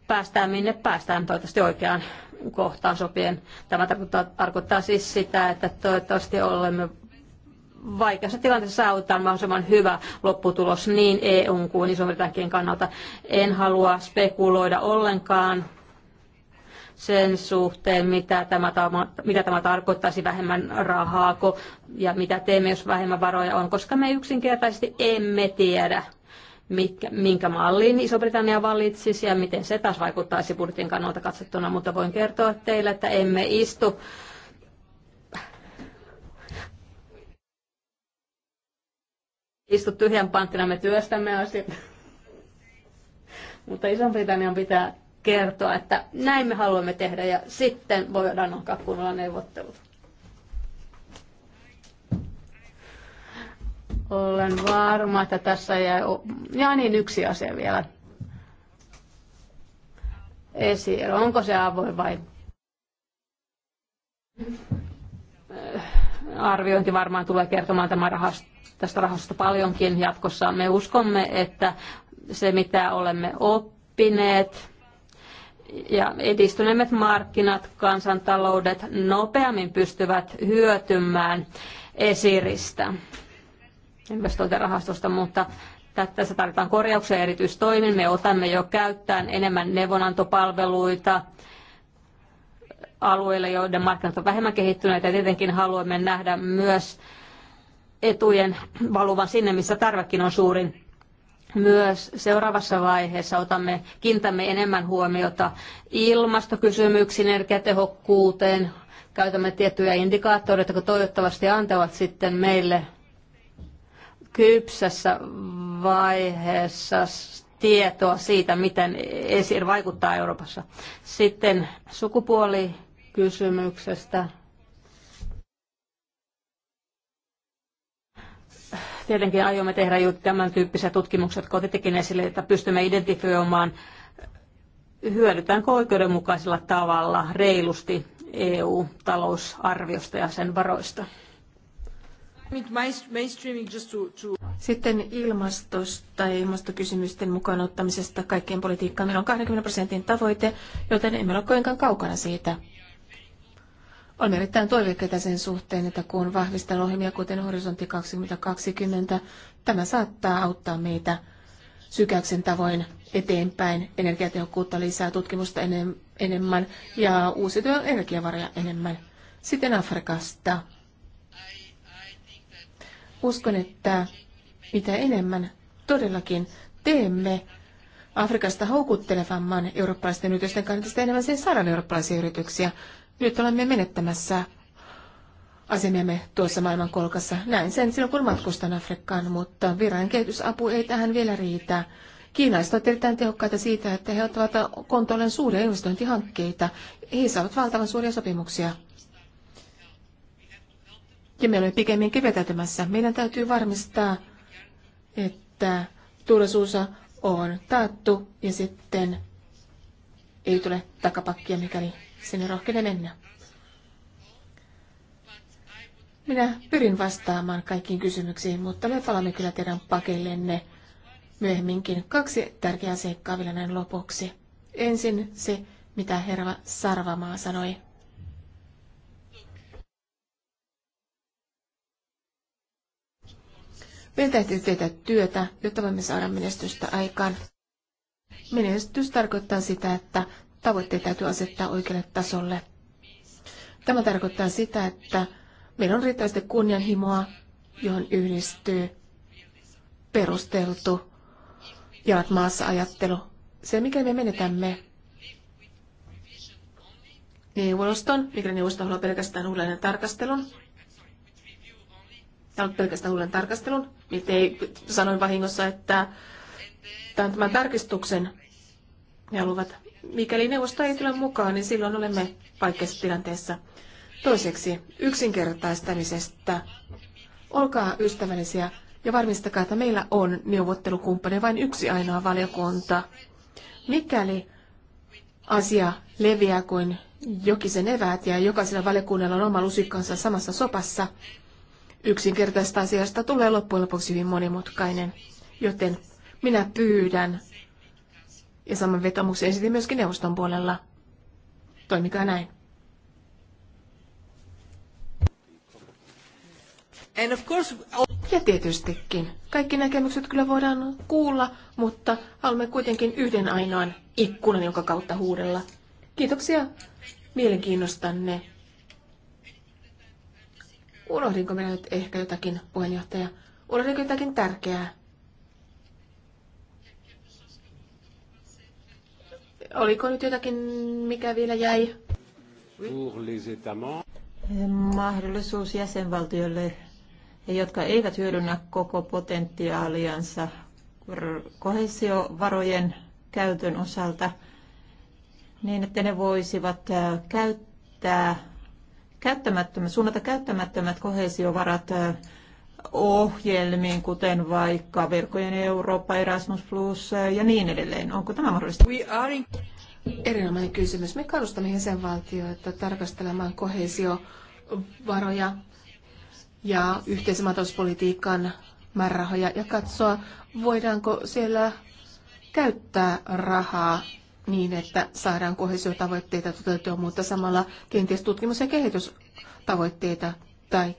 päästään minne päästään toivottavasti oikeaan kohtaan sopien. Tämä tarkoittaa, tarkoittaa siis sitä, että toivottavasti olemme vaikeassa tilanteessa saavutetaan mahdollisimman hyvä lopputulos niin EUn kuin Iso-Britannian kannalta. En halua spekuloida ollenkaan sen suhteen, mitä tämä, mitä tämä tarkoittaisi vähemmän rahaa ja mitä teemme, jos vähemmän varoja on, koska me yksinkertaisesti emme tiedä, mikä, minkä mallin Iso-Britannia valitsisi ja miten se taas vaikuttaisi budjetin kannalta katsottuna, mutta voin kertoa teille, että emme istu istu tyhjän panttina, me työstämme asiat. Mutta Iso-Britannian pitää kertoa, että näin me haluamme tehdä ja sitten voidaan alkaa kunnolla neuvottelut. Olen varma, että tässä jäi... Ja niin, yksi asia vielä. Esiero, onko se avoin vai? arviointi varmaan tulee kertomaan tämän rahast- tästä rahasta paljonkin jatkossa. Me uskomme, että se mitä olemme oppineet ja edistyneemmät markkinat, kansantaloudet nopeammin pystyvät hyötymään esiristä investointirahastosta, mutta tässä tarvitaan korjauksia erityistoimin. Me otamme jo käyttään enemmän neuvonantopalveluita, alueille, joiden markkinat ovat vähemmän kehittyneitä. Ja tietenkin haluamme nähdä myös etujen valuvan sinne, missä tarvekin on suurin. Myös seuraavassa vaiheessa otamme, kiintämme enemmän huomiota ilmastokysymyksiin, energiatehokkuuteen, käytämme tiettyjä indikaattoreita, jotka toivottavasti antavat sitten meille kypsässä vaiheessa tietoa siitä, miten ESIR vaikuttaa Euroopassa. Sitten sukupuoli kysymyksestä. Tietenkin aiomme tehdä juuri tämän tyyppiset tutkimukset, kun otittekin esille, että pystymme identifioimaan, hyödytäänkö oikeudenmukaisella tavalla reilusti EU-talousarviosta ja sen varoista. Sitten ilmastosta ja ilmastokysymysten mukaan ottamisesta kaikkien politiikkaan. Meillä on 20 prosentin tavoite, joten emme ole kovinkaan kaukana siitä. Olemme erittäin toiveikkaita sen suhteen, että kun vahvistan ohjelmia kuten Horisontti 2020, tämä saattaa auttaa meitä sykäyksen tavoin eteenpäin, energiatehokkuutta lisää, tutkimusta enemmän ja uusiutuvia energiavaroja enemmän. Sitten Afrikasta. Uskon, että mitä enemmän todellakin teemme Afrikasta houkuttelevamman eurooppalaisten yritysten kannalta, sitä enemmän sen saadaan eurooppalaisia yrityksiä. Nyt olemme menettämässä asemiamme tuossa maailmankolkassa. Näin sen silloin, kun matkustan Afrikkaan, mutta viran kehitysapu ei tähän vielä riitä. Kiinaista ovat erittäin tehokkaita siitä, että he ottavat kontolleen suuria investointihankkeita. He saavat valtavan suuria sopimuksia. Ja me olemme pikemminkin vetäytymässä. Meidän täytyy varmistaa, että turvallisuus on taattu ja sitten ei tule takapakkia, mikäli sinne rohkene mennä. Minä pyrin vastaamaan kaikkiin kysymyksiin, mutta me palaamme kyllä teidän pakeillenne myöhemminkin. Kaksi tärkeää seikkaa vielä näin lopuksi. Ensin se, mitä herra Sarvamaa sanoi. Meidän täytyy tehdä työtä, jotta voimme saada menestystä aikaan. Menestys tarkoittaa sitä, että tavoitteet täytyy asettaa oikealle tasolle. Tämä tarkoittaa sitä, että meillä on riittävästi kunnianhimoa, johon yhdistyy perusteltu jalat maassa ajattelu. Se, mikä me menetämme neuvoston, mikä neuvosto haluaa pelkästään uudelleen tarkastelun, Tämä on pelkästään uuden tarkastelun, miten niin sanoin vahingossa, että tämän tarkistuksen ne haluavat mikäli neuvosto ei tule mukaan, niin silloin olemme vaikeassa tilanteessa. Toiseksi yksinkertaistamisesta. Olkaa ystävällisiä ja varmistakaa, että meillä on neuvottelukumppani vain yksi ainoa valiokunta. Mikäli asia leviää kuin jokisen eväät ja jokaisella valiokunnalla on oma lusikkansa samassa sopassa, yksinkertaista asiasta tulee loppujen lopuksi hyvin monimutkainen. Joten minä pyydän ja saman vetomuksen esitin myöskin neuvoston puolella. Toimikaa näin. And of course... Ja tietystikin. Kaikki näkemykset kyllä voidaan kuulla, mutta haluamme kuitenkin yhden ainoan ikkunan, jonka kautta huudella. Kiitoksia mielenkiinnostanne. Unohdinko minä nyt ehkä jotakin, puheenjohtaja? Unohdinko jotakin tärkeää? Oliko nyt jotakin, mikä vielä jäi? Eh, mahdollisuus jäsenvaltioille, jotka eivät hyödynnä koko potentiaaliansa kohesiovarojen käytön osalta, niin että ne voisivat eh, käyttää käyttämättömät, suunnata käyttämättömät kohesiovarat eh, ohjelmiin, kuten vaikka Verkkojen Eurooppa, Erasmus Plus ja niin edelleen. Onko tämä mahdollista? We are in... Erinomainen kysymys. Me kannustamme jäsenvaltioita tarkastelemaan kohesiovaroja ja yhteisen määrärahoja ja katsoa, voidaanko siellä käyttää rahaa niin, että saadaan kohesiotavoitteita toteutua, mutta samalla kenties tutkimus- ja kehitystavoitteita tai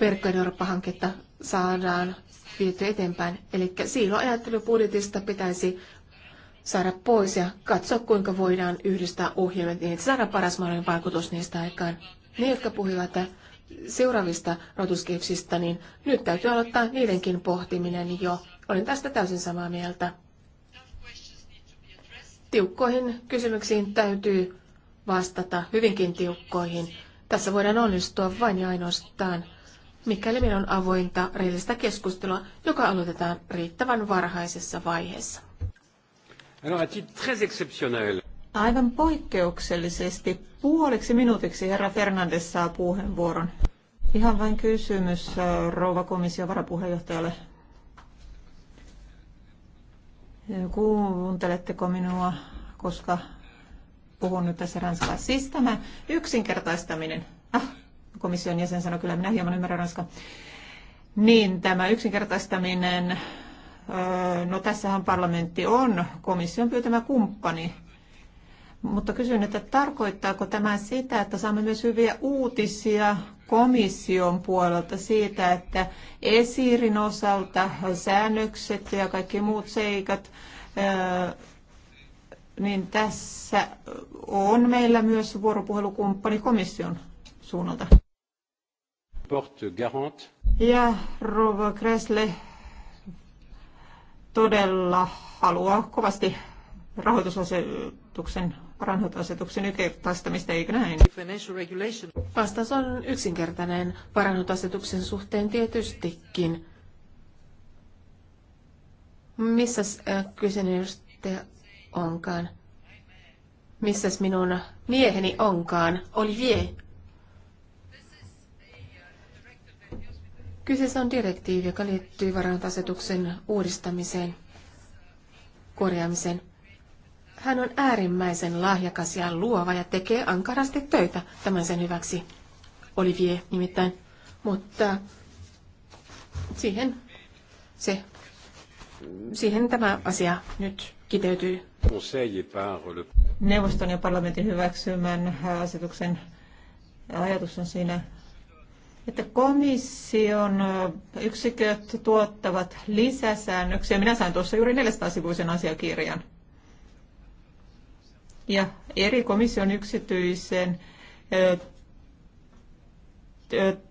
verkkoeurooppa hanketta saadaan viety eteenpäin. Eli siiloajattelu budjetista pitäisi saada pois ja katsoa, kuinka voidaan yhdistää ohjelmat niin, että saadaan paras mahdollinen vaikutus niistä aikaan. Ne, jotka puhuivat seuraavista rotuskeipsistä, niin nyt täytyy aloittaa niidenkin pohtiminen jo. Olen tästä täysin samaa mieltä. Tiukkoihin kysymyksiin täytyy vastata, hyvinkin tiukkoihin. Tässä voidaan onnistua vain ja ainoastaan – mikäli meillä on avointa rehellistä keskustelua, joka aloitetaan riittävän varhaisessa vaiheessa. Aivan poikkeuksellisesti puoliksi minuutiksi herra Fernandes saa puheenvuoron. Ihan vain kysymys äh, rouva komission varapuheenjohtajalle. Kuunteletteko minua, koska puhun nyt tässä ranskalaisista. Siis tämä yksinkertaistaminen. Ah, komission jäsen sanoi, kyllä minä hieman ymmärrän Ranska. Niin, tämä yksinkertaistaminen, no tässähän parlamentti on komission pyytämä kumppani, mutta kysyn, että tarkoittaako tämä sitä, että saamme myös hyviä uutisia komission puolelta siitä, että esiirin osalta säännökset ja kaikki muut seikat, niin tässä on meillä myös vuoropuhelukumppani komission suunnalta porte garante. Ja Rouva Kresle todella haluaa kovasti rahoitusasetuksen paranhoitoasetuksen yksinkertaistamista, eikö näin? Vastaus on yksinkertainen parannusasetuksen suhteen tietystikin. Missä äh, kyseinen edustaja onkaan? Missäs minun mieheni onkaan? Olivier, Kyseessä on direktiivi, joka liittyy varantasetuksen uudistamiseen, korjaamiseen. Hän on äärimmäisen lahjakas ja luova ja tekee ankarasti töitä tämän sen hyväksi, Olivier nimittäin. Mutta siihen, se, siihen tämä asia nyt kiteytyy. Neuvoston ja parlamentin hyväksymän asetuksen ajatus on siinä että komission yksiköt tuottavat lisäsäännöksiä. Minä sain tuossa juuri 400-sivuisen asiakirjan. Ja eri komission yksityisen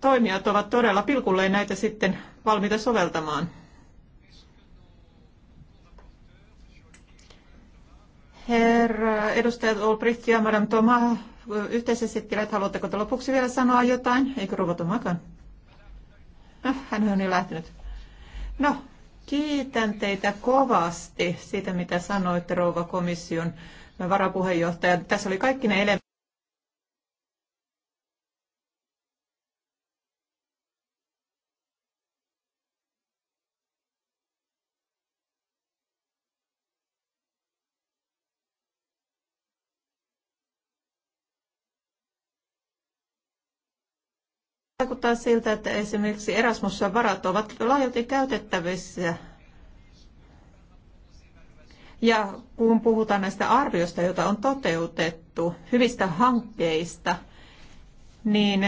toimijat ovat todella pilkulleen näitä sitten valmiita soveltamaan. Herra edustajat Olbricht ja Madame Thomas yhteisesittelijät, haluatteko te lopuksi vielä sanoa jotain? Eikö ruvota makan? No, hän on jo lähtenyt. No, kiitän teitä kovasti siitä, mitä sanoitte rouva komission varapuheenjohtaja. Tässä oli kaikki ne elementit. Vaikuttaa siltä, että esimerkiksi Erasmussa varat ovat laajalti käytettävissä. Ja kun puhutaan näistä arvioista, joita on toteutettu, hyvistä hankkeista, niin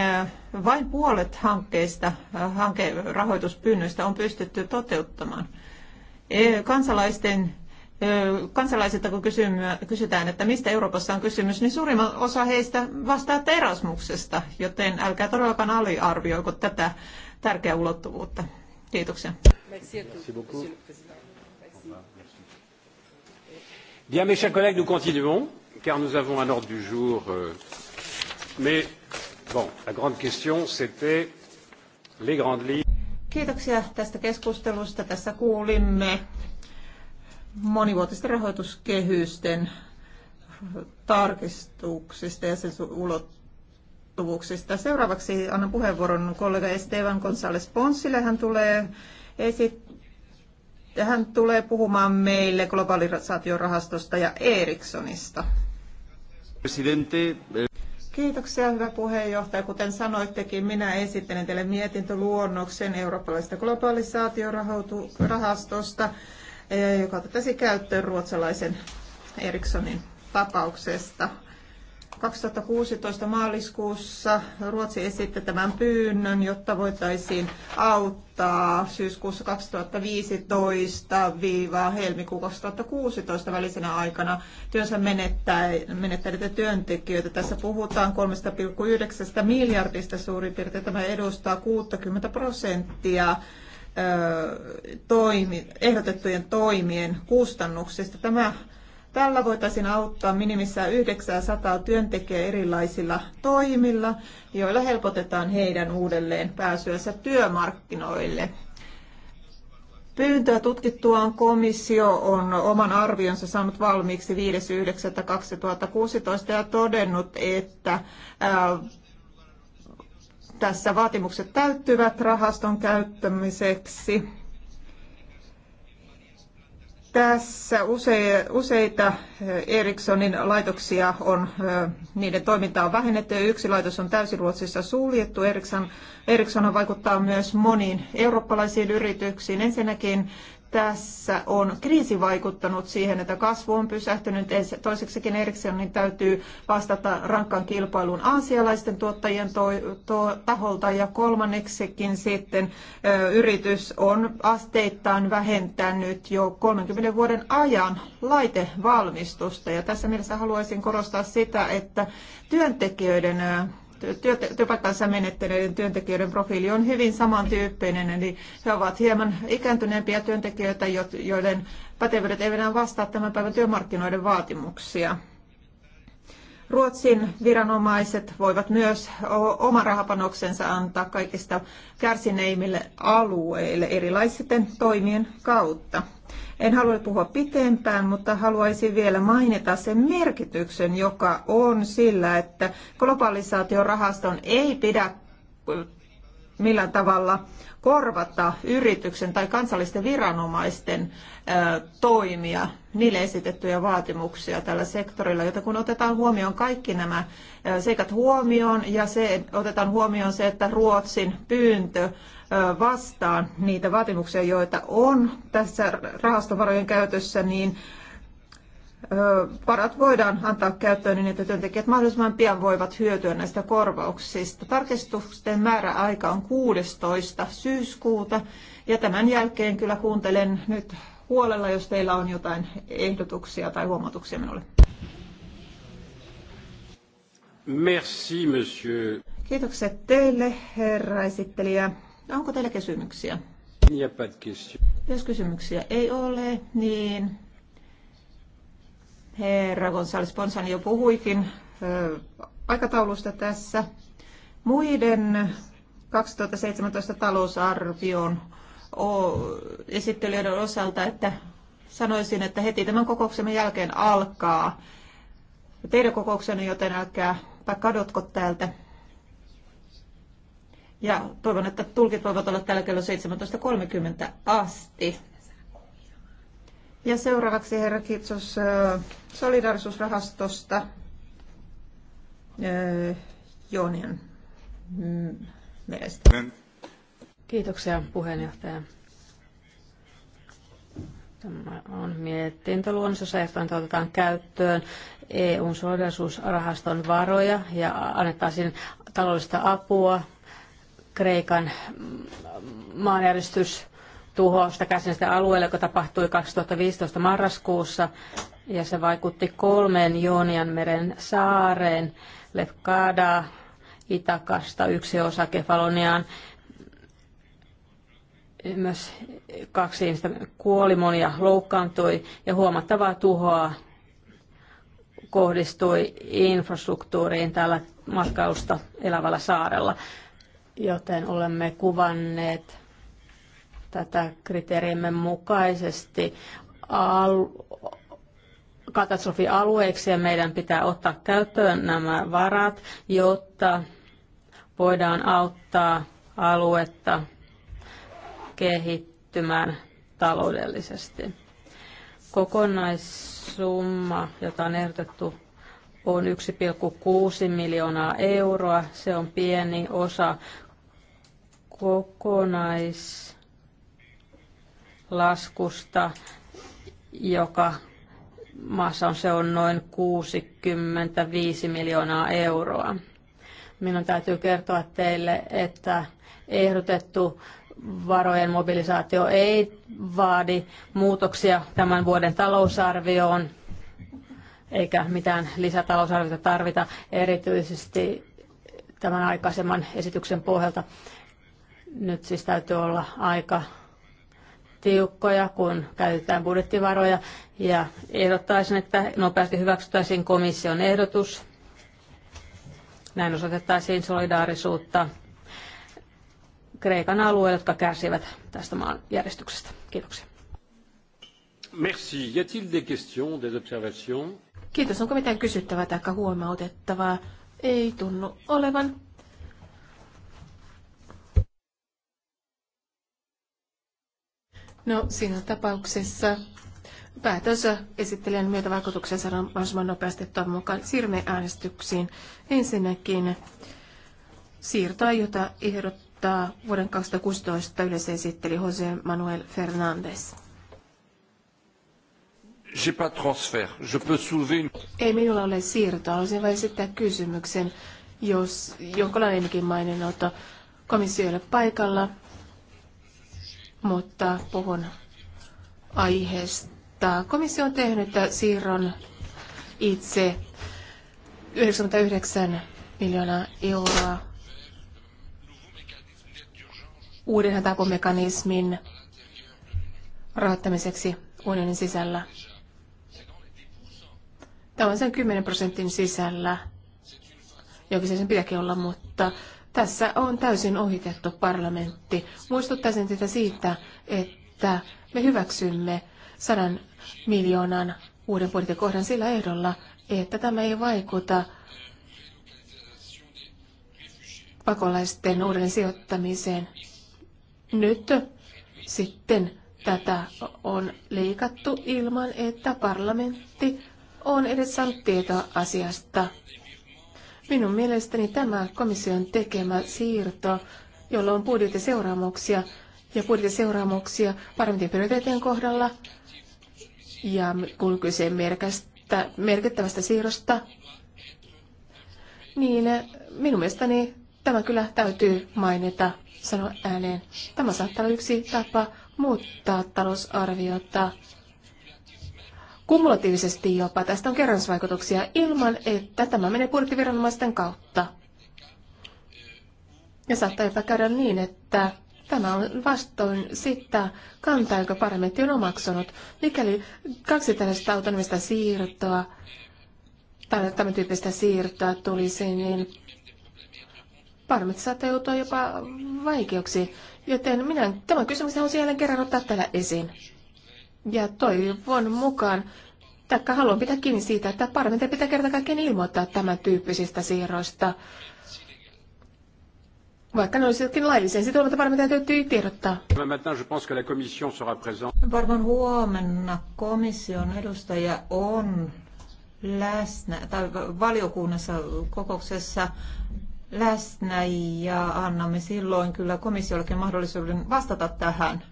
vain puolet hankkeista, hankerahoituspyynnöistä on pystytty toteuttamaan. E, kansalaisten kansalaisilta, kun kysytään, että mistä Euroopassa on kysymys, niin suurimman osa heistä vastaa Erasmuksesta, joten älkää todellakaan aliarvioiko tätä tärkeää ulottuvuutta. Kiitoksia. Bien, mes chers collègues, nous continuons, car nous avons un ordre du jour. Euh, mais bon, la grande question, c'était les grandes lignes. Kiitoksia tästä keskustelusta. Tässä kuulimme monivuotisten rahoituskehysten tarkistuksista ja sen ulottuvuuksista. Seuraavaksi annan puheenvuoron kollega Esteban González Ponsille. Hän tulee, esit- hän tulee puhumaan meille globalisaatiorahastosta ja Ericssonista. Presidente. Eh- Kiitoksia, hyvä puheenjohtaja. Kuten sanoittekin, minä esittelen teille mietintöluonnoksen eurooppalaisesta globalisaatiorahastosta. Äh, joka otettaisiin käyttöön ruotsalaisen Erikssonin tapauksesta. 2016 maaliskuussa Ruotsi esitti tämän pyynnön, jotta voitaisiin auttaa syyskuussa 2015-helmikuun 2016 välisenä aikana työnsä menettäneitä työntekijöitä. Tässä puhutaan 3,9 miljardista suurin piirtein. Tämä edustaa 60 prosenttia toimi, ehdotettujen toimien kustannuksista. Tämä, tällä voitaisiin auttaa minimissään 900 työntekijää erilaisilla toimilla, joilla helpotetaan heidän uudelleen pääsyänsä työmarkkinoille. Pyyntöä tutkittuaan komissio on oman arvionsa saanut valmiiksi 5.9.2016 ja todennut, että tässä vaatimukset täyttyvät rahaston käyttämiseksi. Tässä useita eh, Ericssonin laitoksia on, eh, niiden toiminta on vähennetty ja yksi laitos on täysin Ruotsissa suljettu. Ericsson, Ericsson vaikuttaa myös moniin eurooppalaisiin yrityksiin. Ensinnäkin tässä on kriisi vaikuttanut siihen, että kasvu on pysähtynyt. Toiseksikin Ericssonin täytyy vastata rankkaan kilpailuun aasialaisten tuottajien to- to- taholta ja kolmanneksikin sitten ö, yritys on asteittain vähentänyt jo 30 vuoden ajan laitevalmistusta. Ja tässä mielessä haluaisin korostaa sitä, että työntekijöiden työpaikkansa menettäneiden työntekijöiden profiili on hyvin samantyyppinen, eli he ovat hieman ikääntyneempiä työntekijöitä, joiden pätevyydet eivät enää vastaa tämän päivän työmarkkinoiden vaatimuksia. Ruotsin viranomaiset voivat myös oma rahapanoksensa antaa kaikista kärsineimmille alueille erilaisten toimien kautta. En halua puhua pitempään, mutta haluaisin vielä mainita sen merkityksen, joka on sillä, että globalisaatiorahaston ei pidä millään tavalla korvata yrityksen tai kansallisten viranomaisten toimia, niille esitettyjä vaatimuksia tällä sektorilla. Joten kun otetaan huomioon kaikki nämä seikat huomioon ja se, otetaan huomioon se, että Ruotsin pyyntö vastaan niitä vaatimuksia, joita on tässä rahastovarojen käytössä, niin varat voidaan antaa käyttöön niin, että työntekijät mahdollisimman pian voivat hyötyä näistä korvauksista. Tarkistusten määräaika on 16. syyskuuta ja tämän jälkeen kyllä kuuntelen nyt huolella, jos teillä on jotain ehdotuksia tai huomautuksia minulle. Merci, monsieur. Kiitokset teille, herra esittelijä. No, onko teillä kysymyksiä? Jos kysymyksiä ei ole, niin herra González Ponsan jo puhuikin aikataulusta tässä. Muiden 2017 talousarvion esittelijöiden osalta, että sanoisin, että heti tämän kokouksemme jälkeen alkaa teidän kokouksenne, joten älkää tai kadotko täältä ja toivon, että tulkit voivat olla täällä kello 17.30 asti. Ja seuraavaksi herra Kitsos solidarisuusrahastosta Joonian mm, mielestä. Kiitoksia puheenjohtaja. Tämä on mietintöluonnos, jossa ehdotan, otetaan käyttöön eu solidarisuusrahaston varoja ja annettaisiin taloudellista apua Kreikan maanjäristys tuhosta käsin sitä alueelle, joka tapahtui 2015 marraskuussa, ja se vaikutti kolmeen Joonianmeren saareen, Lefkada, Itakasta, yksi osa Kefaloniaan. Myös kaksi ihmistä kuoli, monia loukkaantui ja huomattavaa tuhoa kohdistui infrastruktuuriin tällä matkailusta elävällä saarella joten olemme kuvanneet tätä kriteerimme mukaisesti al- katastrofialueiksi ja meidän pitää ottaa käyttöön nämä varat, jotta voidaan auttaa aluetta kehittymään taloudellisesti. Kokonaissumma, jota on ehdotettu, on 1,6 miljoonaa euroa. Se on pieni osa kokonaislaskusta, joka maassa on, se on noin 65 miljoonaa euroa. Minun täytyy kertoa teille, että ehdotettu varojen mobilisaatio ei vaadi muutoksia tämän vuoden talousarvioon, eikä mitään lisätalousarviota tarvita erityisesti tämän aikaisemman esityksen pohjalta. Nyt siis täytyy olla aika tiukkoja, kun käytetään budjettivaroja. Ja ehdottaisin, että nopeasti hyväksyttäisiin komission ehdotus. Näin osoitettaisiin solidaarisuutta Kreikan alueelle, jotka kärsivät tästä maan järjestyksestä. Kiitoksia. Merci. Y a-t-il des questions, des observations? Kiitos. Onko mitään kysyttävää tai huomautettavaa? Ei tunnu olevan. No siinä tapauksessa päätös esittelijän myötävaikutuksen saadaan mahdollisimman nopeasti toivon mukaan. Siirrymme äänestyksiin. Ensinnäkin siirtoa, jota ehdottaa vuoden 2016 esitteli Jose Manuel Fernandes. Ei minulla ole siirtoa. Haluaisin vain esittää kysymyksen, jos jonkinlainen mainen otto komissiolle paikalla mutta puhun aiheesta. Komissio on tehnyt siirron itse 99 miljoonaa euroa uuden hätäapumekanismin rahoittamiseksi unionin sisällä. Tämä on sen 10 prosentin sisällä, jonkin se sen pitäkin olla, mutta tässä on täysin ohitettu parlamentti. Muistuttaisin teitä siitä, että me hyväksymme sadan miljoonan uuden budjettikohdan sillä ehdolla, että tämä ei vaikuta pakolaisten uuden sijoittamiseen. Nyt sitten tätä on leikattu ilman, että parlamentti on edes saanut tietoa asiasta Minun mielestäni tämä komission tekemä siirto, jolla on budjettiseuraamuksia ja budjettiseuraamuksia parempien prioriteettien kohdalla, ja kun kyse merkittävästä siirrosta, niin minun mielestäni tämä kyllä täytyy mainita, sanoa ääneen. Tämä saattaa olla yksi tapa muuttaa talousarviota kumulatiivisesti jopa. Tästä on kerransvaikutuksia ilman, että tämä menee budjettiviranomaisten kautta. Ja saattaa jopa käydä niin, että tämä on vastoin sitä kantaa, jonka parlamentti on omaksunut. Mikäli kaksi tällaista autonomista siirtoa tai tämän tyyppistä siirtoa tulisi, niin parlamentti saattaa joutua jopa vaikeuksiin. Joten minä tämän kysymyksen on siellä kerran ottaa täällä esiin. Ja toivon mukaan, taikka haluan pitää kiinni siitä, että parlamentti pitää kerta kaikkiaan ilmoittaa tämän tyyppisistä siirroista. Vaikka ne olisivatkin laillisia, niin sitten olematta parlamentin täytyy tiedottaa. Varmaan huomenna komission edustaja on läsnä, tai valiokunnassa kokouksessa läsnä ja annamme silloin kyllä komissiollekin mahdollisuuden vastata tähän.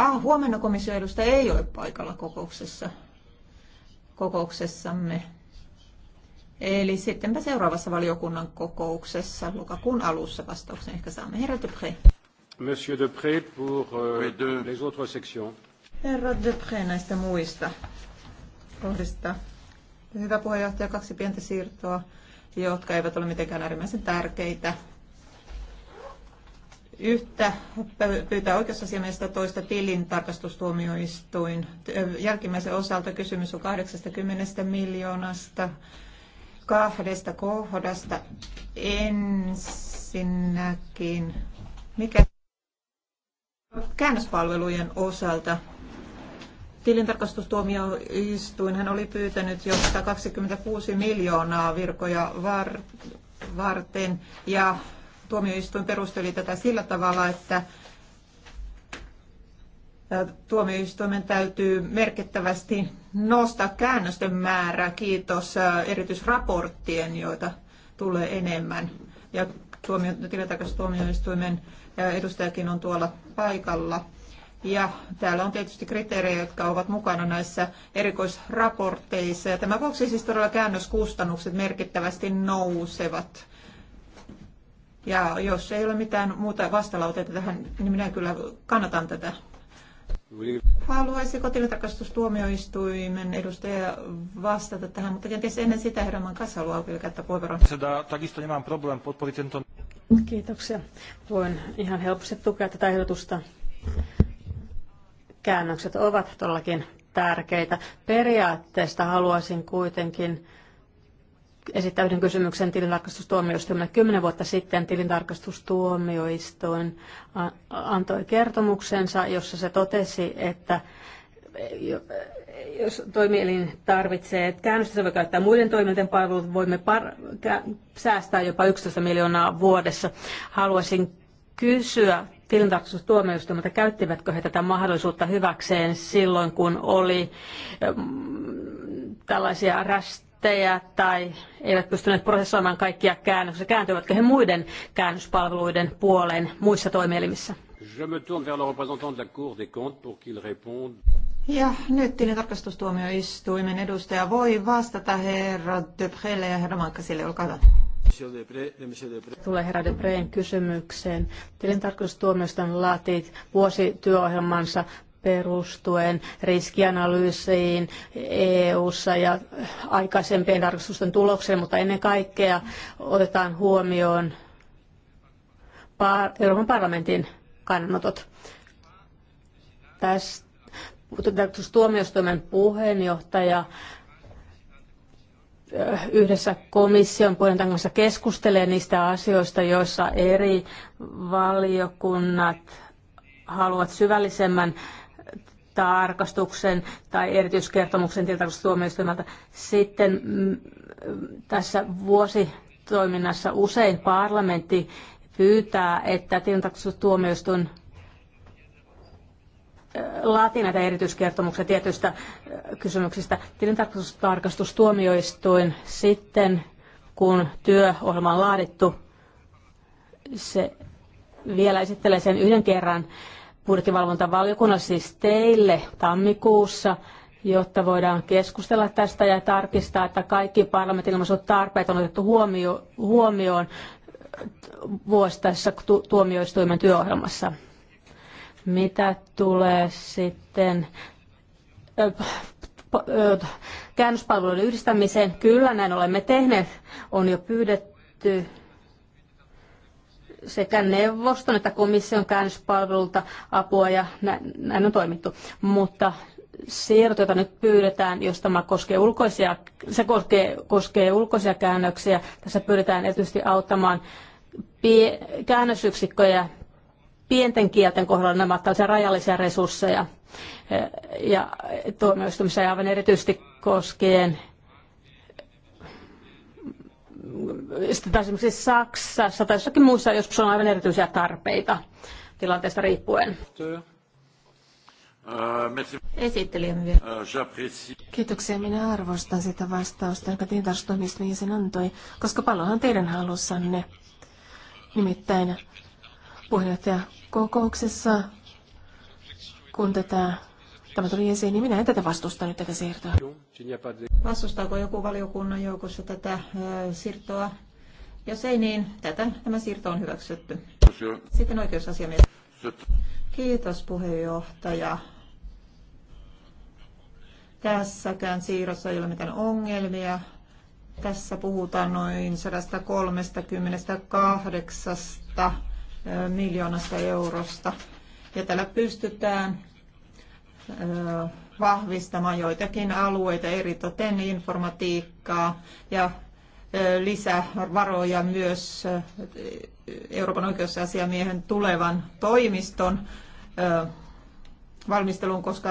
Ah, huomenna komission edustaja ei ole paikalla kokouksessa, kokouksessamme. Eli sittenpä seuraavassa valiokunnan kokouksessa lokakuun alussa vastauksen ehkä saamme. Herra Dupré. Monsieur Dupré pour euh, les autres sections. Herra Dupré näistä muista kohdista. Hyvä puheenjohtaja, kaksi pientä siirtoa, jotka eivät ole mitenkään äärimmäisen tärkeitä yhtä pyytää oikeusasiamiestä toista tilintarkastustuomioistuin. Jälkimmäisen osalta kysymys on 80 miljoonasta kahdesta kohdasta. Ensinnäkin, mikä käännöspalvelujen osalta tilintarkastustuomioistuin hän oli pyytänyt jo 126 miljoonaa virkoja var, varten ja tuomioistuin perusteli tätä sillä tavalla, että tuomioistuimen täytyy merkittävästi nostaa käännösten määrää, kiitos erityisraporttien, joita tulee enemmän. Ja tuomio, tuomioistuimen edustajakin on tuolla paikalla. Ja täällä on tietysti kriteerejä, jotka ovat mukana näissä erikoisraporteissa. Ja tämän vuoksi siis todella käännöskustannukset merkittävästi nousevat ja jos ei ole mitään muuta vastalauteita tähän, niin minä kyllä kannatan tätä. Haluaisiko tilintarkastustuomioistuimen edustaja vastata tähän, mutta kenties ennen sitä Herman kanssa haluaa vielä käyttää puheenvuoron. Kiitoksia. Voin ihan helposti tukea tätä ehdotusta. Käännökset ovat todellakin tärkeitä. Periaatteesta haluaisin kuitenkin esittää yhden kysymyksen tilintarkastustuomioistuimelle. Kymmenen vuotta sitten tilintarkastustuomioistuin antoi kertomuksensa, jossa se totesi, että jos toimielin tarvitsee käännöstä, se voi käyttää muiden toimijoiden palvelut, voimme säästää jopa 11 miljoonaa vuodessa. Haluaisin kysyä tilintarkastustuomioistuimelta, käyttivätkö he tätä mahdollisuutta hyväkseen silloin, kun oli mm, tällaisia rast tekstejä tai eivät pystyneet prosessoimaan kaikkia käännöksiä, kääntyivätkö he muiden käännöspalveluiden puoleen muissa toimielimissä? Ja nyt tilintarkastustuomioistuimen edustaja voi vastata herra Deprelle ja herra Mankkasille, olkaa hyvä. Tulee herra Depreen kysymykseen. Tilintarkastustuomioistuin laatii vuosityöohjelmansa perustuen riskianalyysiin EU-ssa ja aikaisempien tarkastusten tulokseen, mutta ennen kaikkea otetaan huomioon Euroopan parlamentin kannanotot. Tästä tuomioistuimen puheenjohtaja yhdessä komission puheenjohtajan kanssa keskustelee niistä asioista, joissa eri valiokunnat haluavat syvällisemmän tarkastuksen tai erityiskertomuksen tilintarkastustuomioistuimelta. Sitten mm, tässä vuositoiminnassa usein parlamentti pyytää, että tilintarkastustuomioistuin laatii näitä erityiskertomuksia tietyistä kysymyksistä. Tilintarkastustuomioistuin sitten, kun työohjelma on laadittu, se vielä esittelee sen yhden kerran budjettivalvontavaliokunnalle, siis teille tammikuussa, jotta voidaan keskustella tästä ja tarkistaa, että kaikki parlamentin ilmaisut tarpeet on otettu huomio, huomioon vuosittaisessa tu- tuomioistuimen työohjelmassa. Mitä tulee sitten käännöspalveluiden yhdistämiseen? Kyllä, näin olemme tehneet. On jo pyydetty sekä neuvoston että komission käännöspalvelulta apua ja näin on toimittu. Mutta siirto, jota nyt pyydetään, jos tämä koskee ulkoisia, se koskee, koskee ulkoisia käännöksiä. Tässä pyydetään erityisesti auttamaan pie, käännösyksikköjä pienten kielten kohdalla nämä ovat tällaisia rajallisia resursseja ja tuomioistumissa aivan erityisesti koskien esimerkiksi Saksassa tai jossakin muissa joskus on aivan erityisiä tarpeita tilanteesta riippuen. Esittelijämme Kiitoksia. Minä arvostan sitä vastausta, jonka tintarstoimistomiin sen antoi, koska palohan teidän halussanne. Nimittäin puheenjohtajakokouksessa, kun tätä, tämä tuli esiin, niin minä en tätä nyt tätä siirtoa. Vastustaako joku valiokunnan joukossa tätä siirtoa? Jos ei, niin tätä, tämä siirto on hyväksytty. Sitten oikeusasiamies. Kiitos puheenjohtaja. Tässäkään siirrossa ei ole mitään ongelmia. Tässä puhutaan noin 138 miljoonasta eurosta. Ja tällä pystytään vahvistamaan joitakin alueita, eritoten informatiikkaa ja lisävaroja myös Euroopan oikeusasiamiehen tulevan toimiston valmisteluun, koska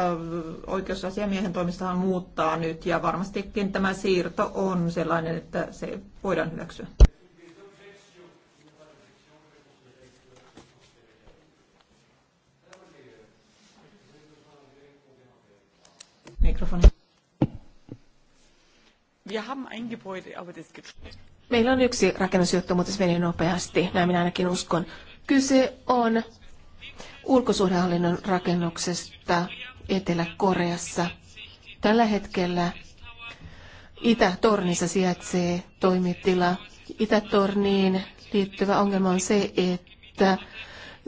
oikeusasiamiehen toimistohan muuttaa nyt ja varmastikin tämä siirto on sellainen, että se voidaan hyväksyä. Meillä on yksi rakennusjuttu, mutta se meni nopeasti. Näin minä ainakin uskon. Kyse on ulkosuhdehallinnon rakennuksesta Etelä-Koreassa. Tällä hetkellä Itä-Tornissa sijaitsee toimitila. Itä-Torniin liittyvä ongelma on se, että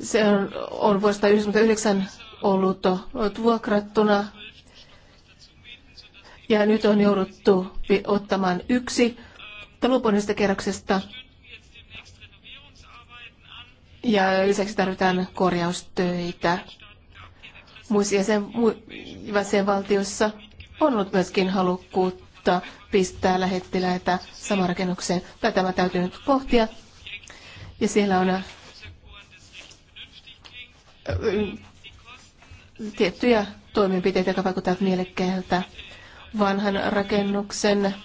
se on, on vuodesta 1999 ollut vuokrattuna ja nyt on jouduttu ottamaan yksi taluponisesta kerroksesta. Ja lisäksi tarvitaan korjaustöitä. Muissa jäsen, jäsenvaltiossa on ollut myöskin halukkuutta pistää lähettiläitä samaan rakennukseen. Tätä mä täytyy nyt pohtia. Ja siellä on äh, tiettyjä toimenpiteitä, jotka vaikuttavat mielekkäältä vanhan rakennuksen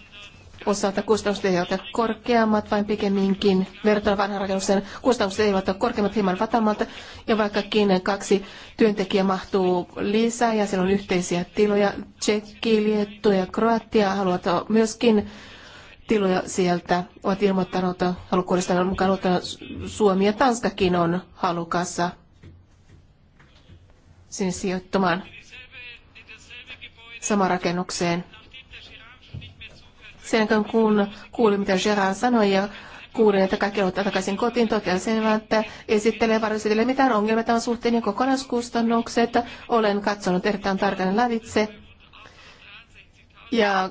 osalta kustannukset eivät ole korkeammat, vain pikemminkin verrattuna vanhan rakennuksen kustannukset eivät ole korkeammat hieman vatammalta. Ja vaikkakin kaksi työntekijää mahtuu lisää ja siellä on yhteisiä tiloja, Tsekki, Liettu ja Kroatia haluavat myöskin tiloja sieltä, ovat ilmoittaneet halukkuudesta mukaan että Suomi ja Tanskakin on halukassa sinne sijoittumaan sama rakennukseen. Sen kun kuulin, mitä Gerard sanoi ja kuulin, että kaikki ottaa takaisin kotiin, totesin, että esittelee varjoesittelee mitään ongelmia tämän suhteen ja kokonaiskustannukset. Olen katsonut erittäin tarkalleen lävitse. Ja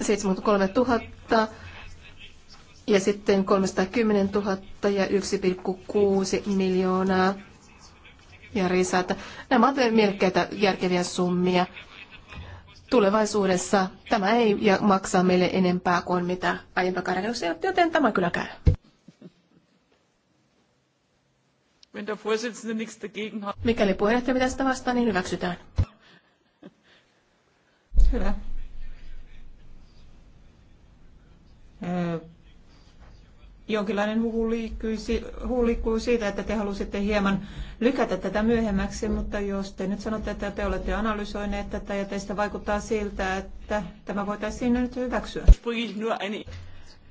73 000 ja sitten 310 000 ja 1,6 miljoonaa ja että Nämä ovat mielekkäitä järkeviä summia. Tulevaisuudessa tämä ei maksaa meille enempää kuin mitä aiempaa karjausia, joten tämä kyllä käy. Mikäli puheenjohtaja pitää sitä vastaan, niin hyväksytään. Hyvä jonkinlainen huulikkuu siitä, että te halusitte hieman lykätä tätä myöhemmäksi, mutta jos te nyt sanotte, että te olette analysoineet tätä ja teistä vaikuttaa siltä, että tämä voitaisiin nyt hyväksyä.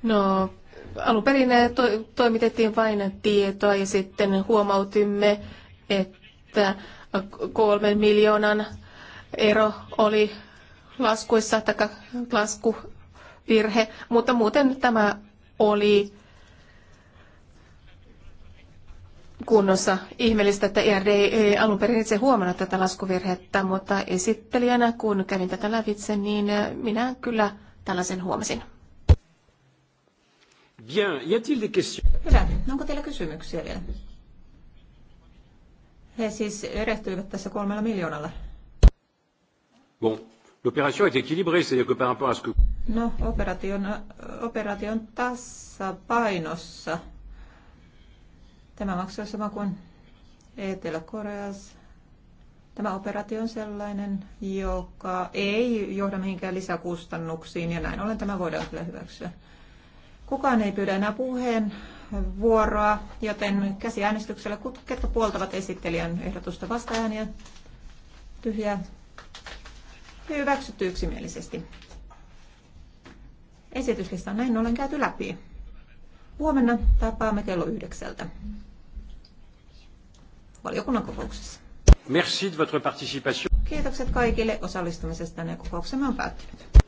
No, alun perin eh, to- toimitettiin vain tietoa ja sitten huomautimme, että kolmen miljoonan ero oli laskuissa, tai laskuvirhe, mutta muuten tämä oli kunnossa. Ihmeellistä, että IRD e ei ei alun perin itse huomannut tätä laskuvirhettä, mutta esittelijänä, kun kävin tätä lävitse, niin minä kyllä tällaisen huomasin. Bien, y a-t-il des questions? Hyvä. Onko teillä kysymyksiä vielä? He siis erehtyivät tässä kolmella miljoonalla. Bon, l'opération est équilibrée, c'est-à-dire que par rapport à ce que... No, operaation, operaation tasapainossa. Tämä maksaa sama kuin Etelä-Koreassa. Tämä operaatio on sellainen, joka ei johda mihinkään lisäkustannuksiin ja näin ollen tämä voidaan kyllä hyväksyä. Kukaan ei pyydä enää puheen vuoroa, joten käsiäänestyksellä ketkä puoltavat esittelijän ehdotusta vastaääniä. Tyhjää. Hyväksytty yksimielisesti. Esityslista on näin ollen käyty läpi. Huomenna tapaamme kello yhdeksältä valiokunnan kokouksessa. Merci de votre participation. Kiitokset kaikille osallistumisesta ja kokouksemme on päättynyt.